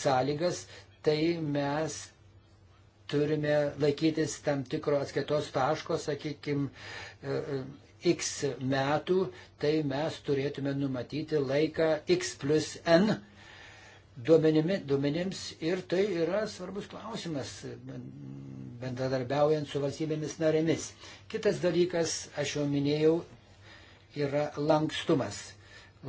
sąlygas, tai mes turime laikytis tam tikro atskaitos taško, sakykime, e, x metų, tai mes turėtume numatyti laiką x plus n duomenimi, duomenims ir tai yra svarbus klausimas bendradarbiaujant su valstybėmis narėmis. Kitas dalykas, aš jau minėjau, yra lankstumas.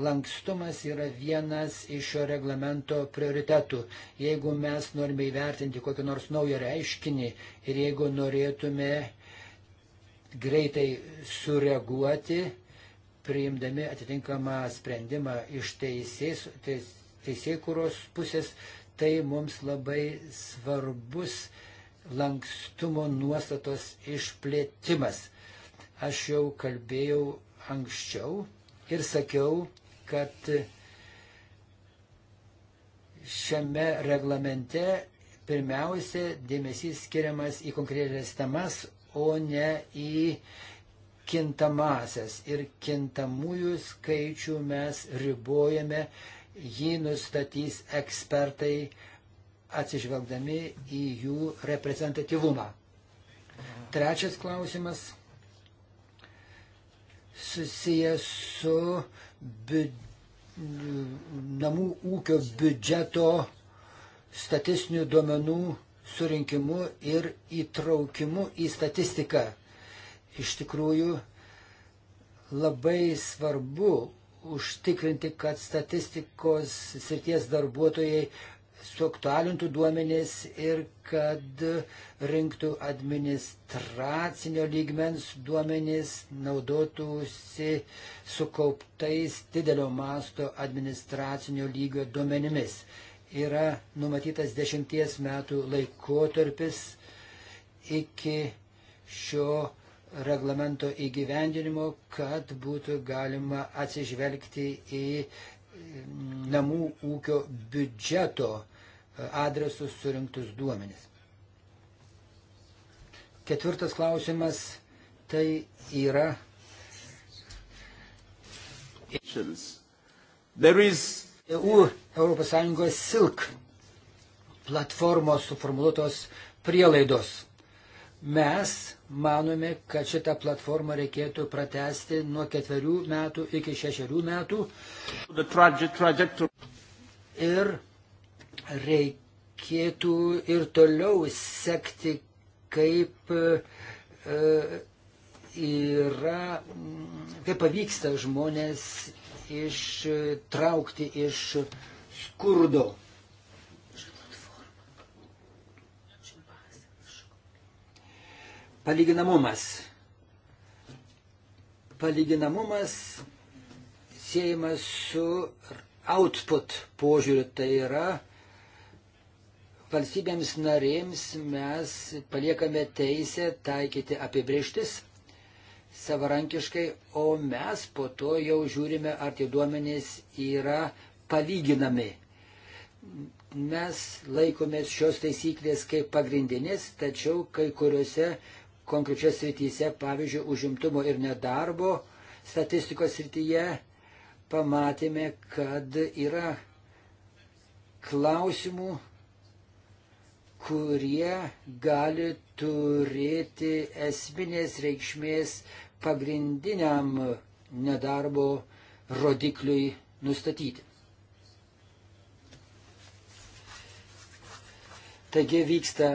Lankstumas yra vienas iš šio reglamento prioritetų. Jeigu mes norime įvertinti kokį nors naują reiškinį ir jeigu norėtume greitai sureaguoti, priimdami atitinkamą sprendimą iš teisės, teis, teisėkuros pusės, tai mums labai svarbus lankstumo nuostatos išplėtimas. Aš jau kalbėjau anksčiau ir sakiau, kad šiame reglamente pirmiausia dėmesys skiriamas į konkrečias temas, o ne į kintamasias. Ir kintamųjų skaičių mes ribojame, jį nustatys ekspertai atsižvelgdami į jų reprezentatyvumą. Trečias klausimas susijęs su bi... namų ūkio biudžeto statistinių duomenų surinkimu ir įtraukimu į statistiką. Iš tikrųjų, labai svarbu užtikrinti, kad statistikos srities darbuotojai suaktualintų duomenis ir kad rinktų administracinio lygmens duomenis, naudotųsi sukauptais didelio masto administracinio lygio duomenimis. Yra numatytas dešimties metų laikotarpis iki šio reglamento įgyvendinimo, kad būtų galima atsižvelgti į namų ūkio biudžeto e, adresus surinktus duomenis. Ketvirtas klausimas tai yra. Is... EU ES silk platformos suformuoluotos prielaidos Mes manome, kad šitą platformą reikėtų pratesti nuo ketverių metų iki šešerių metų. Ir reikėtų ir toliau sekti, kaip e, yra, kaip pavyksta žmonės ištraukti iš skurdo. palyginamumas. Palyginamumas siejamas su output požiūriu, tai yra valstybėms narėms mes paliekame teisę taikyti apibrieštis savarankiškai, o mes po to jau žiūrime, ar tie duomenys yra palyginami. Mes laikomės šios taisyklės kaip pagrindinės, tačiau kai kuriuose konkrečios srityse, pavyzdžiui, užimtumo ir nedarbo statistikos srityje, pamatėme, kad yra klausimų, kurie gali turėti esminės reikšmės pagrindiniam nedarbo rodikliui nustatyti. Taigi vyksta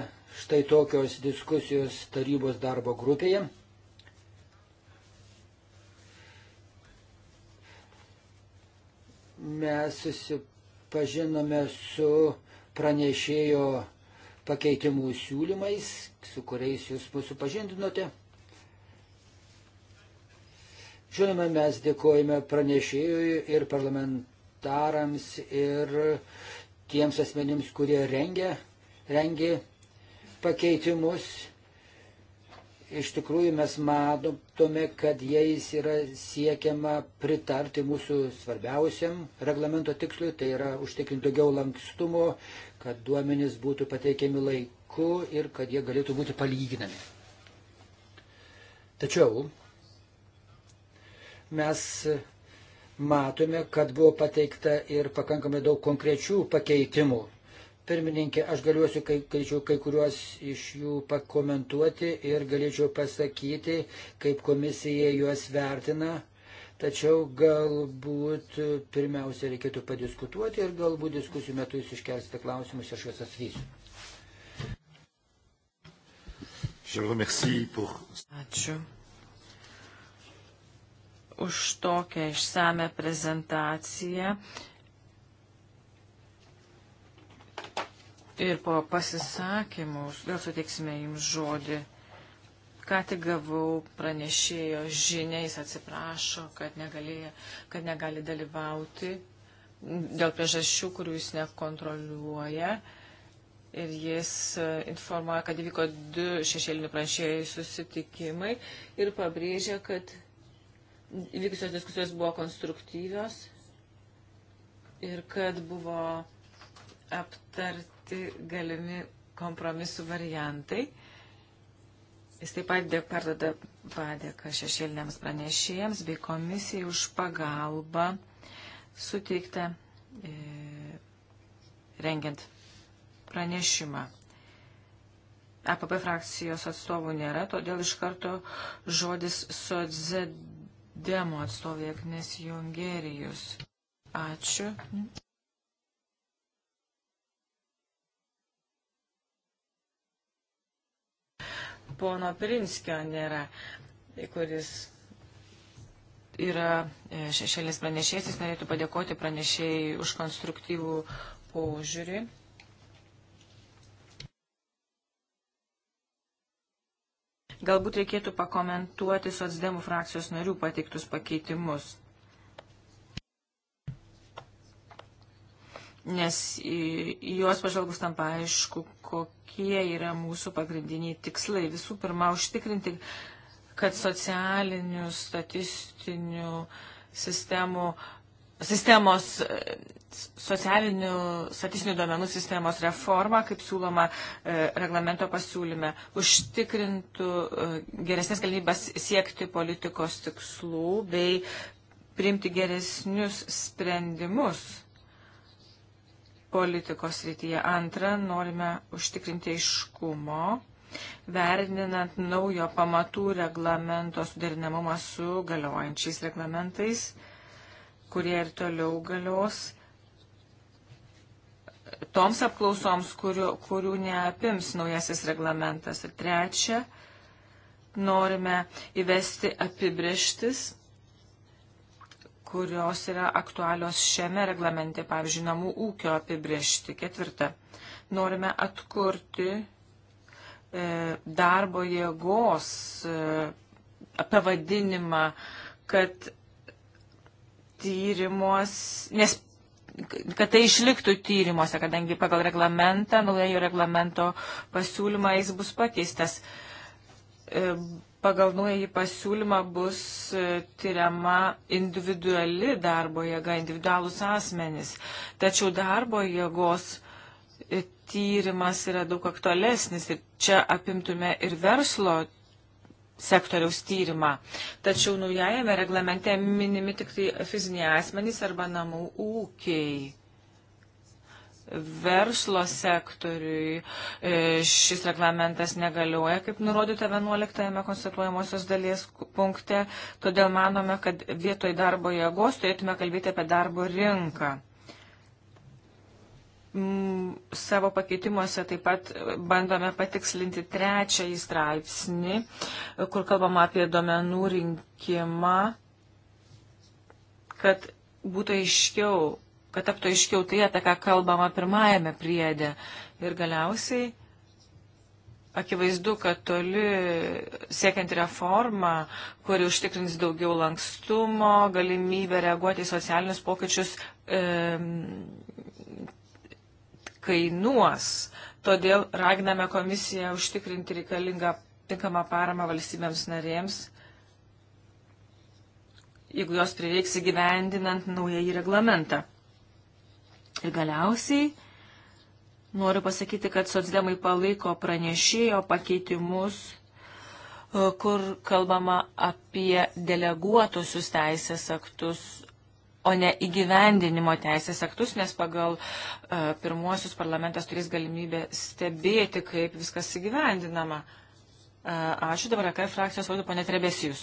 Štai tokios diskusijos tarybos darbo grupėje. Mes susipažinome su pranešėjo pakeitimų siūlymais, su kuriais jūs mūsų pažindinote. Žinoma, mes dėkojame pranešėjui ir parlamentarams ir tiems asmenims, kurie rengia, rengia pakeitimus. Iš tikrųjų mes matome, kad jais yra siekiama pritarti mūsų svarbiausiam reglamento tikslui, tai yra užtikrinti daugiau lankstumo, kad duomenys būtų pateikiami laiku ir kad jie galėtų būti palyginami. Tačiau mes matome, kad buvo pateikta ir pakankamai daug konkrečių pakeitimų pirmininkė, aš galiuosiu kai, galėčiau kai kuriuos iš jų pakomentuoti ir galėčiau pasakyti, kaip komisija juos vertina. Tačiau galbūt pirmiausia reikėtų padiskutuoti ir galbūt diskusijų metu jūs iškelsite klausimus, aš juos atvysiu. Ačiū už tokią išsame prezentaciją. ir po pasisakymų vėl suteiksime jums žodį. Ką tik gavau pranešėjo žiniais, atsiprašo, kad, negalėjo, kad negali dalyvauti dėl priežasčių, kurių jis nekontroliuoja. Ir jis e, informuoja, kad įvyko du šešėlinių pranešėjų susitikimai ir pabrėžia, kad vykusios diskusijos buvo konstruktyvios ir kad buvo aptarti kiti galimi kompromisų variantai. Jis taip pat dėk perdada padėką šešėliniams pranešėjams bei komisijai už pagalbą suteiktą e, rengiant pranešimą. APP frakcijos atstovų nėra, todėl iš karto žodis socdemo atstovė Agnes Jongerijus. Ačiū. pono Pirinskio nėra, kuris yra e, šešėlis pranešėjas, jis norėtų padėkoti pranešėjai už konstruktyvų požiūrį. Galbūt reikėtų pakomentuoti socdemų frakcijos narių pateiktus pakeitimus. nes į juos pažvelgus tampa aišku, kokie yra mūsų pagrindiniai tikslai. Visų pirma, užtikrinti, kad socialinių, statistinių sistemų, sistemos, socialinių, statistinių duomenų sistemos reforma, kaip siūloma e, reglamento pasiūlyme, užtikrintų e, geresnės galimybės siekti politikos tikslų bei priimti geresnius sprendimus politikos rytyje. Antra, norime užtikrinti iškumo, vertinant naujo pamatų reglamento suderinamumą su galiojančiais reglamentais, kurie ir toliau galios toms apklausoms, kurių, kurių neapims naujasis reglamentas. Ir trečia, norime įvesti apibrieštis kurios yra aktualios šiame reglamente, pavyzdžiui, namų ūkio apibriešti. Ketvirta, norime atkurti e, darbo jėgos e, pavadinimą, kad tyrimos, nes kad tai išliktų tyrimuose, kadangi pagal reglamentą, naujojo reglamento pasiūlymą jis bus pakeistas. E, pagal naująjį pasiūlymą bus e, tyriama individuali darbo jėga, individualus asmenys. Tačiau darbo jėgos e, tyrimas yra daug aktualesnis ir čia apimtume ir verslo sektoriaus tyrimą. Tačiau naujajame reglamente minimi tik tai fiziniai asmenys arba namų ūkiai verslo sektoriui e, šis reglamentas negalioja, kaip nurodyta 11 konstatuojamosios dalies punkte, todėl manome, kad vietoj darbo jėgos turėtume kalbėti apie darbo rinką. Savo pakeitimuose taip pat bandome patikslinti trečiąjį straipsnį, kur kalbama apie domenų rinkimą, kad būtų aiškiau kad taptų aiškiau tai, apie ką kalbama pirmajame priedė. Ir galiausiai akivaizdu, kad toli siekiant reformą, kuri užtikrins daugiau lankstumo, galimybę reaguoti į socialinius pokyčius, e, kainuos. Todėl raginame komisiją užtikrinti reikalingą tinkamą paramą valstybėms narėms, jeigu jos prireiks įgyvendinant naująjį reglamentą. Ir galiausiai noriu pasakyti, kad socdemai palaiko pranešėjo pakeitimus, e, kur kalbama apie deleguotusius teisės aktus, o ne įgyvendinimo teisės aktus, nes pagal uh, pirmuosius parlamentas turės galimybę stebėti, kaip viskas įgyvendinama. Uh, ačiū dabar, kai frakcijos vardu, ponė Trebesijus.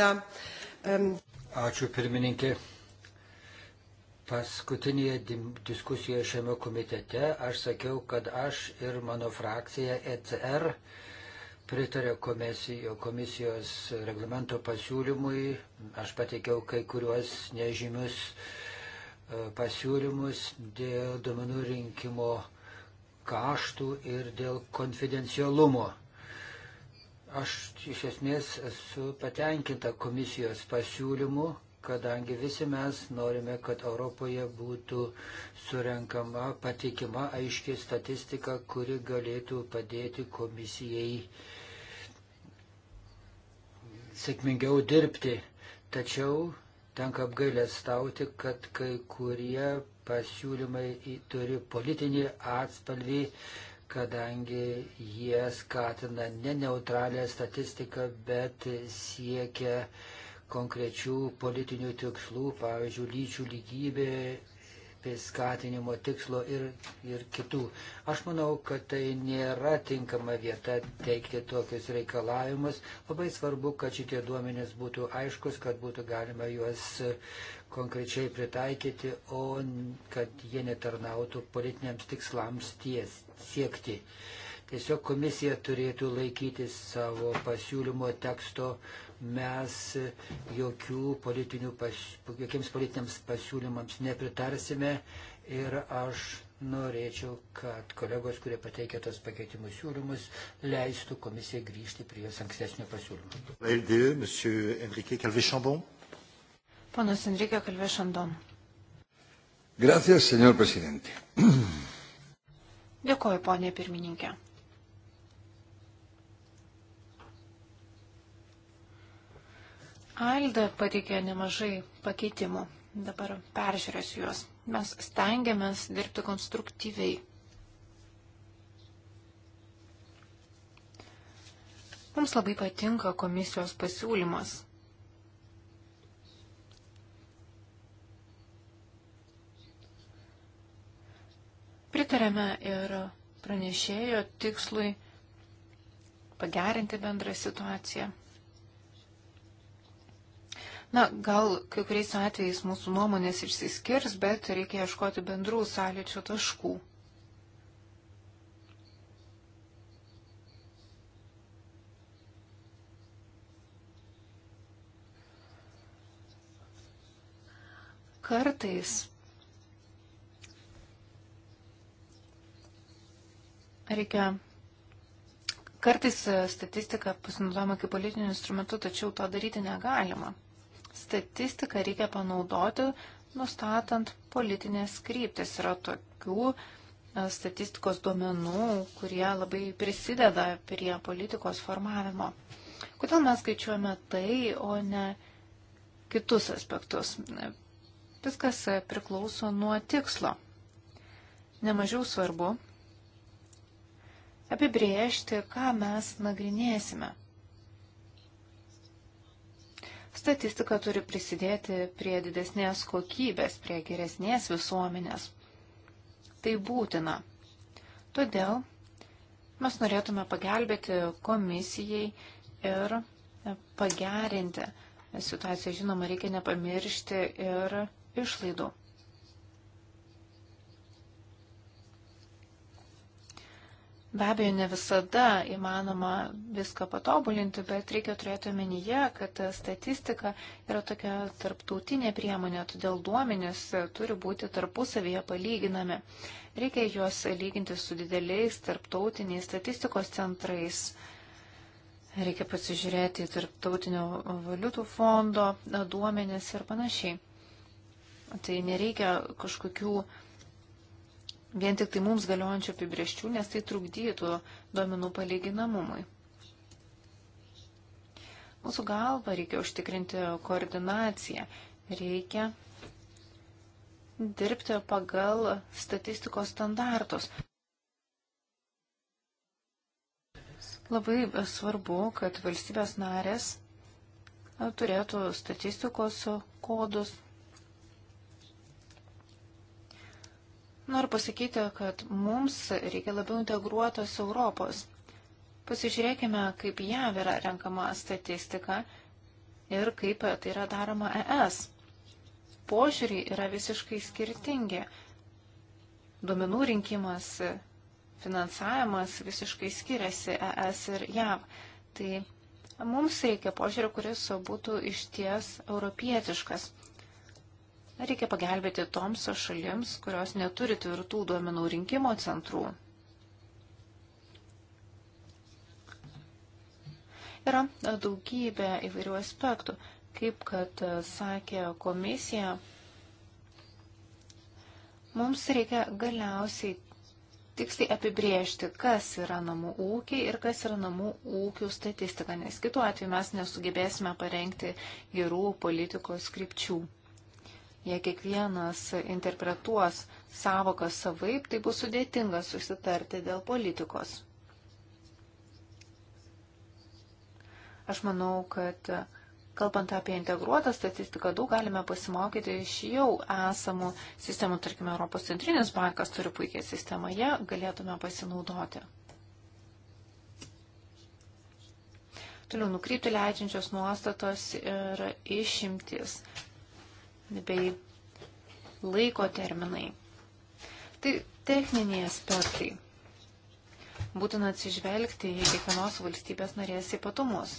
Ähm, ačiū pirmininkė paskutinėje diskusijoje šiame komitete aš sakiau, kad aš ir mano frakcija ECR pritarė komisijo, komisijos reglamento pasiūlymui. Aš pateikiau kai kuriuos nežymius e, pasiūlymus dėl duomenų rinkimo kaštų ir dėl konfidencialumo. Aš iš esmės esu patenkinta komisijos pasiūlymu kadangi visi mes norime, kad Europoje būtų surenkama patikima aiški statistika, kuri galėtų padėti komisijai sėkmingiau dirbti. Tačiau tenka apgailestauti, kad kai kurie pasiūlymai turi politinį atspalvį, kadangi jie skatina ne neutralią statistiką, bet siekia uh, konkrečių politinių tikslų, pavyzdžiui, lyčių lygybė, skatinimo tikslo ir, ir kitų. Aš manau, kad tai nėra tinkama vieta teikti tokius reikalavimus. Labai svarbu, kad šitie duomenys būtų aiškus, kad būtų galima juos konkrečiai pritaikyti, o kad jie netarnautų politiniams tikslams ties, siekti. Tiesiog komisija turėtų laikyti savo pasiūlymo teksto mes jokių politinių, jokiems politiniams pasiūlymams nepritarsime ir aš norėčiau, kad kolegos, kurie pateikė tos pakeitimų siūlymus, leistų komisijai grįžti prie jos ankstesnio pasiūlymo. LD, Panas Enrique Kalvė Šandon. Gracias, senor presidente. Dėkuoju, ponė pirmininkė. Alda pateikė nemažai pakeitimų. Dabar peržiūrėsiu juos. Mes stengiamės dirbti konstruktyviai. Mums labai patinka komisijos pasiūlymas. Pritarėme ir pranešėjo tikslui pagerinti bendrą situaciją. Na, gal kai kuriais atvejais mūsų nuomonės išsiskirs, bet reikia ieškoti bendrų sąlyčio taškų. Kartais reikia Kartais statistika pasinaudojama kaip politiniu instrumentu, tačiau to daryti negalima statistiką reikia panaudoti, nustatant politinės kryptis. Yra tokių e, statistikos duomenų, kurie labai prisideda prie politikos formavimo. Kodėl mes skaičiuojame tai, o ne kitus aspektus? Viskas e, priklauso nuo tikslo. Nemažiau svarbu apibriežti, ką mes nagrinėsime. Statistika turi prisidėti prie didesnės kokybės, prie geresnės visuomenės. Tai būtina. Todėl mes norėtume pagelbėti komisijai ir pagerinti situaciją. Žinoma, reikia nepamiršti ir išlaidų. Be abejo, ne visada įmanoma viską patobulinti, bet reikia turėti omenyje, kad statistika yra tokia tarptautinė priemonė, todėl duomenys turi būti tarpusavyje palyginami. Reikia juos lyginti su dideliais tarptautiniais statistikos centrais. Reikia pasižiūrėti į tarptautinio valiutų fondo duomenis ir panašiai. Tai nereikia kažkokių vien tik tai mums galiojančių apibrieščių, nes tai trukdytų duomenų palyginamumui. Mūsų galva reikia užtikrinti koordinaciją, reikia dirbti pagal statistikos standartus. Labai svarbu, kad valstybės narės turėtų statistikos kodus, Noriu pasakyti, kad mums reikia labiau integruotos Europos. Pasižiūrėkime, kaip jav yra renkama statistika ir kaip tai yra daroma ES. Požiūriai yra visiškai skirtingi. Duomenų rinkimas, finansavimas visiškai skiriasi ES ir JAV. Tai mums reikia požiūrio, kuris būtų išties europietiškas. Reikia pagelbėti toms šalims, kurios neturi tvirtų duomenų rinkimo centrų. Yra daugybė įvairių aspektų, kaip kad sakė komisija. Mums reikia galiausiai tiksliai apibriežti, kas yra namų ūkiai ir kas yra namų ūkių statistika, nes kitu atveju mes nesugebėsime parengti gerų politikos krypčių. Jei kiekvienas interpretuos savoką savaip, tai bus sudėtinga susitarti dėl politikos. Aš manau, kad kalbant apie integruotą statistiką, daug galime pasimokyti iš jau esamų sistemų. Tarkime, Europos centrinis bankas turi puikią sistemą, ją galėtume pasinaudoti. Toliau nukrypti leidžiančios nuostatos ir išimtis bei laiko terminai. Tai techniniai aspektai. Būtina atsižvelgti į kiekvienos valstybės narės ypatumus.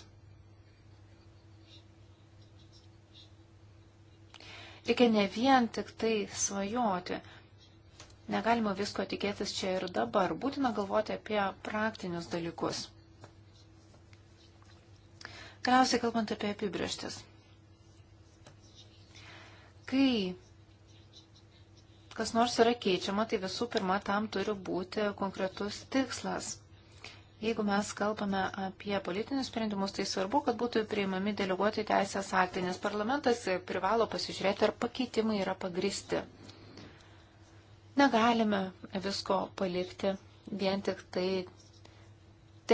Reikia ne vien tik tai svajoti. Negalima visko tikėtis čia ir dabar. Būtina galvoti apie praktinius dalykus. Galiausiai kalbant apie apibrieštis. Kai kas nors yra keičiama, tai visų pirma tam turi būti konkretus tikslas. Jeigu mes kalbame apie politinius sprendimus, tai svarbu, kad būtų priimami deleguoti teisės aktai, nes parlamentas privalo pasižiūrėti, ar pakeitimai yra pagristi. Negalime visko palikti vien tik tai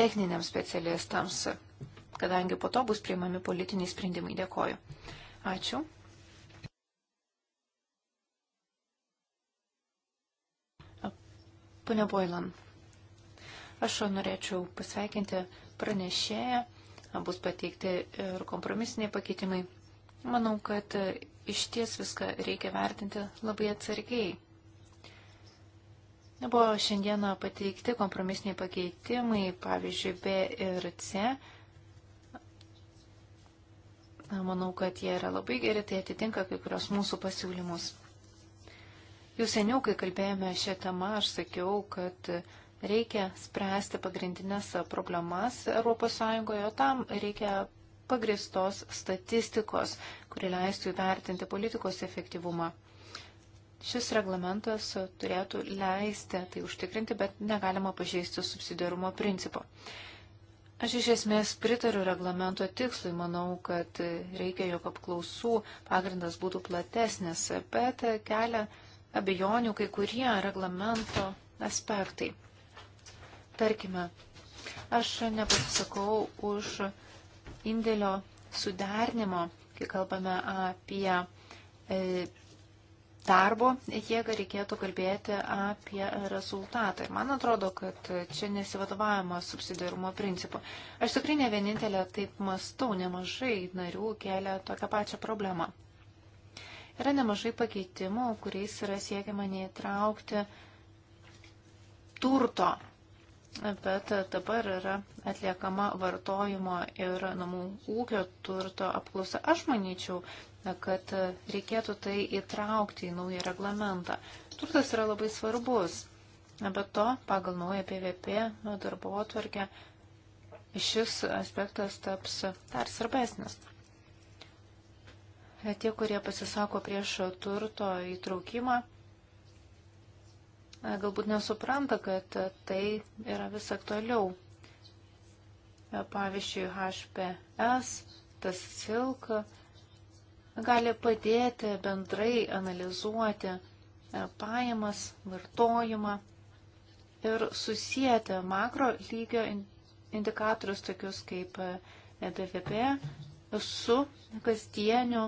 techniniams specialistams, kadangi po to bus priimami politiniai sprendimai. Dėkoju. Ačiū. Pane Boilan, aš norėčiau pasveikinti pranešėją, bus pateikti ir kompromisiniai pakeitimai. Manau, kad iš ties viską reikia vertinti labai atsargiai. Buvo šiandieną pateikti kompromisiniai pakeitimai, pavyzdžiui, B ir C. Manau, kad jie yra labai geri, tai atitinka kai kurios mūsų pasiūlymus. Jau seniau, kai kalbėjome šią temą, aš sakiau, kad reikia spręsti pagrindinės problemas ES, o tam reikia pagristos statistikos, kuri leistų įvertinti politikos efektyvumą. Šis reglamentas turėtų leisti tai užtikrinti, bet negalima pažeisti subsidiarumo principo. Aš iš esmės pritariu reglamento tikslui, manau, kad reikia, jog apklausų pagrindas būtų platesnis, bet kelia abejonių kai kurie reglamento aspektai. Tarkime, aš nepasisakau už indėlio sudarnimo, kai kalbame apie e, darbo jėgą, reikėtų kalbėti apie rezultatą. Ir man atrodo, kad čia nesivadovavimo subsidiarumo principu. Aš tikrai ne vienintelė taip mastau, nemažai narių kelia tokią pačią problemą. Yra nemažai pakeitimų, kuriais yra siekiama neįtraukti turto, bet dabar yra atliekama vartojimo ir namų ūkio turto apklausa. Aš manyčiau, kad reikėtų tai įtraukti į naują reglamentą. Turtas yra labai svarbus. Be to, pagal naują PVP darbo atvarkę, šis aspektas taps dar svarbesnis. E, tie, kurie pasisako prieš turto įtraukimą, e, galbūt nesupranta, kad tai yra vis aktualiau. E, pavyzdžiui, HPS, tas silk gali padėti bendrai analizuoti pajamas, vartojimą ir susijęti makro lygio indikatorius tokius kaip BVP su kasdieniu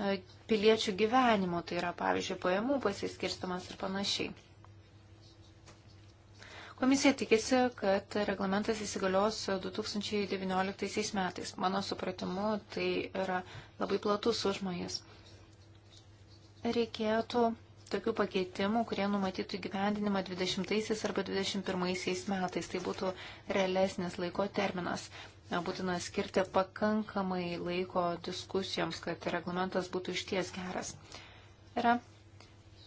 E, piliečių gyvenimo, tai yra, pavyzdžiui, pajamų pasiskirstamas ir panašiai. Komisija tikisi, kad reglamentas įsigalios 2019 metais. Mano supratimu, tai yra labai platus užmojas. Reikėtų tokių pakeitimų, kurie numatytų gyvendinimą 20 arba 21 metais. Tai būtų realesnis laiko terminas būtina skirti pakankamai laiko diskusijoms, kad reglamentas būtų išties geras. Yra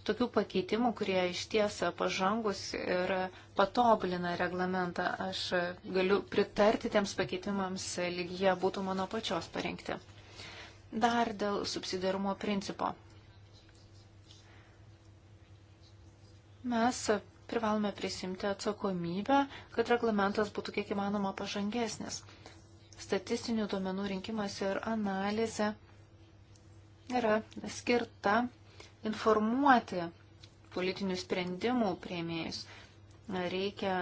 tokių pakeitimų, kurie išties pažangus ir patobulina reglamentą. Aš galiu pritarti tiems pakeitimams, lyg jie būtų mano pačios parengti. Dar dėl subsidiarumo principo. Mes privalome prisimti atsakomybę, kad reglamentas būtų kiek įmanoma pažangesnis statistinių duomenų rinkimas ir analizė yra skirta informuoti politinių sprendimų prieimėjus. Reikia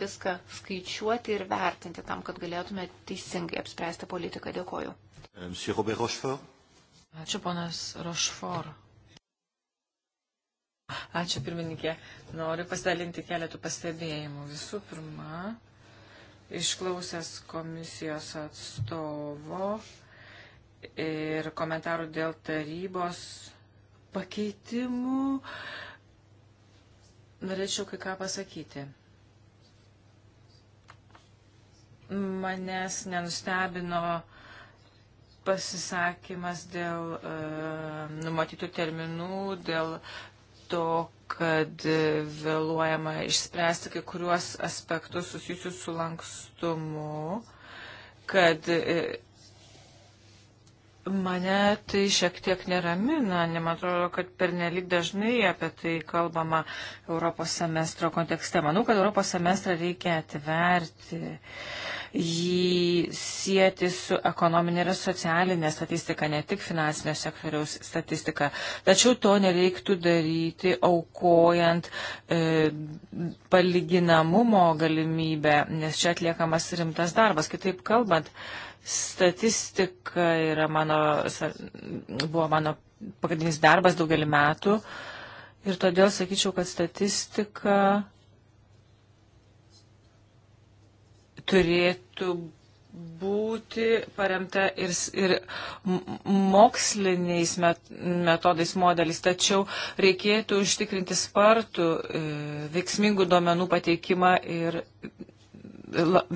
viską skaičiuoti ir vertinti tam, kad galėtume teisingai apspręsti politiką. Dėkoju. Euh, Ačiū, ponas Rošfor. Ačiū, pirmininkė. Noriu pasidalinti keletų pastebėjimų. Visų pirma, išklausęs komisijos atstovo ir komentarų dėl tarybos pakeitimų, norėčiau kai ką pasakyti. Manęs nenustebino pasisakymas dėl e, numatytų terminų, dėl to, kad vėluojama išspręsti kai kuriuos aspektus susijusius su lankstumu, kad e, mane tai šiek tiek neramina, neman atrodo, kad pernelik dažnai apie tai kalbama Europos semestro kontekste. Manau, kad Europos semestrą reikia atverti. Uh, jį sieti su ekonominė ir socialinė statistika, ne tik finansinio sektoriaus statistika. Tačiau to nereiktų daryti aukojant e, palyginamumo galimybę, nes čia atliekamas rimtas darbas. Kitaip kalbant, statistika yra mano, buvo mano pagrindinis darbas daugelį metų. Ir todėl sakyčiau, kad statistika turėtų būti paremta ir, ir moksliniais met, metodais modelis, tačiau reikėtų užtikrinti spartų e, veiksmingų duomenų pateikimą ir e,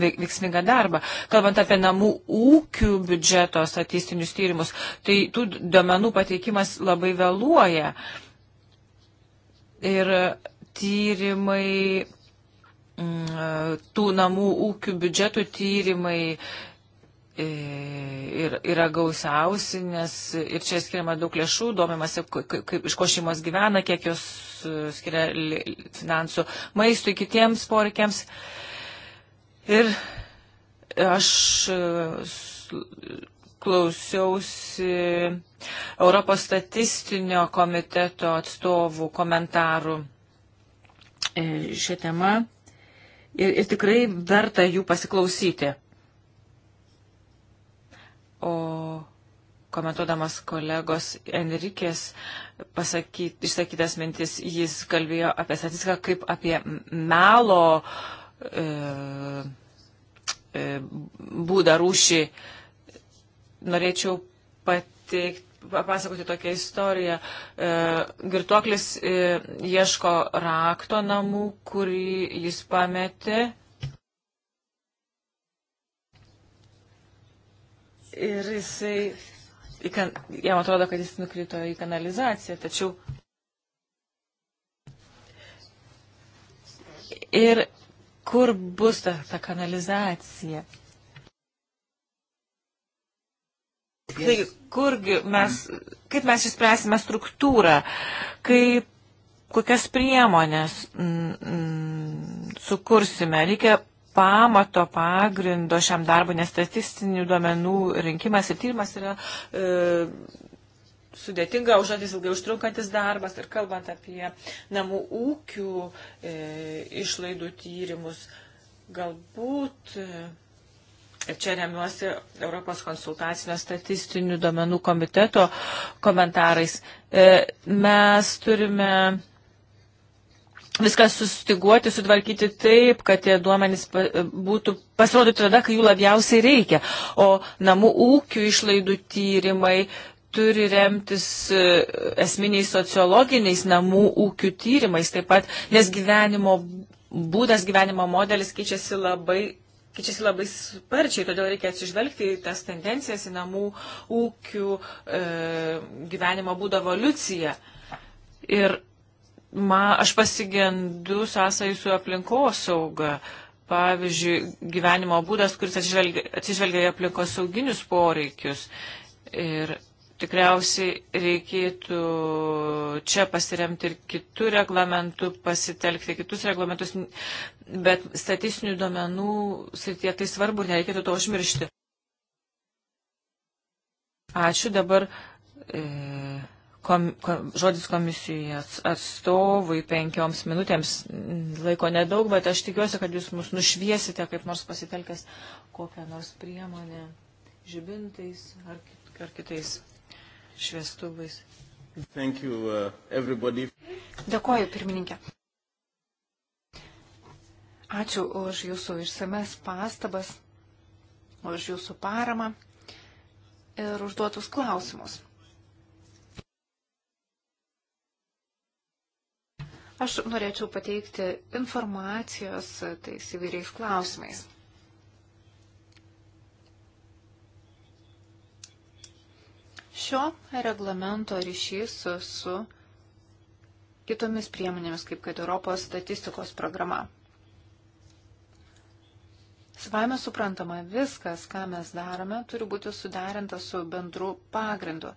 veiksmingą darbą. Kalbant apie namų ūkių biudžeto statistinius tyrimus, tai tų duomenų pateikimas labai vėluoja. Ir tyrimai tų namų ūkių biudžetų tyrimai e, ir, yra gausiausi, nes ir čia skiriama daug lėšų, domimasi, kaip iš ko šeimos gyvena, kiek jos e, skiria finansų maistui kitiems poreikiams. Ir aš e, klausiausi Europos statistinio komiteto atstovų komentarų šią temą ir, ir tikrai verta jų pasiklausyti. O komentuodamas kolegos Enrikės pasakyt, išsakytas mintis, jis kalbėjo apie statistiką kaip apie melo e, e, būdą rūšį. Norėčiau pateikti papasakoti tokią istoriją. E, girtuoklis e, ieško rakto namų, kurį jis pametė. Ir jisai, jam atrodo, kad jis nukrito į kanalizaciją, tačiau. Ir kur bus ta, ta kanalizacija? Taigi, kurgi mes, kaip mes išspręsime struktūrą, kaip, kokias priemonės m, mm, m, mm, sukursime. Reikia pamato pagrindo šiam darbui, nes statistinių duomenų rinkimas ir tyrimas yra e, sudėtinga užduotis, ilgai užtrunkantis darbas ir kalbant apie namų ūkių e, išlaidų tyrimus, galbūt. E, čia remiuosi Europos konsultacinio statistinių duomenų komiteto komentarais. E, mes turime viską sustiguoti, sutvarkyti taip, kad tie duomenys e, būtų pasirodytų tada, kai jų labiausiai reikia. O namų ūkių išlaidų tyrimai turi remtis e, esminiais sociologiniais namų ūkių tyrimais taip pat, nes gyvenimo būdas, gyvenimo modelis keičiasi labai keičiasi labai sparčiai, todėl reikia atsižvelgti į tas tendencijas, į namų ūkių e, gyvenimo būdo evoliuciją. Ir ma, aš pasigendu sąsai su aplinkosauga. Pavyzdžiui, gyvenimo būdas, kuris atsižvelgia, atsižvelgia į aplinkosauginius poreikius. Ir Tikriausiai reikėtų čia pasiremti ir kitų reglamentų, pasitelkti kitus reglamentus, bet statistinių duomenų srityje tai svarbu, nereikėtų to užmiršti. Ačiū dabar. E, kom, kom, žodis komisijos atstovui penkioms minutėms. Laiko nedaug, bet aš tikiuosi, kad jūs mus nušviesite kaip nors pasitelkęs kokią nors priemonę žibintais ar, kit, ar kitais šviestuvais. Thank you, uh, everybody. Dėkoju, pirmininkė. Ačiū už jūsų išsames pastabas, už jūsų paramą ir užduotus klausimus. Aš norėčiau pateikti informacijos tais įvairiais klausimais. Šio reglamento ryšys su kitomis priemonėmis, kaip kad Europos statistikos programa. Svaime suprantama, viskas, ką mes darome, turi būti suderinta su bendru pagrindu.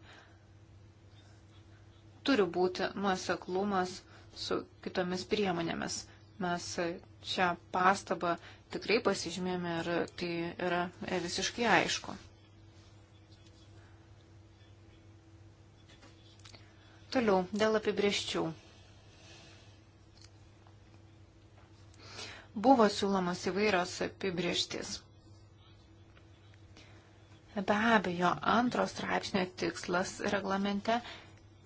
Turi būti nuoseklumas su kitomis priemonėmis. Mes šią pastabą tikrai pasižymėme ir tai yra visiškai aišku. Toliau, dėl apibrieščių. Buvo siūlomas įvairios apibrieštis. Be abejo, antros straipsnio tikslas reglamente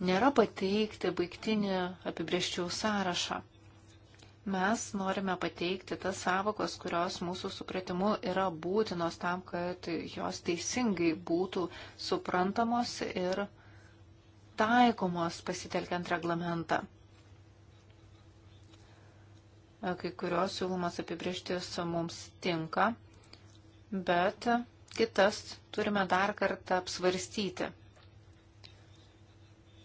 nėra pateikti baigtinį apibrieščių sąrašą. Mes norime pateikti tas savokos, kurios mūsų supratimu yra būtinos tam, kad jos teisingai būtų suprantamos ir taikomos pasitelkiant reglamentą. E, kai kurios siūlomos apibrieštis mums tinka, bet kitas turime dar kartą apsvarstyti.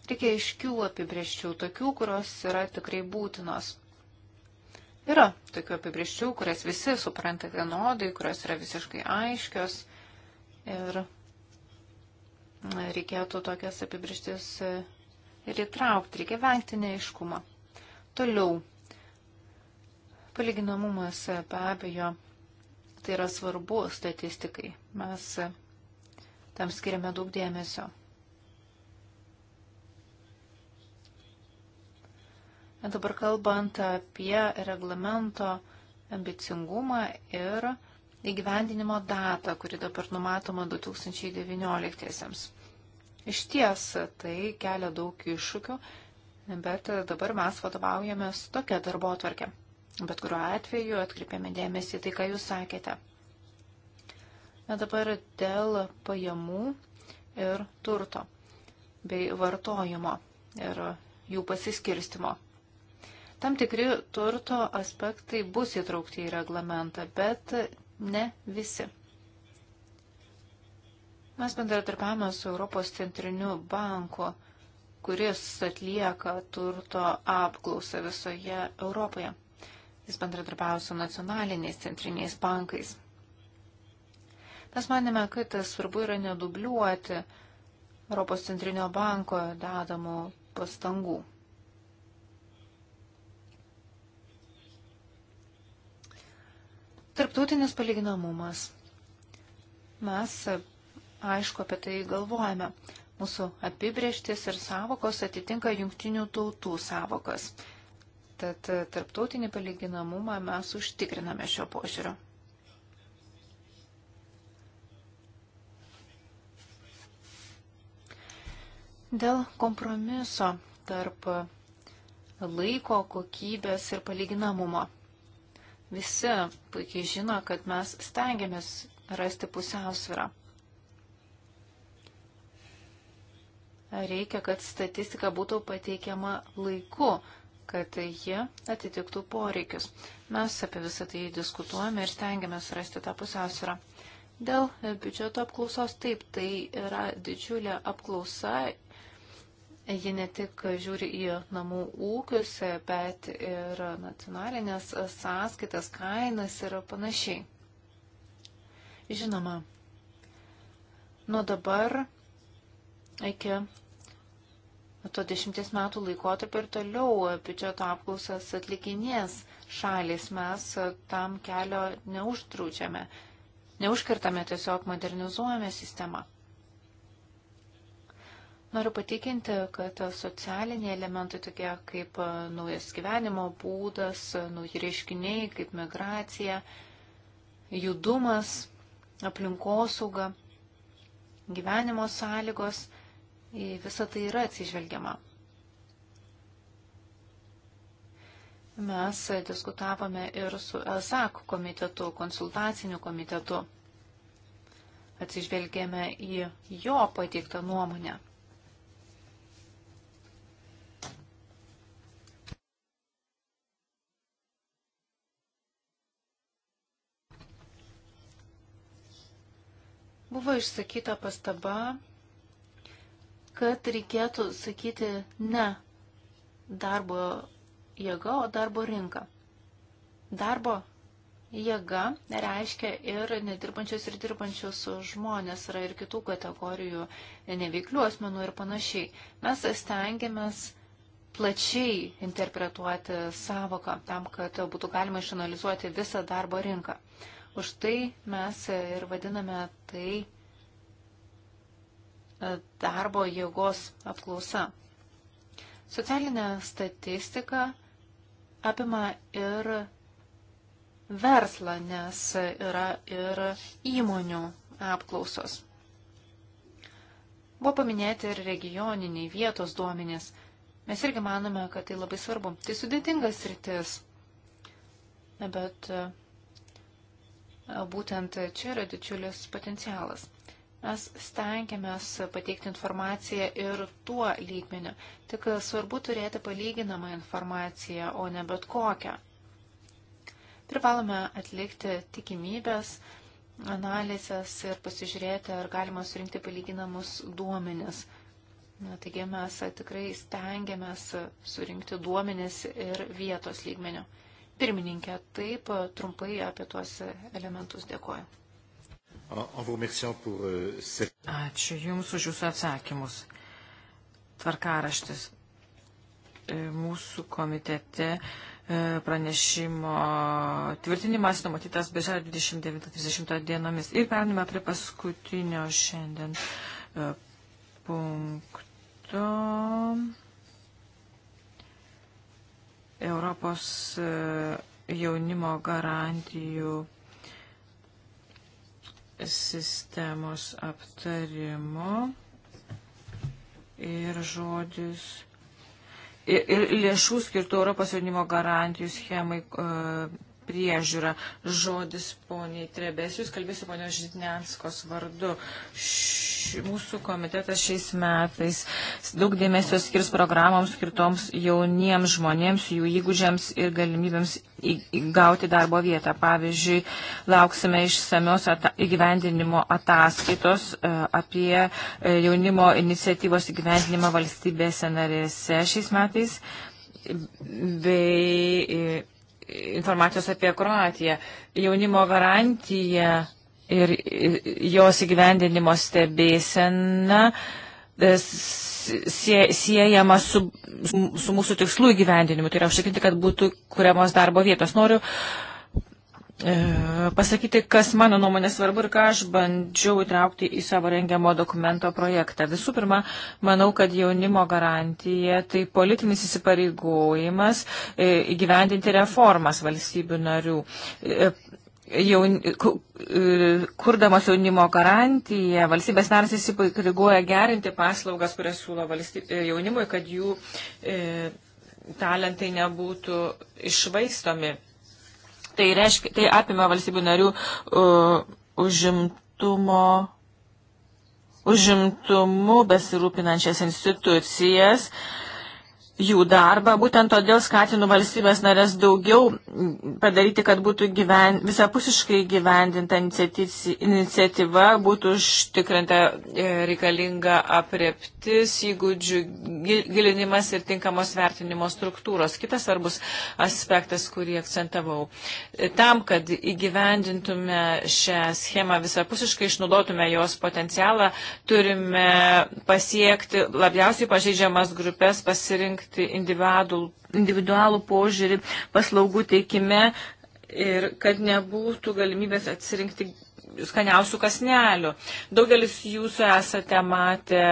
Reikia aiškių apibrieščių, tokių, kurios yra tikrai būtinos. Yra tokių apibrieščių, kurias visi supranta vienodai, kurios yra visiškai aiškios ir reikėtų tokias apibrištis e, ir įtraukti, reikia vengti neiškumą. Toliau, palyginamumas e, be abejo, tai yra svarbu statistikai, mes e, tam skiriame daug dėmesio. Dabar kalbant apie reglamento ambicingumą ir įgyvendinimo datą, kuri dabar numatoma 2019-iesiams. Iš ties tai kelia daug iššūkių, bet dabar mes vadovaujamės tokia darbo atvarkė. Bet kuriuo atveju atkreipėme dėmesį tai, ką jūs sakėte. Na dabar dėl pajamų ir turto bei vartojimo ir jų pasiskirstimo. Tam tikri turto aspektai bus įtraukti į reglamentą, bet Ne visi. Mes bendradarbiavame su Europos centriniu banku, kuris atlieka turto apklausą visoje Europoje. Jis bendradarbiavo su nacionaliniais centriniais bankais. Mes manėme, kad svarbu yra nedubliuoti Europos centrinio banko dedamų pastangų. Tarptautinis palyginamumas. Mes, aišku, apie tai galvojame. Mūsų apibrieštis ir savokos atitinka jungtinių tautų savokas. Tad tarptautinį palyginamumą mes užtikriname šio požiūrio. Dėl kompromiso tarp laiko kokybės ir palyginamumo. Visi puikiai žino, kad mes stengiamės rasti pusiausvyrą. Reikia, kad statistika būtų pateikiama laiku, kad ji atitiktų poreikius. Mes apie visą tai diskutuojame ir stengiamės rasti tą pusiausvyrą. Dėl biudžeto apklausos taip, tai yra didžiulė apklausa Ji ne tik žiūri į namų ūkius, bet ir nacionalinės sąskaitas, kainas ir panašiai. Žinoma, nuo dabar iki to dešimties metų laikotarpio ir toliau biudžeto apklausas atlikinės šalis mes tam kelio neužtrūčiame, neužkirtame, tiesiog modernizuojame sistemą. Noriu patikinti, kad socialiniai elementai tokie kaip e, naujas gyvenimo būdas, nauji reiškiniai kaip migracija, judumas, aplinkosauga, gyvenimo sąlygos, į visą tai yra atsižvelgiama. Mes diskutavome ir su ESAK komitetu, konsultaciniu komitetu. Atsižvelgėme į jo pateiktą nuomonę. Buvo išsakyta pastaba, kad reikėtų sakyti ne darbo jėga, o darbo rinka. Darbo jėga reiškia ir nedirbančius ir dirbančius žmonės, yra ir kitų kategorijų neveiklių asmenų ir panašiai. Mes stengiamės plačiai interpretuoti savoką tam, kad būtų galima išanalizuoti visą darbo rinką. Už tai mes e, ir vadiname tai e, darbo jėgos apklausa. Socialinė statistika apima ir verslą, nes yra ir įmonių apklausos. Buvo paminėti ir regioniniai vietos duomenys. Mes irgi manome, kad tai labai svarbu. Tai sudėtingas rytis. Bet e, Būtent čia yra didžiulis potencialas. Mes stengiamės pateikti informaciją ir tuo lygmeniu. Tik svarbu turėti palyginamą informaciją, o ne bet kokią. Privalome atlikti tikimybės, analizės ir pasižiūrėti, ar galima surinkti palyginamus duomenis. Na, taigi mes tikrai stengiamės surinkti duomenis ir vietos lygmeniu. Pirmininkė, taip trumpai apie tuos elementus dėkoju. Euh, Ačiū Jums už Jūsų atsakymus. Tvarkaraštis. E, mūsų komitete e, pranešimo tvirtinimas numatytas beželio 29-30 dienomis. Ir pernime prie paskutinio šiandien e, punkto. Europos e, jaunimo garantijų sistemos aptarimo ir žodis. Ir, ir lėšų skirtų Europos jaunimo garantijų schemai. Uh, priežiūra. Žodis poniai Trebesius, kalbėsiu ponios Žitnianskos vardu. Š, mūsų komitetas šiais metais daug dėmesio skirs programoms skirtoms jauniems žmonėms, jų įgūdžiams ir galimybėms įgauti darbo vietą. Pavyzdžiui, lauksime išsamios ata įgyvendinimo ataskaitos e, apie e, jaunimo iniciatyvos įgyvendinimą valstybėse narėse šiais metais bei e, informacijos apie Kroatiją. Jaunimo garantija ir jos įgyvendinimo stebėsena e, sie, siejama su, su mūsų tikslų įgyvendinimu. Tai yra užtikrinti, kad būtų kuriamos darbo vietos. Noriu uh, E, pasakyti, kas mano nuomonė svarbu ir ką aš bandžiau įtraukti į savo rengiamo dokumento projektą. Visų pirma, manau, kad jaunimo garantija tai politinis įsipareigojimas e, įgyvendinti reformas valstybių narių. E, jaun, kurdamas jaunimo garantiją, valstybės narys įsipareigoja gerinti paslaugas, kurias siūlo valstybė, jaunimui, kad jų e, talentai nebūtų išvaistomi. Tai, reiškia, tai apima valstybių narių uh, užimtumo užimtumu besirūpinančias institucijas, jų darbą. Būtent todėl skatinu valstybės narės daugiau padaryti, kad būtų gyven, visapusiškai gyvendinta iniciatyva, būtų užtikrinta e, reikalinga apreptis, įgūdžių gilinimas ir tinkamos vertinimo struktūros. Kitas svarbus aspektas, kurį akcentavau. E, tam, kad įgyvendintume šią schemą visapusiškai, išnaudotume jos potencialą, turime pasiekti labiausiai pažeidžiamas grupės pasirinkti pasirinkti individualų požiūrį paslaugų teikime ir kad nebūtų galimybės atsirinkti skaniausių kasnelių. Daugelis jūsų esate matę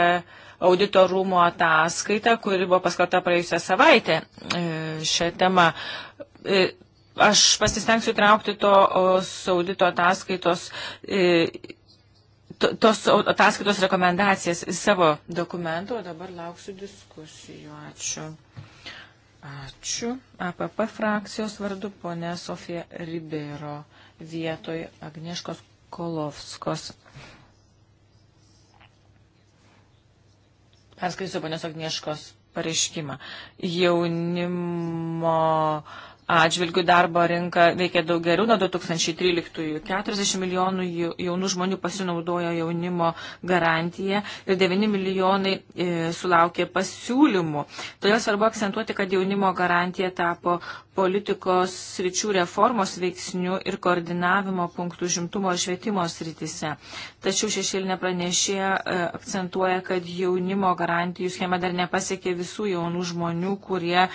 audito rūmo ataskaitą, kuri buvo paskata praėjusią savaitę e, šią temą. E, aš pasistengsiu traukti to audito ataskaitos e, tos ataskaitos rekomendacijas savo dokumentų, o dabar lauksiu diskusijų. Ačiū. Ačiū. APP frakcijos vardu ponė Sofija Ribeiro vietoj Agnieškos Kolovskos. Perskaitysiu ponios Agnieškos pareiškimą. Jaunimo uh, atžvilgių darbo rinka veikia daug geriau nuo 2013-ųjų. 40 milijonų jaunų žmonių pasinaudojo jaunimo garantiją ir 9 milijonai e, sulaukė pasiūlymų. Todėl svarbu akcentuoti, kad jaunimo garantija tapo politikos sričių reformos veiksnių ir koordinavimo punktų žimtumo ir švietimo srityse. Tačiau šešėlinė pranešė e, akcentuoja, kad jaunimo garantijų schema dar nepasiekė visų jaunų žmonių, kurie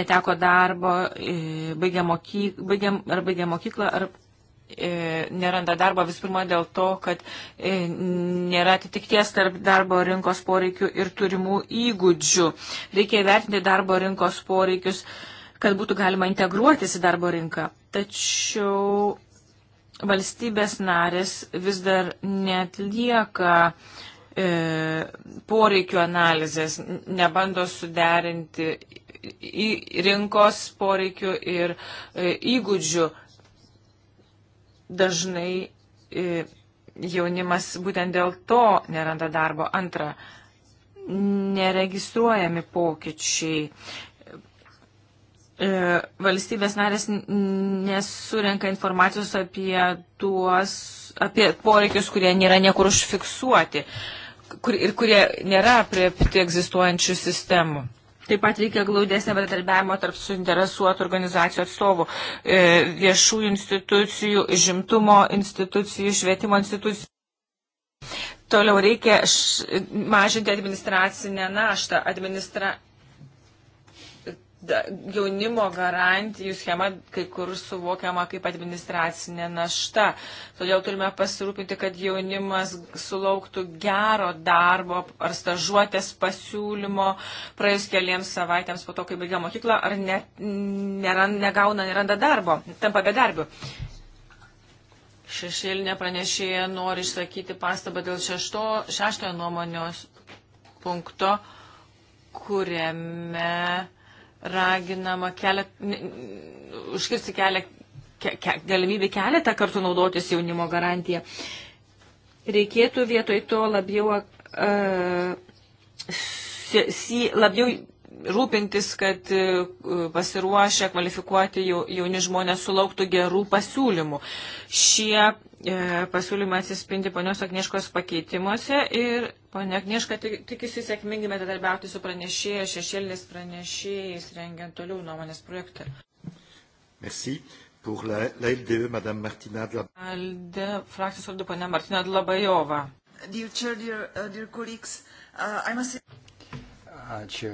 neteko darbo. E, baigia, mokyk, baigia, ar baigia mokyklą, ar e, neranda darbo vis pirma dėl to, kad e, nėra atitikties tarp darbo rinkos poreikių ir turimų įgūdžių. Reikia įvertinti darbo rinkos poreikius, kad būtų galima integruotis į darbo rinką. Tačiau valstybės narės vis dar netlieka e, poreikių analizės, nebando suderinti rinkos poreikių ir e, įgūdžių. Dažnai e, jaunimas būtent dėl to neranda darbo. Antra, neregistruojami pokyčiai. E, valstybės narės nesurenka informacijos apie tuos, apie poreikius, kurie nėra niekur užfiksuoti kur, ir kurie nėra priepti egzistuojančių sistemų. Taip pat reikia glaudesnė bendradarbiavimo tarp suinteresuotų organizacijų atstovų, e, viešųjų institucijų, žimtumo institucijų, švietimo institucijų. Toliau reikia mažinti administracinę naštą. Administra jaunimo garantijų schema kai kur suvokiama kaip administracinė našta. Todėl turime pasirūpinti, kad jaunimas sulauktų gero darbo ar stažuotės pasiūlymo praėjus keliems savaitėms po to, kai baigia mokyklą, ar ne, nera, negauna, neranda darbo, tampa bedarbiu. Šešėlinė pranešėja nori išsakyti pastabą dėl šešto, šeštojo nuomonės punkto, kuriame raginama kelia, užkirsti kelią ke, ke, galimybę keletą kartų naudotis jaunimo garantiją. Reikėtų vietoj to labiau, uh, si, labiau rūpintis, kad e, pasiruošę kvalifikuoti jauni žmonės sulauktų gerų pasiūlymų. Šie E, pasiūlymą atsispindi ponios Agnieškos pakeitimuose ir ponia Agnieška tikisi sėkmingai metadarbiauti su pranešėjais, šešėlės pranešėjais, rengiant toliau nuomonės projektą. Merci. Pour la, la LDE, Madame Martina de la... LDE, frakcijos vardu, ponia Martina de Labajova. Dear chair, dear, uh, dear colleagues, uh, I must... Ačiū.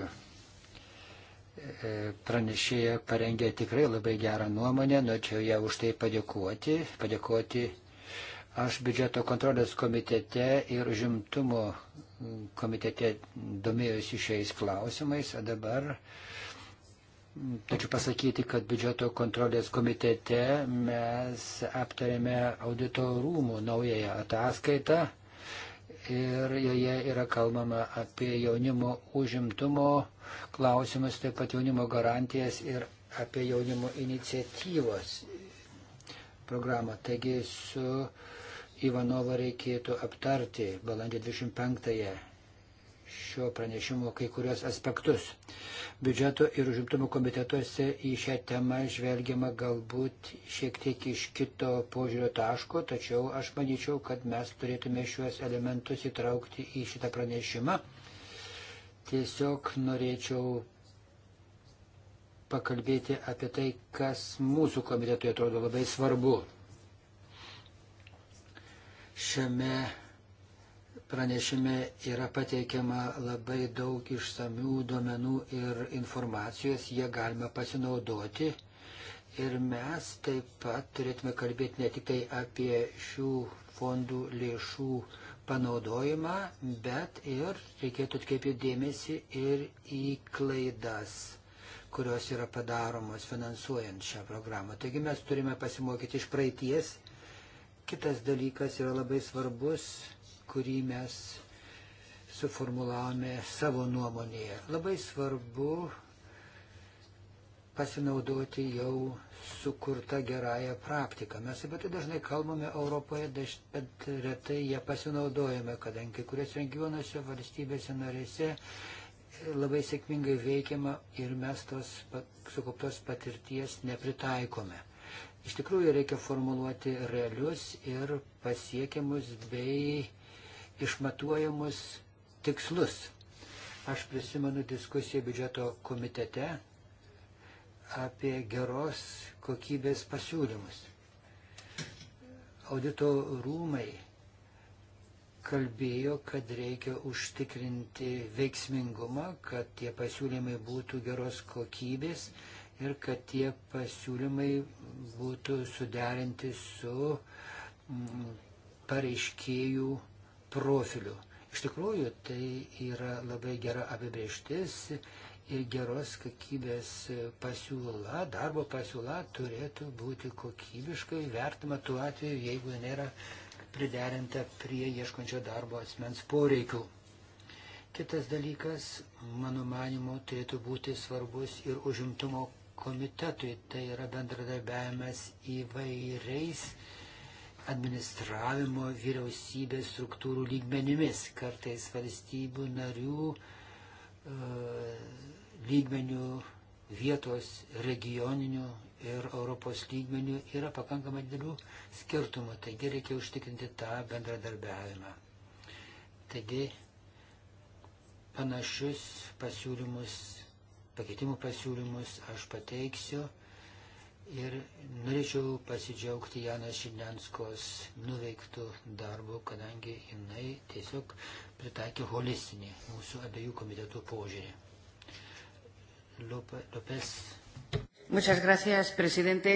E, pranešėja parengė tikrai labai gerą nuomonę, norėčiau ją už tai padėkoti, padėkoti Aš biudžeto kontrolės komitete ir žimtumo komitete domėjusi šiais klausimais, o dabar tačiau pasakyti, kad biudžeto kontrolės komitete mes aptarėme audito rūmų naująją ataskaitą ir joje yra kalbama apie jaunimo užimtumo klausimus, taip pat jaunimo garantijas ir apie jaunimo iniciatyvos programą. Taigi su uh, Ivanovą reikėtų aptarti balandį 25-ąją šio pranešimo kai kurios aspektus. Biudžeto ir užimtumo komitetuose į šią temą žvelgiama galbūt šiek tiek iš kito požiūrio taško, tačiau aš manyčiau, kad mes turėtume šiuos elementus įtraukti į šitą pranešimą. Tiesiog norėčiau pakalbėti apie tai, kas mūsų komitetui atrodo labai svarbu. Šiame pranešime yra pateikiama labai daug išsamių duomenų ir informacijos, jie galima pasinaudoti. Ir mes taip pat turėtume kalbėti ne tik tai apie šių fondų lėšų panaudojimą, bet ir reikėtų atkreipti dėmesį ir į klaidas kurios yra padaromos finansuojant šią programą. Taigi mes turime pasimokyti iš praeities Kitas dalykas yra labai svarbus, kurį mes suformulavome savo nuomonėje. Labai svarbu pasinaudoti jau sukurta gerąją praktiką. Mes apie tai dažnai kalbame Europoje, bet retai ją pasinaudojame, kadangi kai kurios regionuose, valstybėse narėse labai sėkmingai veikiama ir mes tos sukauptos patirties nepritaikome. Iš tikrųjų reikia formuluoti realius ir pasiekiamus bei išmatuojamus tikslus. Aš prisimenu diskusiją biudžeto komitete apie geros kokybės pasiūlymus. Audito rūmai kalbėjo, kad reikia užtikrinti veiksmingumą, kad tie pasiūlymai būtų geros kokybės, ir kad tie pasiūlymai būtų suderinti su mm, pareiškėjų profiliu. Iš tikrųjų, tai yra labai gera apibrieštis ir geros kokybės pasiūla, darbo pasiūla turėtų būti kokybiškai vertima tuo atveju, jeigu jinai yra priderinta prie ieškančio darbo asmens poreikių. Kitas dalykas, mano manimo, turėtų būti svarbus ir užimtumo komitetui. Tai yra bendradarbiavimas įvairiais administravimo vyriausybės struktūrų lygmenimis, kartais valstybių narių e, lygmenių vietos regioninių ir Europos lygmenių yra pakankamai didelių skirtumų, taigi reikia užtikrinti tą bendradarbiavimą. Taigi panašius pasiūlymus pakeitimų pasiūlymus aš pateiksiu. Ir norėčiau pasidžiaugti Janas Šinenskos nuveiktų darbų, kadangi jinai tiesiog pritaikė holistinį mūsų abiejų komitetų požiūrį. Lopes. Muchas gracias, presidente.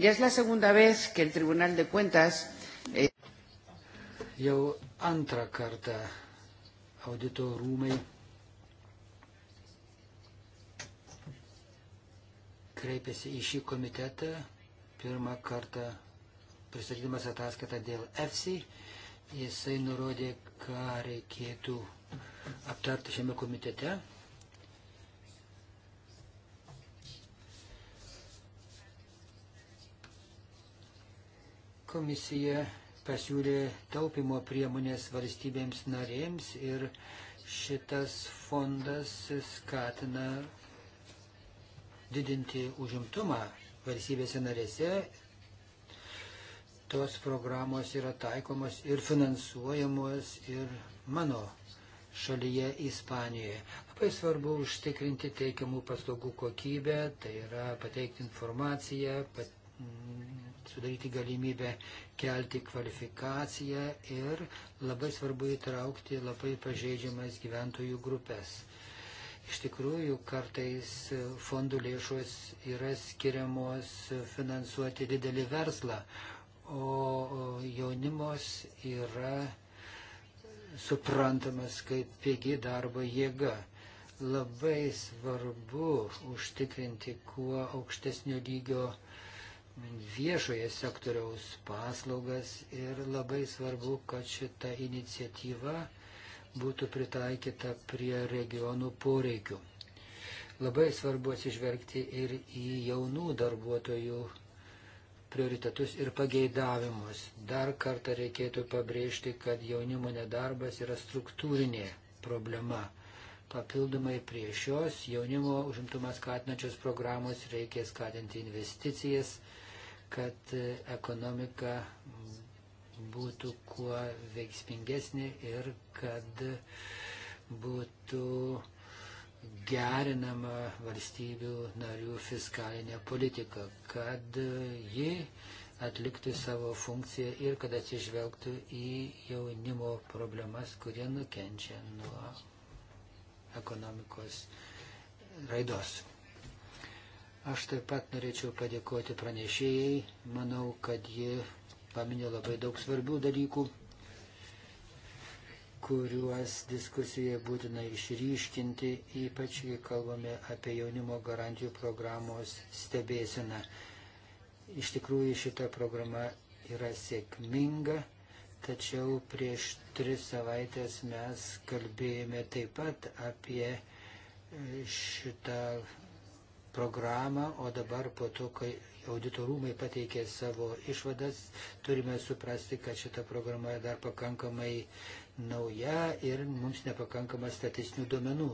Ya es la segunda vez que el Tribunal de Cuentas. Eh, Jau antrą kartą audito rūmai kreipėsi į šį komitetą pirmą kartą pristatydamas ataskaitą dėl EFSI. Jisai nurodė, ką reikėtų aptarti šiame komitete. Komisija pasiūlė taupimo priemonės valstybėms narėms ir šitas fondas skatina didinti užimtumą valstybėse narėse. Tos programos yra taikomos ir finansuojamos ir mano šalyje Ispanijoje. Labai svarbu užtikrinti teikiamų paslaugų kokybę, tai yra pateikti informaciją, pat, mm, sudaryti galimybę kelti kvalifikaciją ir labai svarbu įtraukti labai pažeidžiamas gyventojų grupės. Iš tikrųjų, kartais fondų lėšos yra skiriamos finansuoti didelį verslą, o jaunimos yra suprantamas kaip pigi darbo jėga. Labai svarbu užtikrinti kuo aukštesnio lygio viešoje sektoriaus paslaugas ir labai svarbu, kad šita iniciatyva būtų pritaikyta prie regionų poreikių. Labai svarbu atsižvelgti ir į jaunų darbuotojų prioritetus ir pageidavimus. Dar kartą reikėtų pabrėžti, kad jaunimo nedarbas yra struktūrinė problema. Papildomai prie šios jaunimo užimtumas skatinačios programos reikia skatinti investicijas, kad ekonomika būtų kuo veiksmingesnė ir kad būtų gerinama valstybių narių fiskalinė politika, kad ji atliktų savo funkciją ir kad atsižvelgtų į jaunimo problemas, kurie nukenčia nuo ekonomikos raidos. Aš taip pat norėčiau padėkoti pranešėjai. Manau, kad ji paminė labai daug svarbių dalykų, kuriuos diskusijoje būtina išryškinti, ypač kai kalbame apie jaunimo garantijų programos stebėsiną. Iš tikrųjų šita programa yra sėkminga, tačiau prieš tris savaitės mes kalbėjome taip pat apie šitą programą, o dabar po to, kai auditorumai pateikė savo išvadas, turime suprasti, kad šita programa dar pakankamai nauja ir mums nepakankama statistinių duomenų.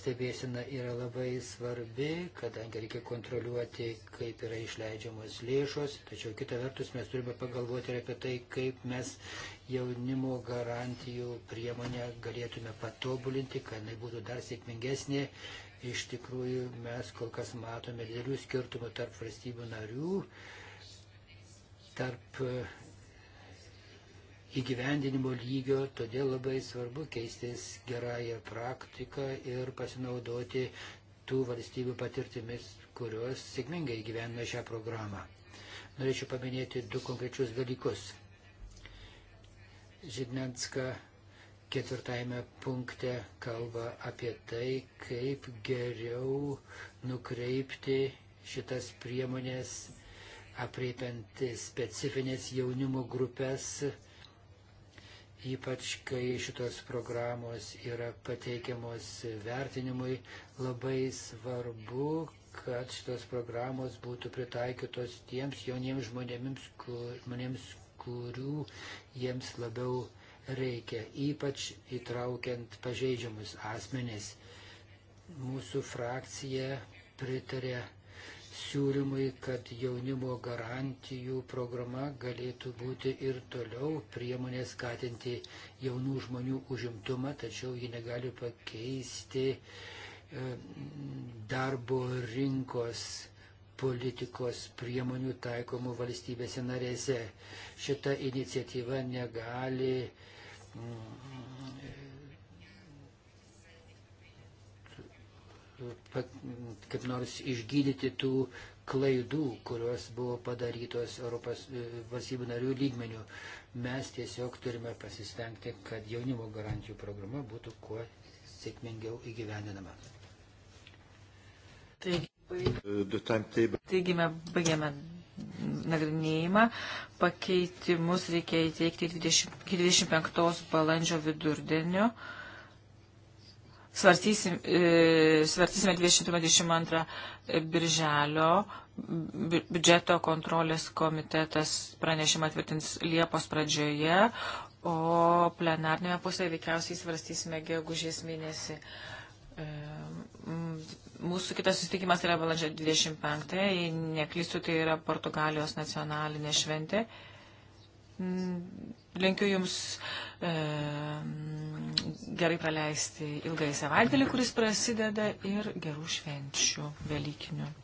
Stebėsena yra labai svarbi, kadangi reikia kontroliuoti, kaip yra išleidžiamos lėšos, tačiau kita vertus mes turime pagalvoti ir apie tai, kaip mes jaunimo garantijų priemonę galėtume patobulinti, kad jinai būtų dar sėkmingesnė Iš tikrųjų, mes kol kas matome didelių skirtumų tarp valstybių narių, tarp e, įgyvendinimo lygio, todėl labai svarbu keistis gerąją praktiką ir pasinaudoti tų valstybių patirtimis, kurios sėkmingai įgyvendina šią programą. Norėčiau paminėti du konkrečius dalykus. Židnenska ketvirtajame punkte kalba apie tai, kaip geriau nukreipti šitas priemonės, apreipiant specifinės jaunimo grupės, ypač kai šitos programos yra pateikiamos vertinimui, labai svarbu, kad šitos programos būtų pritaikytos tiems jauniems žmonėms, kur, žmonėms kurių jiems labiau reikia, ypač įtraukiant pažeidžiamus asmenys. Mūsų frakcija pritarė siūlymui, kad jaunimo garantijų programa galėtų būti ir toliau priemonė skatinti jaunų žmonių užimtumą, tačiau ji negali pakeisti e, darbo rinkos politikos priemonių taikomų valstybėse narėse. Šita iniciatyva negali uh, kaip nors išgydyti tų klaidų, kurios buvo padarytos Europos e, valstybių narių lygmenių. Mes tiesiog turime pasistengti, kad jaunimo garantijų programa būtų kuo sėkmingiau įgyvendinama. Taigi, baigėme nagrinėjimą. Pakeitimus reikia įteikti 20, iki 25 balandžio vidurdienio. Svarstysim, e, svarstysime 22 e, birželio. Biudžeto kontrolės komitetas pranešimą atvirtins Liepos pradžioje, o plenarnėme pusėje veikiausiai svarstysime gegužės mėnesį. E, Mm, mūsų kitas susitikimas yra balandžio 25, jei neklystu, tai yra Portugalijos nacionalinė šventė. Mm, linkiu Jums e, gerai praleisti ilgai savaitgalį, kuris prasideda ir gerų švenčių Velykinių.